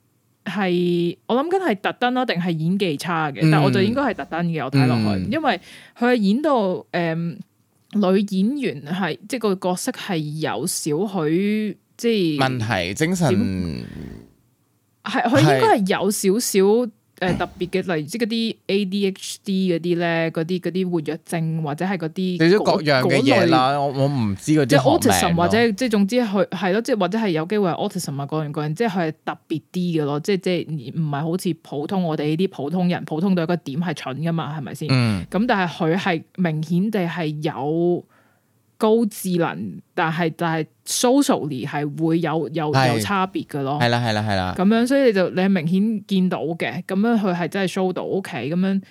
係我諗緊係特登咯，定係演技差嘅？嗯、但係我就應該係特登嘅，我睇落去，嗯、因為佢係演到誒、呃、女演員係即係個角色係有少許即係問題，精神係佢應該係有少少。誒特別嘅，例如即嗰啲 ADHD 嗰啲咧，嗰啲嗰啲活躍症或者係嗰啲，你都各樣嘅嘢啦。我我唔知嗰啲即係 autism 或者即總之佢係咯，即或者係有機會係 autism 啊，各樣各樣，即係佢係特別啲嘅咯。即即唔係好似普通我哋呢啲普通人，普通都有一點係蠢㗎嘛，係咪先？咁、嗯、但係佢係明顯地係有。高智能，但係但係 socially 係會有有有差別嘅咯，係啦係啦係啦，咁樣所以你就你明顯見到嘅，咁樣佢係真係 show 到，OK，咁樣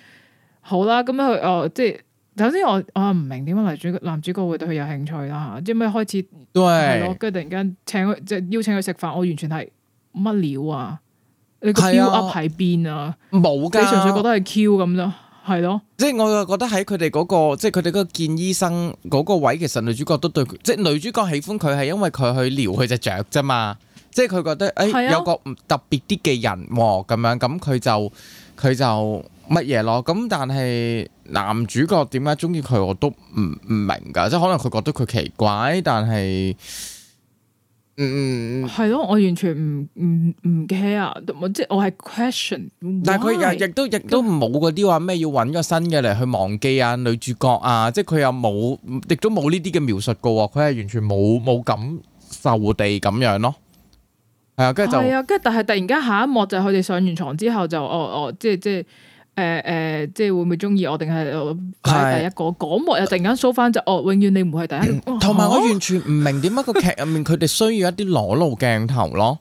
好啦，咁樣佢哦、呃，即係首先我我唔、啊、明點解男主角男主角會對佢有興趣啦，即點解開始對，跟住突然間請佢即係邀請佢食飯，我完全係乜料啊，你個 Q up 喺邊啊？冇噶，你純粹覺得係 Q 咁咯。係咯，即係我又覺得喺佢哋嗰個，即係佢哋嗰個見醫生嗰個位，其實女主角都對，即係女主角喜歡佢係因為佢去撩佢隻雀啫嘛，即係佢覺得誒有個特別啲嘅人咁樣，咁佢就佢就乜嘢咯，咁但係男主角點解中意佢我都唔唔明噶，即係可能佢覺得佢奇怪，但係。嗯嗯係咯，我完全唔唔唔 care，唔即係我係 question。但係佢又亦都亦都冇嗰啲話咩要搵個新嘅嚟去忘記啊，女主角啊，即係佢又冇，亦都冇呢啲嘅描述噶喎，佢係完全冇冇感受地咁樣咯。係啊，跟住就係啊，跟住但係突然間下一幕就係佢哋上完床之後就哦哦，即係即係。誒誒、呃呃，即係會唔會中意我，定係第一個？講埋又突然間 show 翻就哦，永遠你唔係第一。同埋、嗯哦、我完全唔明點解個劇入面佢哋 需要一啲裸露鏡頭咯。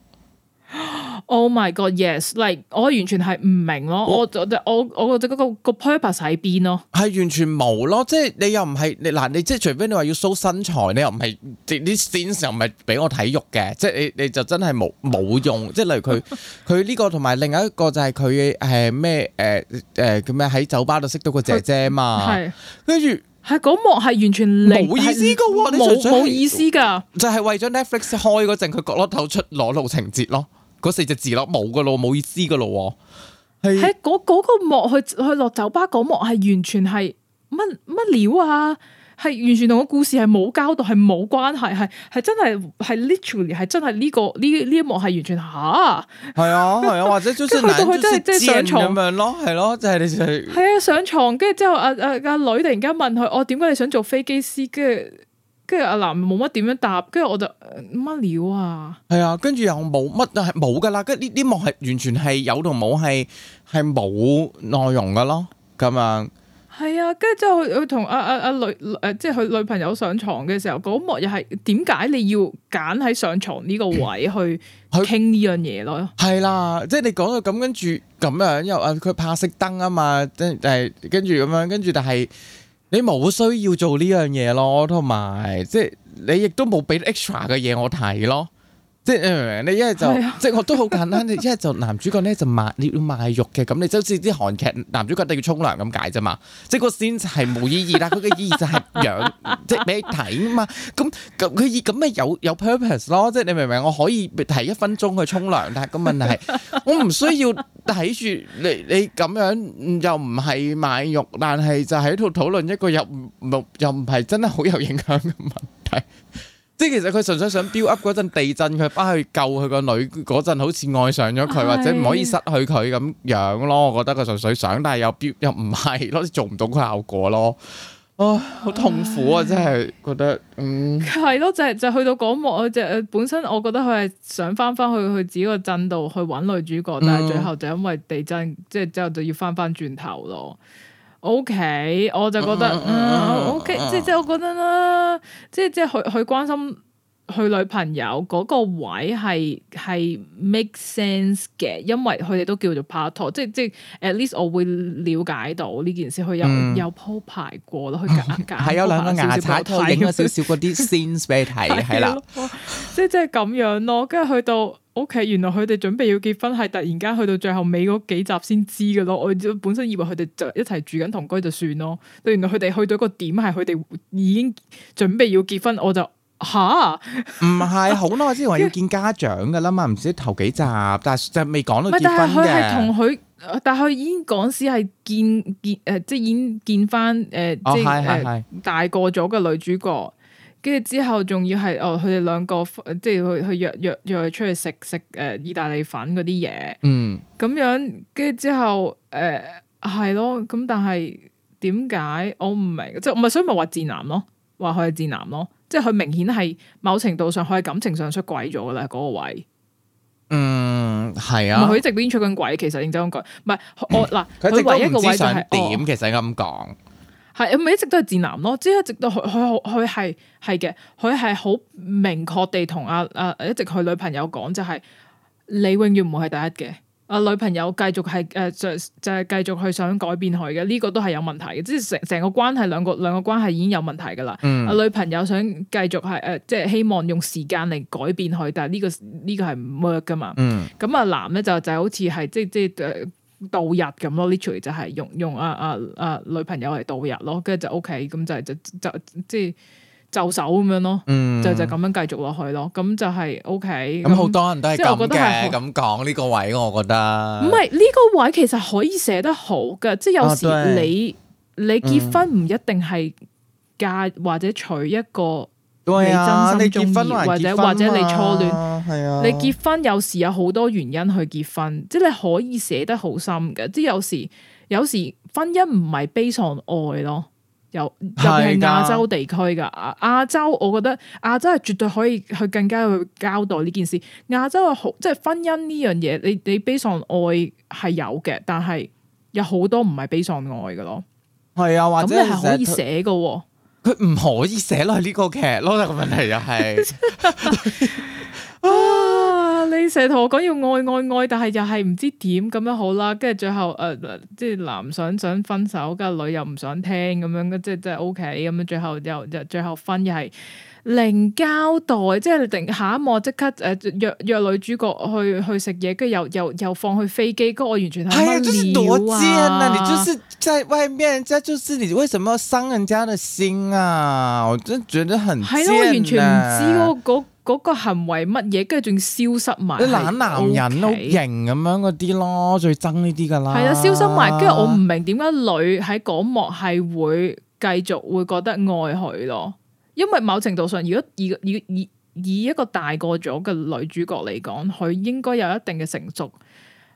Oh my god, yes！like 我、oh, 完全係唔明咯，我我我覺得嗰個個 purpose 喺邊咯，係完全冇咯，即係你又唔係你嗱，你即係除非你話要 show 身材，你又唔係你 scene 又唔係俾我睇肉嘅，即係你你就真係冇冇用，即係例如佢佢呢個同埋另外一個就係佢係咩誒誒叫咩喺酒吧度識到個姐姐嘛，跟住係嗰幕係完全冇意思噶，冇冇是意思噶，就係、是、為咗 Netflix 開嗰陣佢角落透出裸露情節咯。嗰四隻字咯，冇噶咯，冇意思噶咯。係喺嗰嗰個幕去去落酒吧嗰、那個、幕係完全係乜乜料啊？係完全同個故事係冇交代，係冇關係，係係真係係 literally 係真係呢、這個呢呢、這個、一幕係完全吓。係啊係啊，啊，或者即係 去到去真係真係上床咁樣咯，係咯，就係就係啊上床，跟住、啊、之後阿阿阿女突然間問佢：我點解你想做飛機師跟住。跟住阿男冇乜點樣答，跟住我就乜料、呃、啊？係啊，啊跟住又冇乜，係冇㗎啦。跟呢啲幕係完全係有同冇，係係冇內容㗎囉。咁樣係啊，跟住之後佢同阿阿阿女誒、呃，即係佢女朋友上床嘅時候，嗰、那個、幕又係點解你要揀喺上床呢個位去去傾呢樣嘢囉？係啦、啊，即係你講到咁，跟住咁樣又啊，佢怕熄燈啊嘛，就是、跟但係跟住咁樣跟住，但係。但你冇需要做呢樣嘢咯，同埋即係你亦都冇畀 extra 嘅嘢我睇咯。即係你明唔明？你一係就 即係我都好簡單。你一係就男主角咧就賣你要賣肉嘅咁，你就好似啲韓劇男主角一定要沖涼咁解啫嘛。即係個 scene 係冇意義啦，佢嘅意義就係養， 即係俾你睇啊嘛。咁咁佢咁咪有有 purpose 咯？即係你明唔明？我可以提一分鐘去沖涼啦。咁、個、問題係我唔需要睇住你你咁樣又唔係賣肉，但係就喺度討論一個又又唔係真係好有影響嘅問題。即係其實佢純粹想 build up 嗰陣地震，佢翻去救佢個女嗰陣，好似愛上咗佢或者唔可以失去佢咁樣咯。唉 我覺得佢純粹想，但係又 build up，又唔係咯，做唔到效果咯。哦，好痛苦啊！唉 真係覺得嗯。係咯，就係、就係、去到嗰幕，就本身我覺得佢係想翻翻去去自己個鎮度去揾女主角，但係最後就因為地震，即係、嗯、之後就要翻翻轉頭咯。Okay，我就覺得嗯 OK，即即我覺得啦，即即佢佢關心。佢女朋友嗰個位係係 make sense 嘅，因為佢哋都叫做拍拖，即係即係 at least 我會了解到呢件事，佢有有鋪排過咯，去解解係有兩個牙刷拖影咗少少嗰啲 scene 俾你睇，係啦，即係即係咁樣咯。跟住去到，OK，原來佢哋準備要結婚，係突然間去到最後尾嗰幾集先知嘅咯。我本身以為佢哋就一齊住緊同居就算咯，原來佢哋去到一個點係佢哋已經準備要結婚，我就。吓唔係好耐之前話要見家長噶啦嘛，唔 知頭幾集但就未講到結婚嘅，但係佢係同佢，但係佢已經講先係見見誒、呃，即係見見翻誒，即係大個咗嘅女主角。跟住之後仲要係哦，佢哋兩個即係去去約約約佢出去食食誒意大利粉嗰啲嘢。咁、嗯、樣跟住之後誒係、呃、咯，咁但係點解我唔明？就唔係所以咪話賤男咯，話佢係賤男咯。即係佢明顯係某程度上，佢係感情上出軌咗噶啦，嗰、嗰個位。嗯，係啊。佢一直邊出軌，其實認真講，唔係我嗱，佢、嗯、唯一一個位係、就、點、係？哦、其實咁講，係咪、就係、一直都係賤男咯？即係一直都，佢佢佢係係嘅，佢係好明確地同阿阿一直佢女朋友講、就係，就係你永遠唔會係第一嘅。啊，女朋友繼續係誒，就就係繼續去想改變佢嘅，呢個都係有問題嘅，即係成成個關係，兩個兩個關係已經有問題噶啦。啊，女朋友想繼續係誒，即係希望用時間嚟改變佢，但係呢個呢個係唔 work 噶嘛。咁啊，男咧就就好似係即即誒度日咁咯，literally 就係用用啊啊啊女朋友嚟度日咯，跟住就 OK，咁就就就即係。就手咁樣咯，嗯、就繼就咁樣繼續落去咯，咁就係 OK。咁好那多人都係咁嘅講呢個位，我覺得。唔係呢個位其實可以寫得好嘅，啊、即係有時你、嗯、你結婚唔一定係嫁或者娶一個你真心中意，或者或者你初戀。啊啊、你結婚有時有好多原因去結婚，即係你可以寫得好深嘅。即係有時有時，有時婚姻唔係 based on 愛咯。又特別係亞洲地區噶的亞洲，我覺得亞洲係絕對可以去更加去交代呢件事。亞洲啊，好即係婚姻呢樣嘢，你你悲喪愛係有嘅，但係有好多唔係悲喪愛嘅咯。係啊，或者係可以寫嘅，佢唔可以寫落去呢個劇咯。個問題又、就、係、是。 啊啊、你成日同我講要愛愛愛，但係又係唔知點咁樣好啦。跟住最後誒、呃，即係男想想分手，跟噶女又唔想聽咁樣，即係即係 O K 咁樣。最後就又最後分又係零交代，即係定下一幕即刻誒、呃、約約女主角去去食嘢，跟住又又又,又放去飛機。跟住我完全係，係啊，真、哎就是多賤啊！你就是在外面，即係就是你，為什麼傷人家嘅心啊？我真覺得很係咯、啊啊，我完全唔知嗰個行為乜嘢，跟住仲消失埋，懶男人咯，型咁樣嗰啲咯，最憎呢啲噶啦。係啊，消失埋，跟住我唔明點解女喺嗰幕係會繼續會覺得愛佢咯因為某程度上，如果以以以以一個大個咗嘅女主角嚟講，佢應該有一定嘅成熟，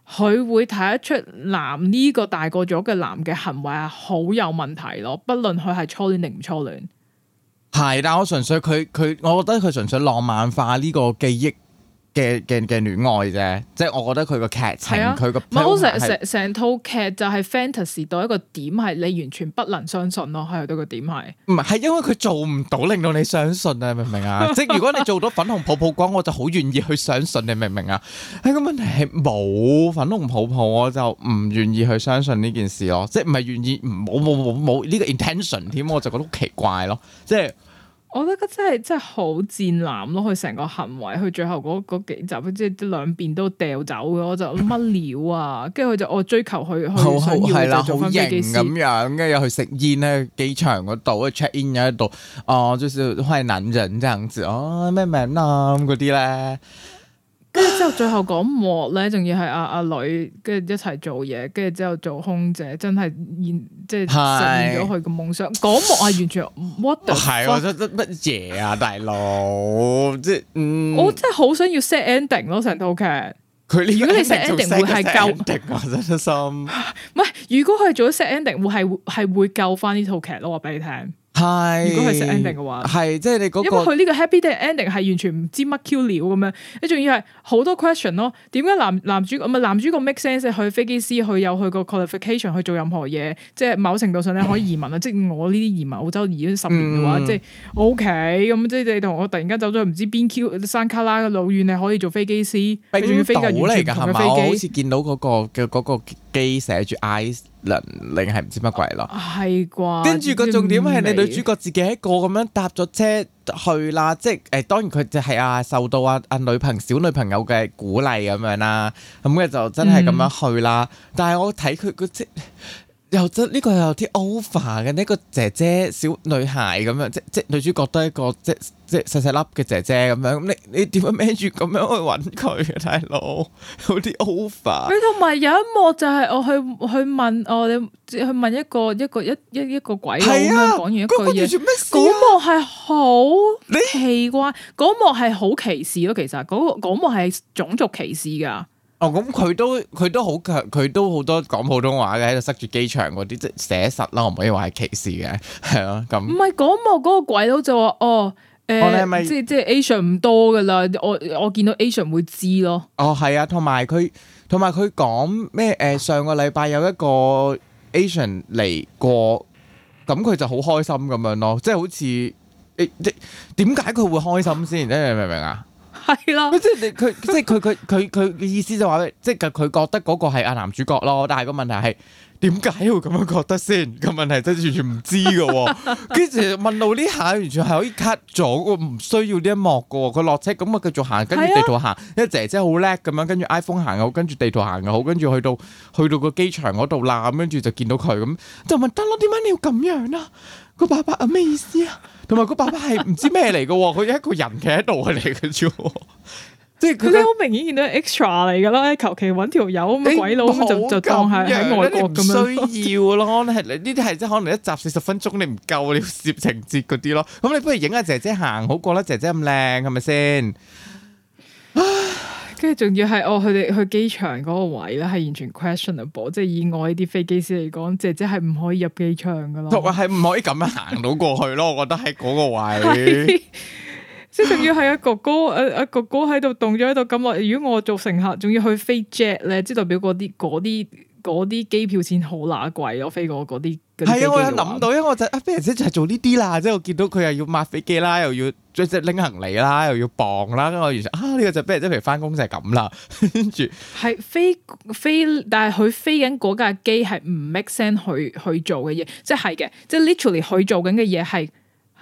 佢會睇得出男呢個大個咗嘅男嘅行為係好有問題咯。不論佢係初戀定唔初戀。係，但我純粹佢佢，我覺得佢純粹浪漫化呢個記憶嘅嘅嘅戀愛啫，即係我覺得佢個劇情佢個唔係，成成套劇就係 fantasy 到一個點係你完全不能相信咯，係到個點係唔係？係因為佢做唔到令到你相信啊？明唔明啊？ 即係如果你做到粉紅泡泡嘅話，我就好願意去相信你，明唔明啊？誒，個問題係冇粉紅泡泡，我就唔願意去相信呢件事咯，即係唔係願意冇冇冇冇呢個 intention 添，我就覺得好奇怪咯，即係。我覺得真係真係好賤男咯！佢成個行為，佢最後嗰幾集即係兩邊都掉走，我就乜料啊！跟住佢就我追求佢，佢想要 就做翻啲嘅事。咁樣跟住又去食煙咧，機場嗰度 check in 咗喺度，哦，就係開男人樣子，哦咩名啊嗰啲咧。跟住之後最後講幕咧，仲要係阿阿女，跟住一齊做嘢，跟住之後做空姐，真係現即係實現咗佢個夢想。講幕啊，完全 what 係我真真乜嘢啊，大佬即係，嗯、我真係好想要 set ending 咯，成套劇。 如果你 set ending 會係救，真心。唔係，如果佢做咗 set ending 會係係會救翻呢套劇咯，我話俾你聽。係，如果係 sad ending 嘅話，係即係你、嗰個、因為佢呢個 Happy Day ending 係完全唔知乜 Q 料咁樣，你仲要係好多 question 咯。點解男男主角唔係男主角 make sense？去飛機師，佢有去過 qualification 去做任何嘢，即係某程度上你可以移民啊。嗯、即係我呢啲移民澳洲已經十年嘅話，嗯、即係 OK。咁即係你同我突然間走咗去唔知邊 Q 山卡拉嘅老遠，你可以做飛機師？冰島嚟，我好似見到嗰個叫嗰個。嗰個嗰個機寫住 Iceland，你係唔知乜鬼咯？係啩、啊？跟住個重點係你女主角自己一個咁樣搭咗車去啦，即係誒、呃、當然佢就係啊受到啊啊女朋小女朋友嘅鼓勵咁樣啦，咁嘅就真係咁樣去啦。嗯、但係我睇佢嗰即。又真呢、這個有啲 over 嘅，呢個姐姐小女孩咁樣，即即女主角都係一個即即細細粒嘅姐姐咁樣，咁你你點樣孭住咁樣去搵佢嘅大佬，有啲 over。佢同埋有一幕就係我去去問我，哋、哦、去問一個一個一個一個一個鬼咁樣講完一句嘢，嗰、啊、幕係好奇怪，嗰你幕係好歧視咯，其實嗰幕係種族歧視噶。哦，咁佢都佢都好強，佢都好多講普通話嘅喺度塞住機場嗰啲，即係寫實咯，我唔可以話係歧視嘅，係啊咁。唔係嗰幕嗰個鬼佬就話哦，誒、呃，哦，你係咪？即係即係 Asian 唔多噶啦，我我見到 Asian 會知咯。哦，係啊，同埋佢同埋佢講咩？誒、呃，上個禮拜有一個 Asian 嚟過，咁佢就好開心咁樣咯，即係好似誒，點解佢會開心先？你明唔明啊？係啦， 即係佢，即係佢，佢，佢，佢嘅意思就話即係佢，佢覺得嗰個係阿男主角咯。但係個問題係點解會咁樣覺得先？個問題真係完全唔知㗎。跟住 問到呢下，完全係可以 cut 咗，唔需要呢一幕㗎。佢落車咁啊，繼續行，跟住地圖行，因為姐姐好叻咁樣，跟住 iPhone 行又好，跟住地圖行又好，跟住去到去到個機場嗰度啦。咁跟住就見到佢，咁就問得啦，點解你要咁樣呢？個爸爸係咩意思啊？同埋個爸爸係唔知咩嚟嘅，佢 一個人企喺度嚟嘅啫，即係佢好明顯見到 extra 嚟嘅啦。求其揾條友啊鬼佬，咁就就當係喺外國咁樣，需要咯。係呢啲係即係可能一集四十分鐘你唔夠，你要攝情節嗰啲咯。咁你不如影下姐姐行好過啦，姐姐咁靚係咪先？是 跟住仲要係哦，佢哋去機場嗰個位咧，係完全 questionable，即係以我呢啲飛機師嚟講，姐姐係唔可以入機場噶咯，同埋係唔 可以咁樣行到過去咯。我覺得喺嗰個位， 即係仲要係阿哥哥，阿、呃、阿哥哥喺度動咗喺度咁。我如果我做乘客，仲要去飛 jet 咧，即代表啲嗰啲。嗰啲機票錢好乸貴，我飛過嗰啲。係啊，我有諗到，因為我就啊，飛人姐就係做呢啲啦，即係我見到佢又要抹飛機啦，又要再拎行李啦，又要磅啦，跟住我完全啊，呢、呢個就，人就飛人姐，譬如翻工就係咁啦，跟住。係飛飛，但係佢飛緊嗰架機係唔 make sense 去去做嘅嘢，即係嘅，即係 literally 佢做緊嘅嘢係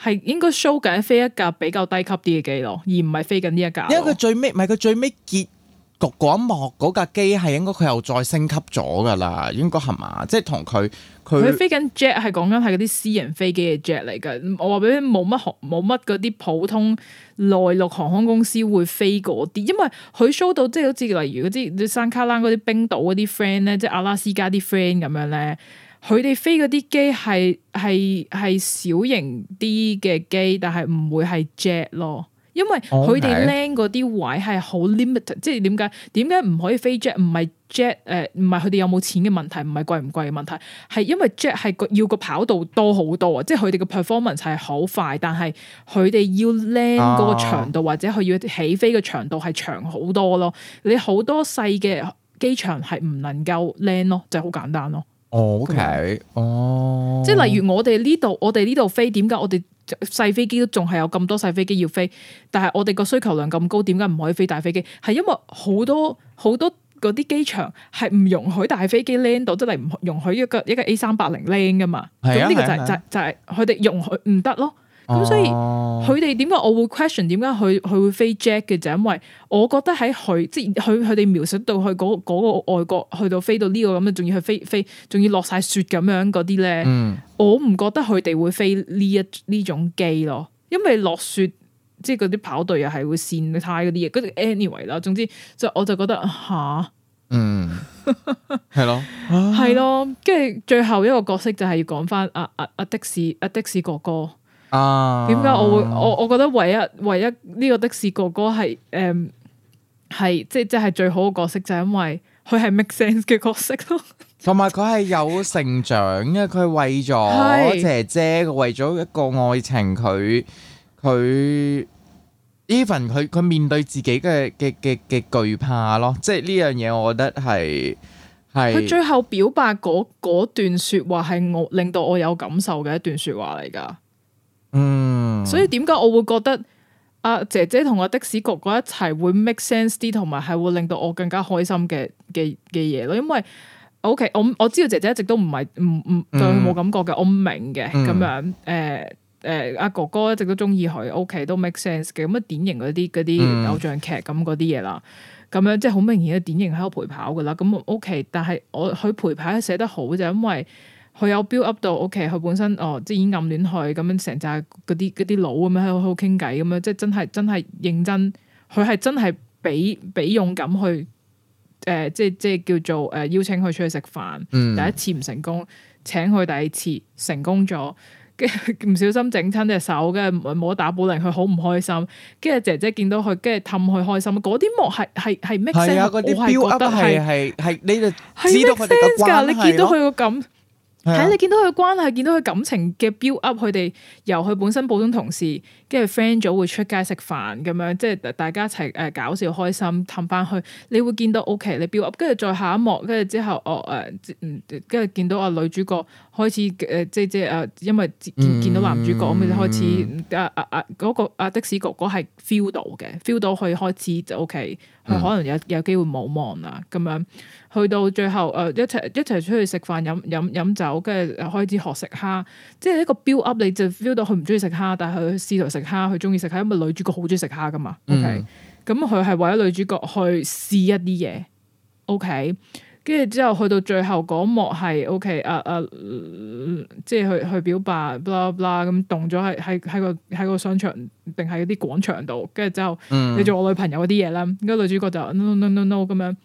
係應該 show 緊飛一架比較低級啲嘅機咯，而唔係飛緊呢一架。因為一佢最尾唔係佢最尾結。焗嗰一幕架機係應該佢又再升級咗噶啦，應該係嘛？即係同佢佢佢飛緊 jet 係講緊係嗰啲私人飛機嘅 jet 嚟嘅，我話俾你聽冇乜航冇乜嗰啲普通內陸航空公司會飛嗰啲，因為佢 show 到即係好似例如嗰啲山卡拉嗰啲冰島嗰啲 friend 咧，即係阿拉斯加啲 friend 咁樣咧，佢哋飛嗰啲機係係係小型啲嘅機，但係唔會係 jet 咯。因為佢哋 land 嗰啲位係好 limit，即係點解？點解唔可以飛 jet？唔係 jet 誒、呃，唔係佢哋有冇錢嘅問題，唔係貴唔貴嘅問題，係因為 jet 係要個跑道多好多啊！即係佢哋嘅 performance 係好快，但係佢哋要 land 嗰個長度，啊、或者佢要起飛嘅長度係長好多咯。你好多細嘅機場係唔能夠 land 咯，就好簡單咯。哦，OK，哦，okay 然後，哦即係例如我哋呢度，我哋呢度飛，點解我哋？細飛機都仲係有咁多細飛機要飛，但係我哋個需求量咁高，點解唔可以飛大飛機？係因為好多好多嗰啲機場係唔容許大飛機 land 到，即係唔容許一個一個 A 三八零 land 噶嘛。咁呢的個就係、是、就係就係佢哋容許唔得咯。咁所以佢哋點解我會 question 點解佢佢會飛 jack 嘅，就因為我覺得喺佢即佢佢哋描述到去嗰嗰個外國去到飛到呢、這個咁啊，仲要去飛飛，仲要落晒雪咁樣嗰啲咧，嗯、我唔覺得佢哋會飛呢一呢種機咯，因為落雪即係嗰啲跑道又係會跣胎嗰啲嘢。嗰啲 anyway 啦，總之就我就覺得吓，嗯，係 咯，係咯，跟勒住最後一個角色就係要講翻阿阿阿的士阿的、啊、士哥哥。啊！點解、uh, 我會我我覺得唯一唯一呢個的士哥哥係誒係即係即係最好嘅角色，就係因為佢係 make sense 嘅角色咯，同埋佢係有成長嘅，佢係為咗姐姐， 為咗一個愛情，佢佢 even 佢佢面對自己嘅嘅嘅嘅懼怕咯，即係呢樣嘢，我覺得係係佢最後表白嗰段說話係我令到我有感受嘅一段說話嚟噶。嗯，所以點解我會覺得阿姐姐同阿的士哥哥一齊會 make sense 啲，同埋係會令到我更加開心嘅嘅嘅嘢咯。因為 O、okay, K，我我知道姐姐一直都唔係唔唔對佢冇感覺嘅，我唔明嘅咁、嗯、樣。誒、呃、誒，阿、啊、哥哥一直都中意佢，O K 都 make sense 嘅咁啊，典型嗰啲啲偶像劇咁嗰啲嘢啦。咁、嗯、樣即係好明顯嘅典型喺度陪跑噶啦。咁 O K，但係我佢陪跑寫得好就因為。佢有 build up 到，OK，佢本身哦，即已經暗戀佢咁樣，成扎嗰啲嗰啲佬咁樣好好傾偈咁樣，即真係真係認真。佢係真係俾俾勇敢去誒、呃，即係即係叫做誒邀請佢出去食飯。嗯、第一次唔成功，請佢第二次成功咗，跟住唔小心整親隻手，跟住冇打保齡，佢好唔開心。跟住姐姐見到佢，跟住氹佢開心。嗰啲幕係係係 make sense，係啊，嗰啲 build up 係係係呢個，係咩 sense 噶？你見到佢個咁？係你見到佢關係，見到佢感情嘅 build up，佢哋由佢本身普通同事。跟住 friend 咗會出街食飯，咁樣即係大家一齊誒、呃、搞笑開心氹翻去，你會見到 O、OK, K 你 build up，跟住再下一幕，跟住之後哦誒跟住見到阿女主角開始誒，即即誒，因為見，見到男主角咁就、嗯、開始阿阿阿嗰個阿的士哥哥係 feel 到嘅，feel 到佢開始就 O K，佢可能有、嗯、可能有，有機會冇望啦咁樣去到最後誒、呃、一齊一齊出去食飯飲飲飲酒，跟住開始學食蝦，即係一個 build up 你就 feel 到佢唔中意食蝦，但係佢試圖食。蝦佢中意食蝦，係因為女主角好中意食蝦噶嘛。嗯、OK，咁佢係為咗女主角去試一啲嘢。OK，跟住之後去到最後嗰幕係 OK，啊、uh, 啊、uh,，即係去去表白 bla bla 咁動咗喺喺喺個喺個商場定係啲廣場度。跟住之後、嗯、你做我女朋友嗰啲嘢啦。咁女主角就 no no no no 咁樣，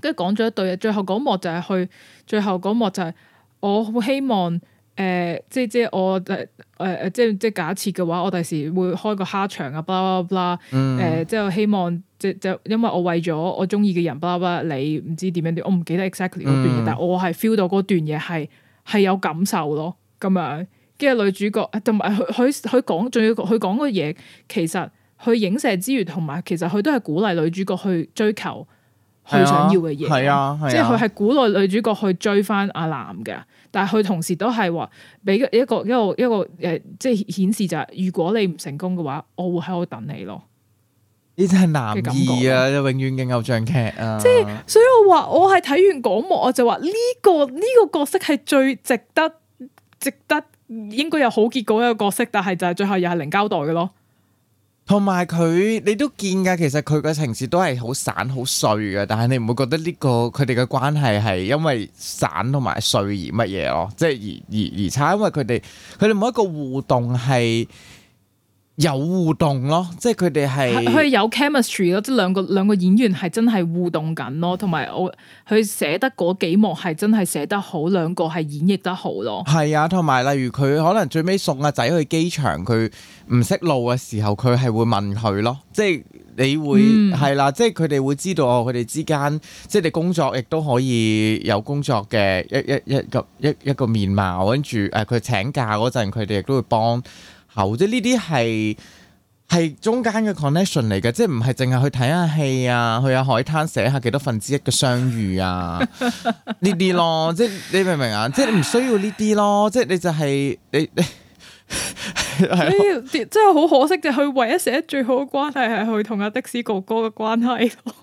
跟住講咗一對。最後嗰幕就係去，最後嗰幕就係我好希望。誒、呃，即即我誒誒、呃，即即假設嘅話，我第時會開個蝦場啊，blah b l a blah, blah、嗯。誒、呃，即我希望即即，即因為我為咗我中意嘅人，blah b l a 你唔知點樣點，我唔記得 exactly 嗰段嘢，嗯、但我係 feel 到嗰段嘢係係有感受咯。咁樣跟住女主角，同埋佢佢佢講，仲要佢講嘅嘢，其實佢影射之餘，同埋其實佢都係鼓勵女主角去追求佢想要嘅嘢。係啊，即佢係鼓勵女主角去追翻阿男嘅。但係佢同時都係話俾一個一個一個誒，即係顯示就係、是，如果你唔成功嘅話，我會喺度等你咯。呢就係男二啊，永遠嘅偶像劇啊。即係，所以我話我係睇完嗰幕我就話呢個呢個角色係最值得值得應該有好結果一個角色，但係就係最後又係零交代嘅咯。同埋佢，你都見㗎。其實佢個情節都係好散好碎嘅，但係你唔會覺得呢個佢哋嘅關係係因為散同埋碎而乜嘢咯，即係而而而差，因為佢哋佢哋冇一個互動係。有互動咯，即係佢哋係佢有 chemistry 咯，即係兩個兩個演員係真係互動緊咯，同埋我佢寫得嗰幾幕係真係寫得好，兩個係演繹得好咯。係啊，同埋例如佢可能最尾送阿仔去機場，佢唔識路嘅時候，佢係會問佢咯，即係你會係啦、嗯啊，即係佢哋會知道佢哋之間即係你工作亦都可以有工作嘅一一一個一個一，個一個面貌，跟住誒佢請假嗰陣，佢哋亦都會幫。即呢啲係係中間嘅 connection 嚟嘅，即係唔係淨係去睇下戲啊，去下海灘寫下幾多分之一嘅相遇啊呢啲 咯，即係你明唔明啊？即你唔需要呢啲咯，即係你就係你你，所以即係好可惜嘅，佢唯一寫最好嘅關係係佢同阿的士哥哥嘅關係 即即。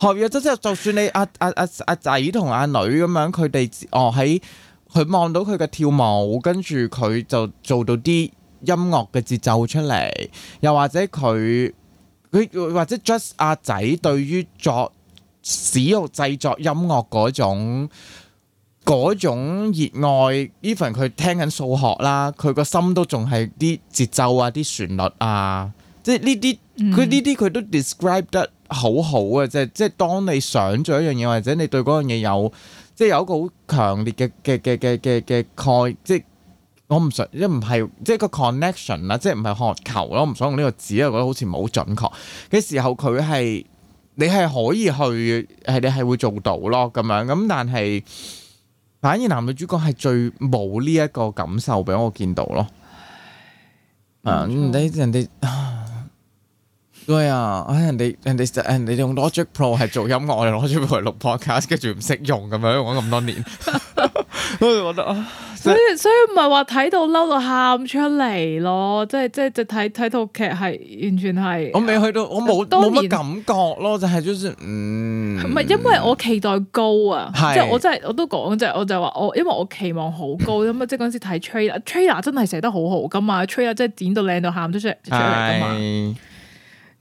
學嘢真真，就算你阿阿阿阿仔同阿女咁樣，佢哋哦喺佢望到佢嘅跳舞，跟住佢就做到啲。音樂嘅節奏出嚟，又或者佢佢或者 just 阿仔對於作使用製作音樂嗰種嗰種熱愛，even 佢聽緊數學啦，佢個心都仲係啲節奏啊、啲旋律啊，即係呢啲佢呢啲佢都 describe 得好好啊！即係即係當你想做一樣嘢，或者你對嗰樣嘢有即係有一個好強烈嘅嘅嘅嘅嘅概，即係。我唔想，即唔係即係個 connection 啦，即係唔係渴求咯。唔想用呢個字，又覺得好似唔好準確嘅時候，佢係你係可以去，係你係會做到咯咁樣。咁但係反而男女主角係最冇呢一個感受俾我見到咯。啊！你人哋，對啊！唉，人哋人哋就人哋用 Logic Pro 係做音樂，Logic Pro 嚟錄 podcast，跟住唔識用咁樣用咁多年，我都覺得啊～即所以所以唔係話睇到嬲到喊出嚟咯，即係即係即睇睇套劇係完全係我未去到，我冇冇乜感覺咯，就係、是、就算、是、嗯，唔係因為我期待高啊，是即係我真係我都講即係，我就話我因為我期望好高，咁啊即嗰時睇 trailer，trailer tra 真係寫得好好噶嘛，trailer 真係剪到靚到喊出嚟出嚟噶嘛。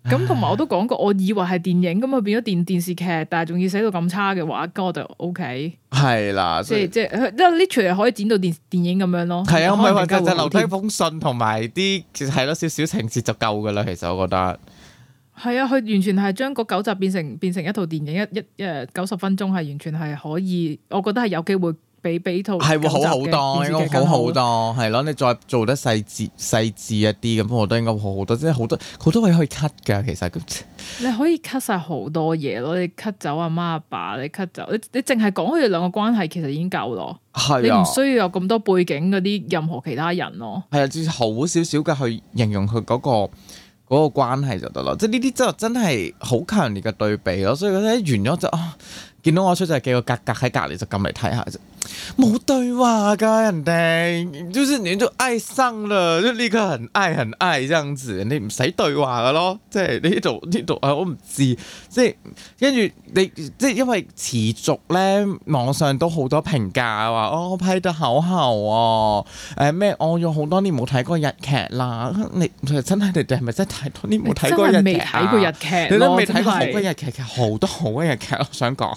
咁同埋我都講過，我以為係電影，咁佢變咗電電視劇，但係仲要寫到咁差嘅話，咁我就 OK。係啦的，以即係即係，因為 literally 可以剪到電電影咁樣咯。係啊的，我唔係話就留聽封信同埋啲，其實係咯，少少情節就夠噶啦。其實我覺得係啊，佢完全係將嗰九集變成變成一套電影，一一誒九十分鐘係完全係可以，我覺得係有機會。俾俾係會好好多，應該好好多係咯。你再做得細緻、細緻一啲咁，我都應該好好多。即係好多好多嘢可以 cut 嘅，其實你可以 cut 晒好多嘢咯。你 cut 走阿媽阿爸，你 cut 走你，你淨係講佢哋兩個關係，其實已經夠咯。係啊，你唔需要有咁多背景嗰啲任何其他人咯。係啊，至好少少嘅去形容佢嗰個嗰個關係就得咯。即係呢啲真真係好強烈嘅對比咯。所以佢一完咗就啊，見到我出就幾個格格喺隔離就撳嚟睇下啫。冇對話噶人哋，就是你都愛生了，就立刻很愛很愛這，這樣子你唔使對話咯。即係呢度呢度啊，我唔知。即係跟住你，即係因為持續咧，網上都好多評價話、哦、我批得好厚啊，誒咩我有好多年冇睇過日劇啦。你真係你哋係咪真睇？你冇睇過日劇？睇過日劇？你都未睇過日劇，其實好多好嘅日劇，我想講。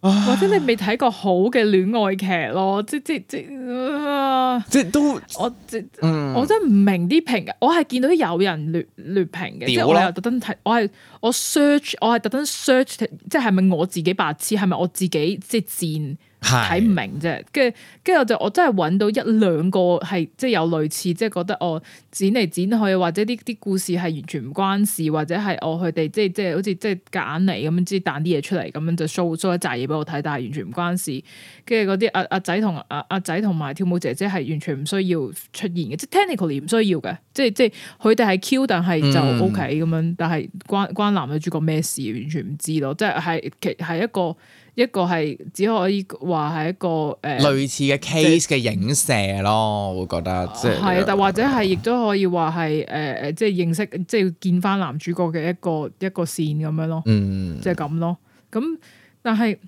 或者你未睇過好嘅戀愛劇咯，即即即，即，、啊、即都我即、嗯、我真唔明啲評價，我係見到有人劣劣評嘅，吧即我係特登睇，我係我 search，我係特登 search，即係咪我自己白痴，係咪我自己即賤？睇唔是 明啫，跟住跟住我就我真係揾到一兩個係即係有類似，即係覺得我剪嚟剪去，或者啲啲故事係完全唔關事，或者係、啊就是就是 hmm、我佢哋即係即係好似即係夾硬嚟咁樣，即係彈啲嘢出嚟咁樣就 show show 一紮嘢俾我睇，但係完全唔關事。跟住嗰啲阿阿仔同阿仔同埋跳舞姐姐係完全唔需要出現嘅，即係 technically 唔需要嘅。即係即係佢哋係 cute，但係就 OK 咁樣。但係關關男女主角咩事？完全唔知咯。即係係係係一個。一個係只可以話係一個誒類似嘅 case 嘅、就是、影射咯，我覺得即係，但、就是、或者係亦都可以話係誒誒，即、呃、係、就是、認識，即、就、係、是、見翻男主角嘅一個一個線咁樣咯，即係咁咯。咁但係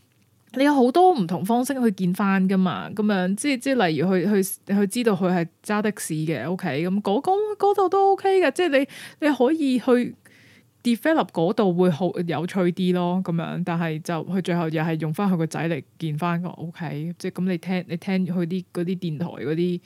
你有好多唔同方式去見翻噶嘛？咁樣即即例如去去去、去知道佢係揸的士嘅，OK，咁嗰公度都 OK 嘅。即係你你可以去。跌飛落嗰度會好有趣啲咯，咁樣，但係就佢最後又係用翻佢個仔嚟見翻個 OK，即係咁你聽你聽佢啲嗰啲電台嗰啲，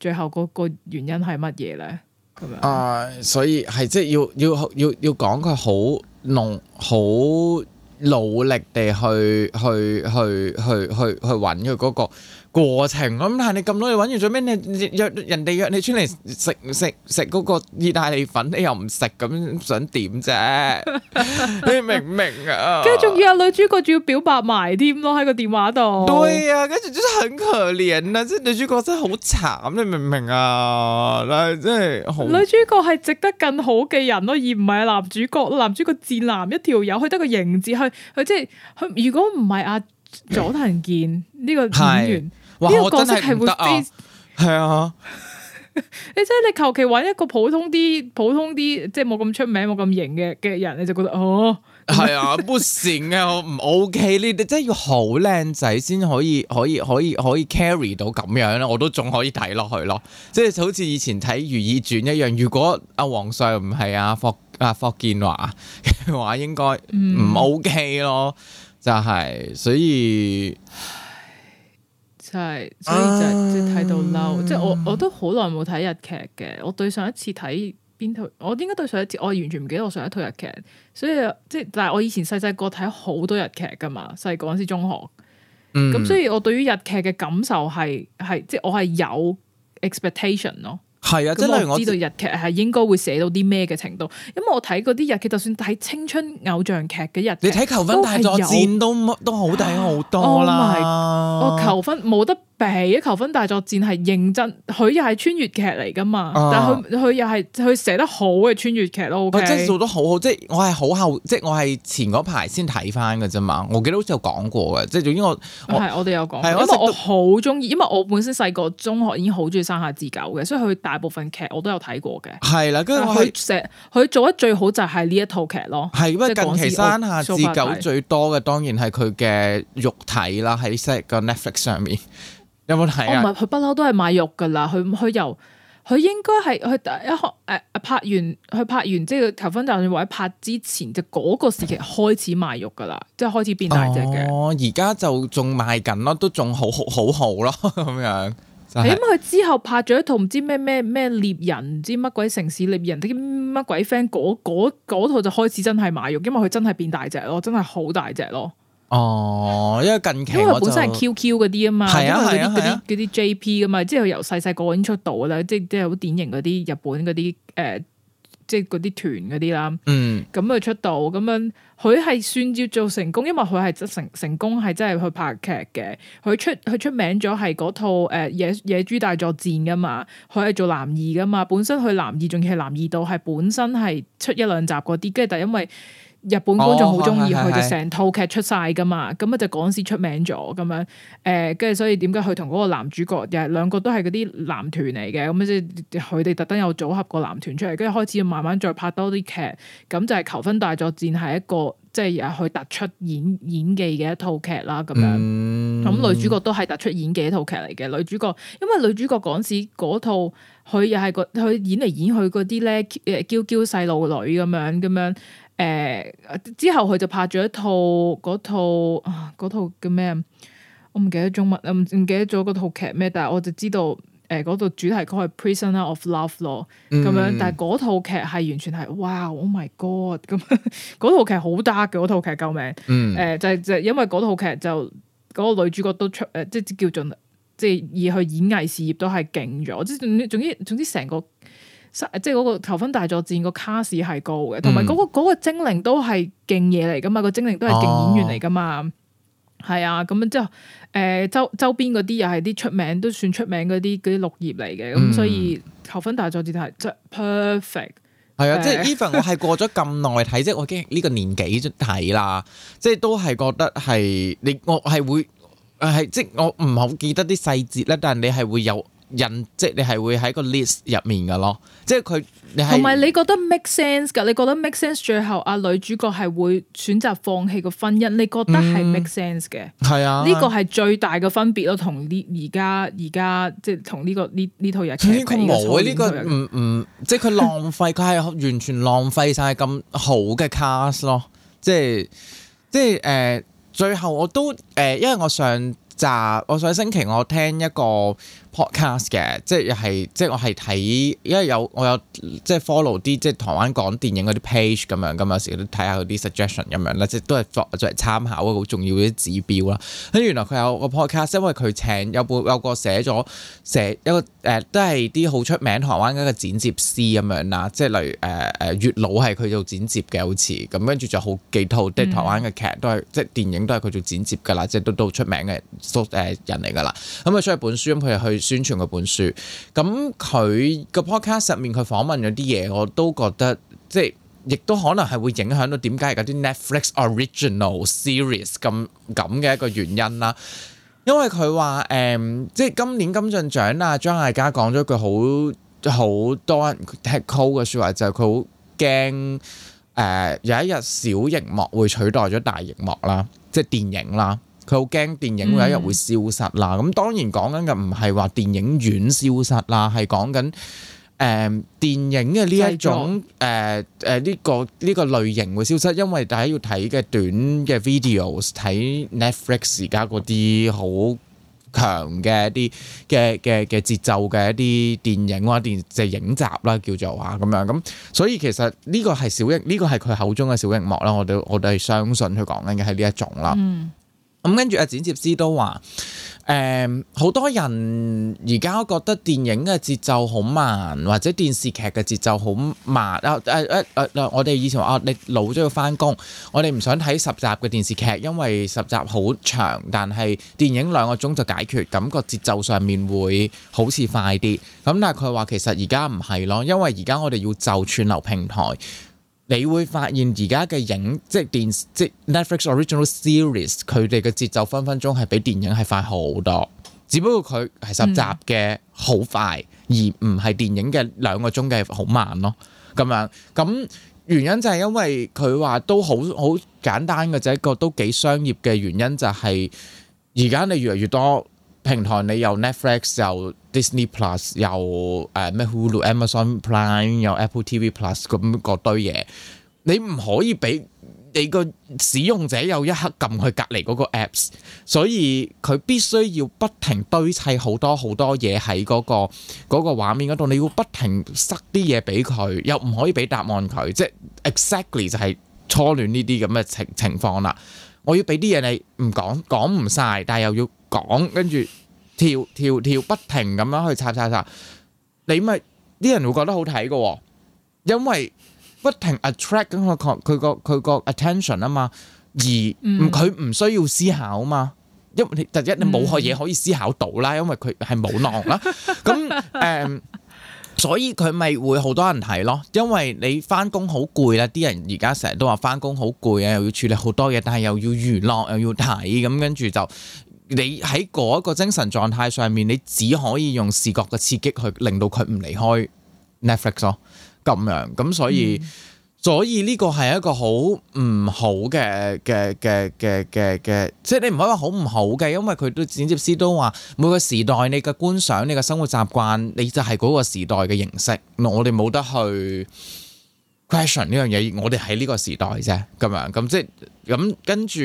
最後嗰個原因係乜嘢咧？咁樣啊，所以係即係要要要要講佢好濃好努力地去去去去去去揾佢嗰個。 過程咁，但係你咁耐揾完最尾，你約人哋約你出嚟食食食嗰個意大利粉，你又唔食咁，想點啫？ 你明唔明啊？跟住仲要阿女主角仲要表白埋添咯，喺個電話度。對啊，跟住真係很可憐啊！即係女主角真係好慘，你明唔明啊？真係女主角係值得更好嘅人咯，而唔係男主角。男主角賤男一條友，佢得個形字，去佢即係佢。如果唔係阿佐藤健呢個演員。 哇呢個角色係會係啊！你即係、啊、 你求其搵一個普通啲、普通啲，即係冇咁出名、冇咁型嘅嘅人，你就覺得哦，係 啊，不行啊，唔 OK 呢啲，真係要好靚仔先可以，可以，可以，可以 carry 到咁樣啦，我都仲可以睇落去咯。即係好似以前睇《如懿傳》一樣，如果阿皇上唔係啊，霍阿霍建華嘅話，應該唔 OK 咯，嗯、就係、是、所以。所以就係， 嗯、所以就即係睇到嬲，即、就、係、是、我我都好耐冇睇日劇嘅。我對上一次睇邊套，我應該對上一次，我完全唔記得我上一套日劇。所以即係，但係我以前細細個睇好多日劇㗎嘛，細個嗰陣時中學。咁所以我對於日劇嘅感受係係，即係、就是、我係有 expectation 咯。係啊，咁我知道日劇係應該會寫到啲咩嘅程度，因為我睇嗰啲日劇，就算睇青春偶像劇嘅日劇，你睇求婚大作戰都都，都好睇好多啦。啊 oh、my，我求婚冇得比，求婚大作戰係認真，佢又係穿越劇嚟噶嘛，啊、但佢佢又係佢寫得好嘅穿越劇咯。佢、okay? 真係做得好好，即係我係好後，即係我係前嗰排先睇翻噶啫嘛。我記得好似有講過嘅，即係總之我我我哋有講，的因為我好中意，因為我本身細個中學已經好中意山下智久嘅，所以佢大部分劇我都有睇過嘅，係啦的，跟住佢成佢做得最好就係呢一套劇咯，係因為近期山下我智久最多嘅，當然係佢嘅肉體啦，喺個 Netflix 上面有冇睇啊？我唔係佢不嬲都係賣肉噶啦，佢佢由佢應該係佢第一開誒拍完，佢拍完即係、就是、求婚就算或者拍之前就嗰、是、個時期開始賣肉噶啦，的即係開始變大隻嘅。我而家就仲賣緊咯，都仲好好好，好好好好咯，咁樣。咁佢、就是、之後拍咗一套唔知咩咩咩獵人，唔知乜鬼城市獵人啲乜鬼 friend，嗰套就開始真係買肉，因為佢真係變大隻咯，真係好大隻咯。哦，因為近期，因為本身係 QQ 嗰啲啊嘛，啊因為嗰啲嗰啲 JP 啊嘛，之後由細細個已經出道啦，即即係好典型嗰啲日本嗰啲誒。呃即係嗰啲團嗰啲啦，咁佢、嗯、出道咁樣，佢係算叫做成功，因為佢係真成成功係真係去拍劇嘅，佢出佢出名咗係嗰套誒野野豬大作戰噶嘛，佢係做男二噶嘛，本身佢男二仲要係男二度係本身係出一兩集嗰啲，跟住但係因為。日本觀眾好中意佢，就成套劇出晒噶嘛，咁啊就嗰陣時出名咗咁樣，誒、呃，跟住所以點解佢同嗰個男主角又係兩個都係嗰啲男團嚟嘅，咁、嗯、即係佢哋特登有組合個男團出嚟，跟住開始慢慢再拍多啲劇，咁就係求婚大作戰係一個即係去突出演演技嘅一套劇啦，咁、嗯、樣，咁、嗯、女主角都係突出演技一套劇嚟嘅，女主角因為女主角嗰陣時嗰套佢又係佢演嚟演去嗰啲咧，誒、呃、嬌嬌細路女咁樣咁樣。誒、呃，之後佢就拍咗一套嗰套嗰、啊、套叫咩？我唔記得中文，唔、啊、唔記得咗嗰套劇咩？但係我就知道，誒、呃、嗰套主題曲係 Prisoner of Love 咯，咁樣。嗯、但係嗰套劇係完全係，哇！Oh my God！咁嗰 套劇好 dark 嘅，嗰套劇救命。誒、嗯呃，就就因為嗰套劇就嗰、那個女主角都出誒、呃，即係叫盡，即係以去演藝事業都係勁咗。即係總之總之成個。即係嗰個求婚大作戰，嗰個卡士係高嘅，同埋嗰個個精靈都係勁嘢嚟噶嘛，個精靈都係勁演員嚟噶嘛，係啊，咁樣之後，誒、呃、周周邊嗰啲又係啲出名都算出名嗰啲嗰啲綠葉嚟嘅，咁所以求婚大作戰係真 perfect，係、嗯嗯、啊，即係 even 我係過咗咁耐睇，即係我經呢個年紀睇啦，即係都係覺得係你我係會，係即我唔好記得啲細節啦，但係你係會有。人即係你係會喺個 list 入面噶咯，即係佢同埋你覺得 make sense 噶？你覺得 make sense 最後阿、啊、女主角係會選擇放棄個婚姻？你覺得係 make sense 嘅？係、嗯、啊，呢個係最大嘅分別咯，同呢而家而家即係同呢個呢呢套日劇。呢個冇啊，呢他、這個唔唔，即係佢浪費，佢係 完全浪費晒咁好嘅 cast 咯，即係即係誒、呃，最後我都誒、呃，因為我上集我上星期我聽一個。podcast 嘅，即係又係即係我係睇，因為有我有即係 follow 啲即係台灣港電影嗰啲 page 咁樣，咁有時都睇下嗰啲 suggestion 咁樣啦，即係都係作作為參考好重要啲指標啦。咁原來佢有個 podcast，因為佢請有部有個寫咗寫一個。誒都係啲好出名台灣嘅剪接師咁樣啦，即係例如誒誒，月、呃、老係佢做剪接嘅好似，咁跟住就好幾套即啲台灣嘅劇、嗯、都係即係電影都係佢做剪接㗎啦，即係都都名、嗯、出名嘅蘇人嚟㗎啦。咁啊出咗本書咁，佢又去宣傳嗰本書。咁佢個 podcast 入面佢訪問咗啲嘢，我都覺得即係亦都可能係會影響到點解而家啲 Netflix original series 咁咁嘅一個原因啦。因為佢話誒，即係今年金像獎啊，張艾嘉講咗句好好多人踢 call 嘅説話，就係佢好驚誒，有一日小熒幕會取代咗大熒幕啦，即係電影啦，佢好驚電影會有一日會消失啦。咁、嗯、當然講緊嘅唔係話電影院消失啦，係講緊。誒、嗯、電影嘅呢一種誒誒呢個呢、這個類型會消失，因為大家要睇嘅短嘅 videos，睇 Netflix 而家嗰啲好強嘅一啲嘅嘅嘅節奏嘅一啲電影或者影集啦，叫做啊咁樣咁、嗯，所以其實呢個係小影，呢、這個係佢口中嘅小熒幕啦。我哋我哋係相信佢講緊嘅係呢一種啦。咁、嗯、跟住阿、啊、剪接師都話。誒，好、um, 多人而家覺得電影嘅節奏好慢，或者電視劇嘅節奏好慢啊！誒誒誒，我哋以前話啊，你老咗要返工，我哋唔想睇十集嘅電視劇，因為十集好長，但係電影兩個鐘就解決，感、那、覺、個、節奏上面會好似快啲。咁但係佢話其實而家唔係咯，因為而家我哋要就串流平台。你會發現而家嘅影即係電即係 Netflix Original Series，佢哋嘅節奏分分鐘係比電影係快好多，只不過佢係十集嘅好快，嗯、而唔係電影嘅兩個鐘嘅好慢咯。咁樣咁原因就係因為佢話都好好簡單嘅啫，個都幾商業嘅原因就係而家你越嚟越多，平台你有 Netflix 又 Disney Plus 又誒咩、呃、Hulu Amazon Prime 有 Apple TV Plus 咁嗰堆嘢，你唔可以俾你個使用者有一刻撳去隔籬嗰個 Apps，所以佢必須要不停堆砌好多好多嘢喺嗰個嗰、嗰個畫面嗰度，你要不停塞啲嘢俾佢，又唔可以俾答案佢，即係 exactly 就係初戀呢啲咁嘅情情況啦。我要俾啲嘢你唔講講唔晒，但係又要。講，跟住跳跳跳，不停咁樣去插插插，你咪啲人會覺得好睇噶，因為不停 attract 咁，佢佢個佢個 attention 啊嘛，而佢唔需要思考啊嘛，因為你第一你冇嘢可以思考到啦，因為佢係冇囊啦，咁誒，所以佢咪會好多人睇咯，因為你返工好攰啦，啲人而家成日都話返工好攰啊，又要處理好多嘢，但係又要娛樂又要睇，咁跟住就。你喺嗰個精神狀態上面，你只可以用視覺嘅刺激去令到佢唔離開 Netflix 咯，咁樣咁所以、嗯、所以呢個係一個好唔好嘅嘅嘅嘅嘅嘅，即係你唔可以話好唔好嘅，因為佢都剪接師都話每個時代你嘅觀賞、你嘅生活習慣，你就係嗰個時代嘅形式。我哋冇得去 question 呢樣嘢，我哋喺呢個時代啫，咁樣咁即係咁跟住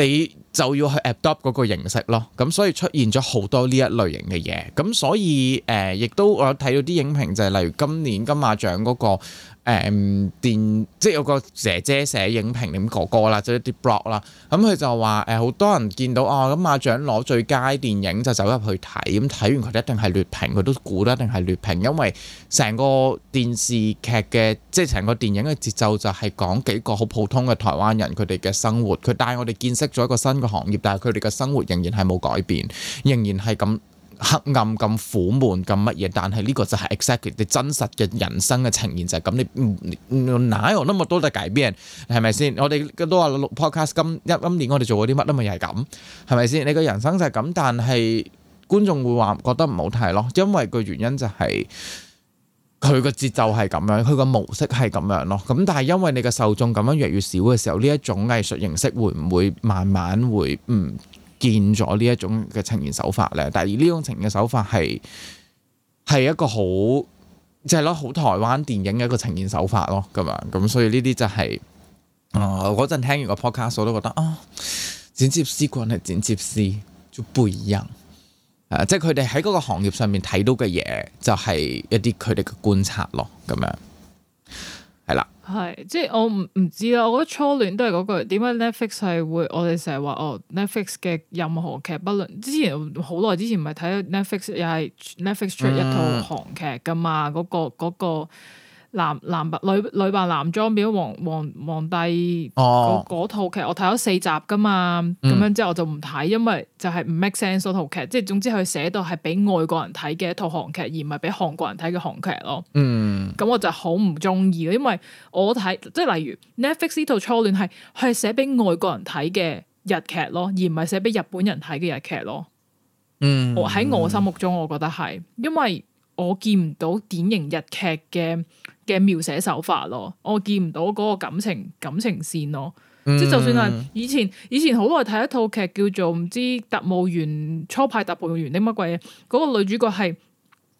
你。就要去 adopt 嗰個形式咯，咁所以出現咗好多呢一類型嘅嘢，咁所以誒，亦都我有睇到啲影評，就係例如今年金馬獎嗰個。誒、嗯、電即係有個姐姐寫影評定哥哥啦，即係啲 blog 啦、嗯。咁佢就話誒，好、嗯、多人見到、哦嗯、啊，咁阿掌攞最佳電影就走入去睇，咁、嗯、睇完佢哋一定係劣評，佢都估得一定係劣評，因為成個電視劇嘅即係成個電影嘅節奏就係講幾個好普通嘅台灣人佢哋嘅生活。佢帶我哋見識咗一個新嘅行業，但係佢哋嘅生活仍然係冇改變，仍然係咁。黑暗，咁苦悶，咁乜嘢，但係呢個就係 exactly 你真實嘅人生嘅呈現，就係咁，你唔哪有咁多得改變係咪先？我哋都話錄 podcast 今今年我哋做過啲乜都咪又係咁，係咪先？你嘅人生就係咁，但係觀眾會話覺得唔好睇咯，因為個原因就係佢個節奏係咁樣，佢個模式係咁樣咯。咁但係因為你嘅受眾咁樣越嚟越少嘅時候，呢一種藝術形式會唔會慢慢會嗯？見咗呢一種嘅呈現手法咧，但係呢種呈現手法係係一個好即係咯，好、即係、台灣電影嘅一個呈現手法咯，咁樣，咁所以呢啲就係啊嗰陣聽完個 podcast 我都覺得啊、哦、剪接師個人係剪接師做背人，啊，即係佢哋喺嗰個行業上面睇到嘅嘢就係、係、一啲佢哋嘅觀察咯，咁樣係啦。係，即我唔唔知啦。我覺得初戀都係嗰句。點解 Netflix 係會？我哋成日話哦，Netflix 嘅任何劇不論之前好耐之前，唔係睇 Netflix 又係 Netflix 出一套韓劇㗎嘛？嗰個嗰個。嗰個男男扮女女扮男裝變咗皇皇皇帝嗰、哦、套劇，我睇咗四集㗎嘛，咁、嗯、樣之後我就唔睇，因為就係唔 make sense 嗰套劇。即係總之佢寫到係俾外國人睇嘅一套韓劇，而唔係俾韓國人睇嘅韓劇咯。咁、嗯、我就好唔中意，因為我睇即係例如 Netflix 呢套初戀係佢係寫俾外國人睇嘅日劇咯，而唔係寫俾日本人睇嘅日劇咯。嗯、我喺我心目中，我覺得係，因為我見唔到典型日劇嘅。嘅描寫手法咯，我見唔到嗰個感情感情線咯，即就算係以前以前好耐睇一套劇叫做唔知特務員初派特務員啲乜鬼嘢，嗰個女主角係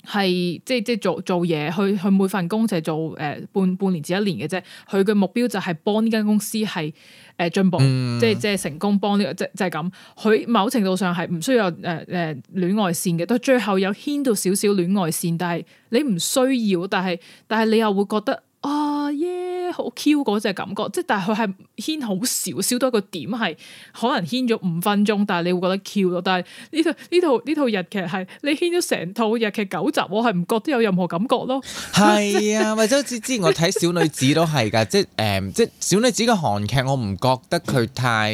係即即做做嘢佢佢，每份工就係做誒半半年至一年嘅啫，佢嘅目標就係幫呢間公司係。誒進步，即係即係成功幫呢、這個，即係咁。佢某程度上係唔需要誒誒戀愛線嘅，到最後有牽到少少戀愛線，但係你唔需要，但係但係你又會覺得啊、哦、耶！好 Q 嗰隻感覺，即係但係佢係牽好少，少多一個點係可能牽咗五分鐘，但係你會覺得 Q 咯。但係呢套呢套呢套日劇係你牽咗成套日劇九集，我係唔覺得有任何感覺咯。係啊， 或者好似之前我睇小女子都係噶、 呃，即係誒，即係小女子嘅韓劇，我唔覺得佢太。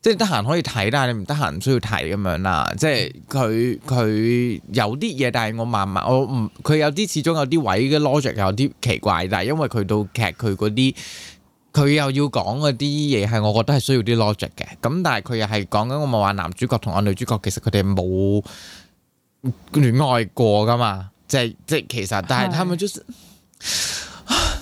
即係得閒可以睇但係，你唔得閒唔需要睇咁樣啦。即係佢佢有啲嘢，但係我慢慢我唔佢有啲始終有啲位嘅 logic 有啲奇怪，但係因為佢到劇佢嗰啲佢又要講嗰啲嘢，係我覺得係需要啲 logic 嘅。咁但係佢又係講緊我咪話男主角同我女主角其實佢哋冇戀愛過噶嘛？即係即係其實，但係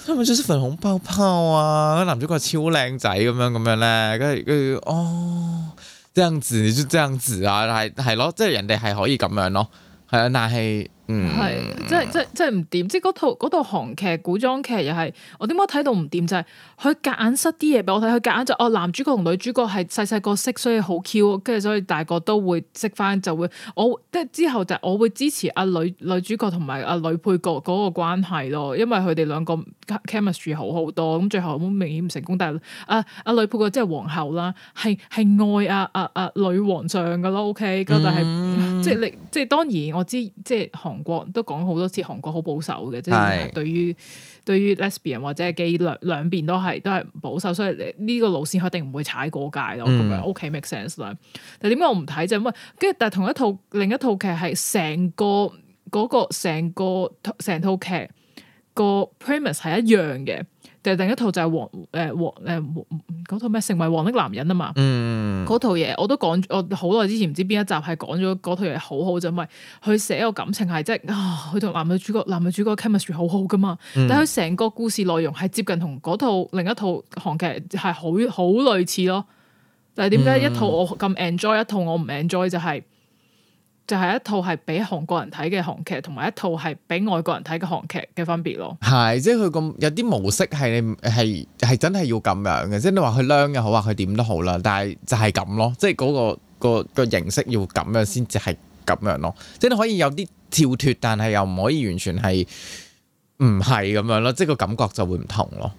佢咪就係粉紅泡泡啊！個男主角超靚仔咁樣咁樣咧，跟住跟住哦，這樣子你就這樣子啊，係係咯，即係人哋係可以咁樣咯，係啊，但係。係， 即係即係即係唔掂，即係嗰套嗰套韓劇古裝劇又係，我點解睇到唔掂就係佢夾硬塞啲嘢俾我睇，佢夾硬就哦男主角同女主角係細細個識，所以好 cute，跟住所以大個都會識翻，就會，我即係之後就我會支持阿女女主角同埋阿女配角嗰個關係咯，因為佢哋兩個 chemistry 好好多，咁最後咁明顯唔成功，但係阿阿女配角即係皇后啦，係係愛阿阿阿女皇上噶咯，OK，但係，即係你即係當然我知即係。韓。 韓國都講好多次，韓國好保守嘅，是即係對於對於 lesbian 或者係基兩兩邊都係都係保守，所以呢個路線肯定唔會踩過界咯。咁、嗯、樣 OK，make、okay, sense 啦。但係點解我唔睇就係因為跟住但係同一套另一套劇係成個嗰、那個成個成套劇個 premise 係一樣嘅。就係另一套就係王誒、呃、王誒嗰套咩成為王的男人啊嘛，嗰、嗯、套嘢我都講，我好耐之前唔知邊一集係講咗嗰套嘢，好好就因為佢寫個感情係即係啊，佢同男女主角男女主角 chemistry 好好㗎嘛，嗯、但係佢成個故事內容係接近同嗰套另一套韓劇係好好類似咯，就係點解一套我咁 enjoy、嗯、一套我唔 enjoy 就係、是。就係一套係俾韓國人睇嘅韓劇，同埋一套係俾外國人睇嘅韓劇嘅分別咯。係，即係佢咁有啲模式係你係係真係要咁樣嘅。即係你話佢靚又好，話佢點都好啦。但係就係咁咯，即係嗰、嗰個、嗰個嗰個嗰個嗰個形式要咁樣先至係咁樣咯。即係你可以有啲跳脫，但係又唔可以完全係唔係咁樣咯。即係個感覺就會唔同咯。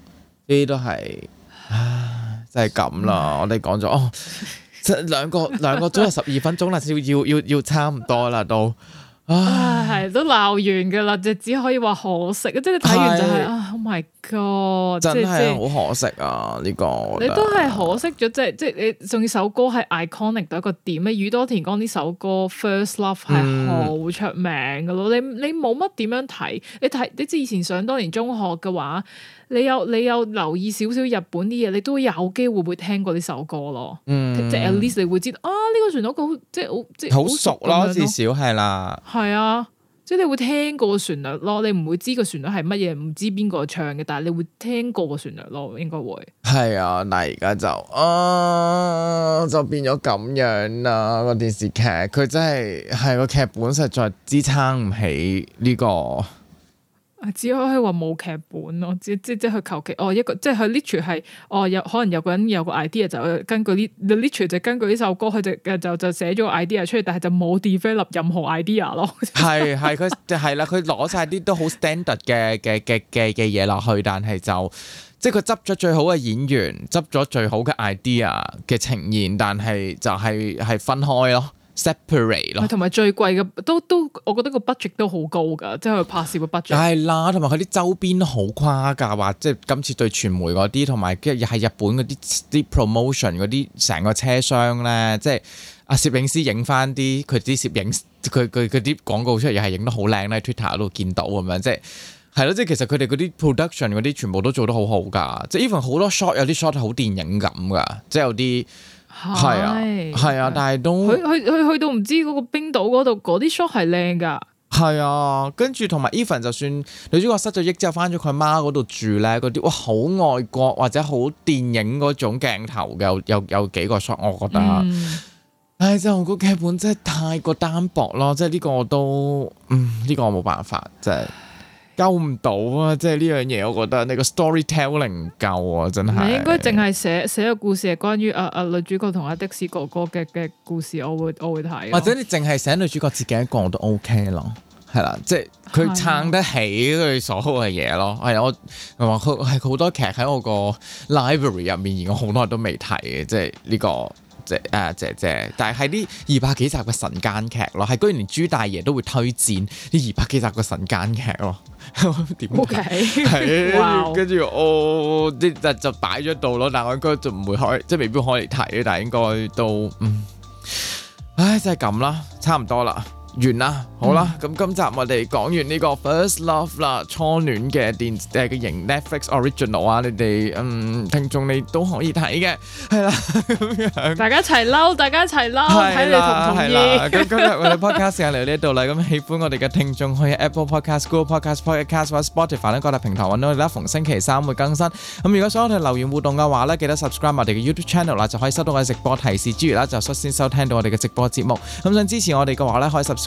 呢啲都係，啊，真係咁啦。就是、 我哋講咗。哦兩個兩個鐘有十二分鐘啦，要要要要差唔多啦都，啊係都鬧完嘅啦，就只可以話可惜，即係睇完就係、是、啊是，Oh my God！真係的好即可惜啊呢、這個，你都係可惜咗、啊，即係即係你仲要首歌係 iconic 到一個點啊！宇多田光呢首歌 First Love 係好出名嘅咯，你你冇乜點樣睇？你睇你,你,你知以前上當年中學嘅話。你有你有留意少少日本啲嘢，你都有機會會聽過呢首歌咯。嗯，即係 at least 你會知道啊，呢個旋律好即係好即係好熟咯，至少係啦。係啊，即係你會聽過個旋律咯，你唔會知個旋律係乜嘢，唔知邊個唱嘅，但係你會聽過個旋律咯，應該會。係啊，嗱而家就啊就變咗咁樣啦個電視劇，佢真係係個劇本實在支撐唔起呢個。只可以話冇劇本咯，即即即佢求其哦一個，即係 Litchi 係哦有可能有個人有個 idea 就根據呢，Litchi 就根據呢首歌，佢就就就寫咗個 idea 出嚟，但係就冇 develop 任何 idea 咯。係係佢係啦，佢攞晒啲都好 standard 嘅嘅嘅嘅嘅嘢落去，但係就即係佢執咗最好嘅演員，執咗最好嘅 idea 嘅呈現，但係就係、是、係分開咯。separate 咯，同埋 Separ 最貴嘅都都，我覺得個 budget 都好高㗎，即係拍攝個 budget。 係啦，同埋佢啲周邊都好誇㗎，話即係今次對傳媒嗰啲，同埋跟住又係日本嗰啲啲 promotion 嗰啲成個車廂咧，即係阿攝影師影翻啲佢啲攝影佢佢啲廣告出嚟又係影得好靚咧，Twitter 度見到咁樣，即係係咯，即係其實佢哋嗰啲 production 嗰啲全部都做得好好㗎，即係 even 好多 shot 有啲 shot 好電影咁㗎，即係有啲。係啊，係啊，但係都去去去去到唔知嗰個冰島嗰度嗰啲 shot 係靚噶。係啊，跟住同埋 even 就算女主角失咗憶之後翻咗佢媽嗰度住咧，嗰啲哇好外國或者好電影嗰種鏡頭嘅，有有有幾個 shot，我覺得。唉、嗯、我個劇本真係太過單薄咯，即係呢個我都嗯呢個我冇辦法，真係。夠唔到啊！即係呢樣嘢，我覺得你、個 storytelling 唔夠啊，真係。你應該淨係寫寫個故事係關於啊啊女主角同阿的士哥哥嘅嘅故事，我，我會我會睇。或者你淨係寫女主角自己一個我都 OK 咯，係啦，即係佢撐得起佢所有嘅嘢咯。係、啊、我話佢係好多劇喺我個 library 入面，而我好多都未睇嘅，即係呢、這個。姐誒、啊、姐姐，但係喺呢二百幾集嘅晨間劇咯，係居然連朱大爺都會推薦呢二百幾集嘅晨間劇咯，點 ？OK，跟住哦，啲就就擺咗度咯，但係我應該就唔會開，即係未必開嚟睇，但係應該都、嗯，唉，即係咁啦，差唔多啦。完啦，好啦，咁今集我哋講完呢個 First Love 啦，初戀嘅電誒嘅型 Netflix Original 啊，你哋嗯聽眾你都可以睇嘅，係啦，咁樣，大家一齊鬧，大家一齊鬧，睇你同唔同意？咁今日我哋 Podcast 時間嚟到呢度啦，咁喜歡我哋嘅聽眾，可以喺 Apple Podcast、Google Podcast、Podcast 或者 Spotify 呢各大平台揾到我哋啦，逢星期三會更新。咁如果想我哋留言互動嘅話咧，記得 subscribe 我哋嘅 YouTube Channel 啦，就可以收到我哋直播提示，之餘咧就率先收聽到我哋嘅直播節目。咁想支持我哋嘅話咧，可以 subscribe。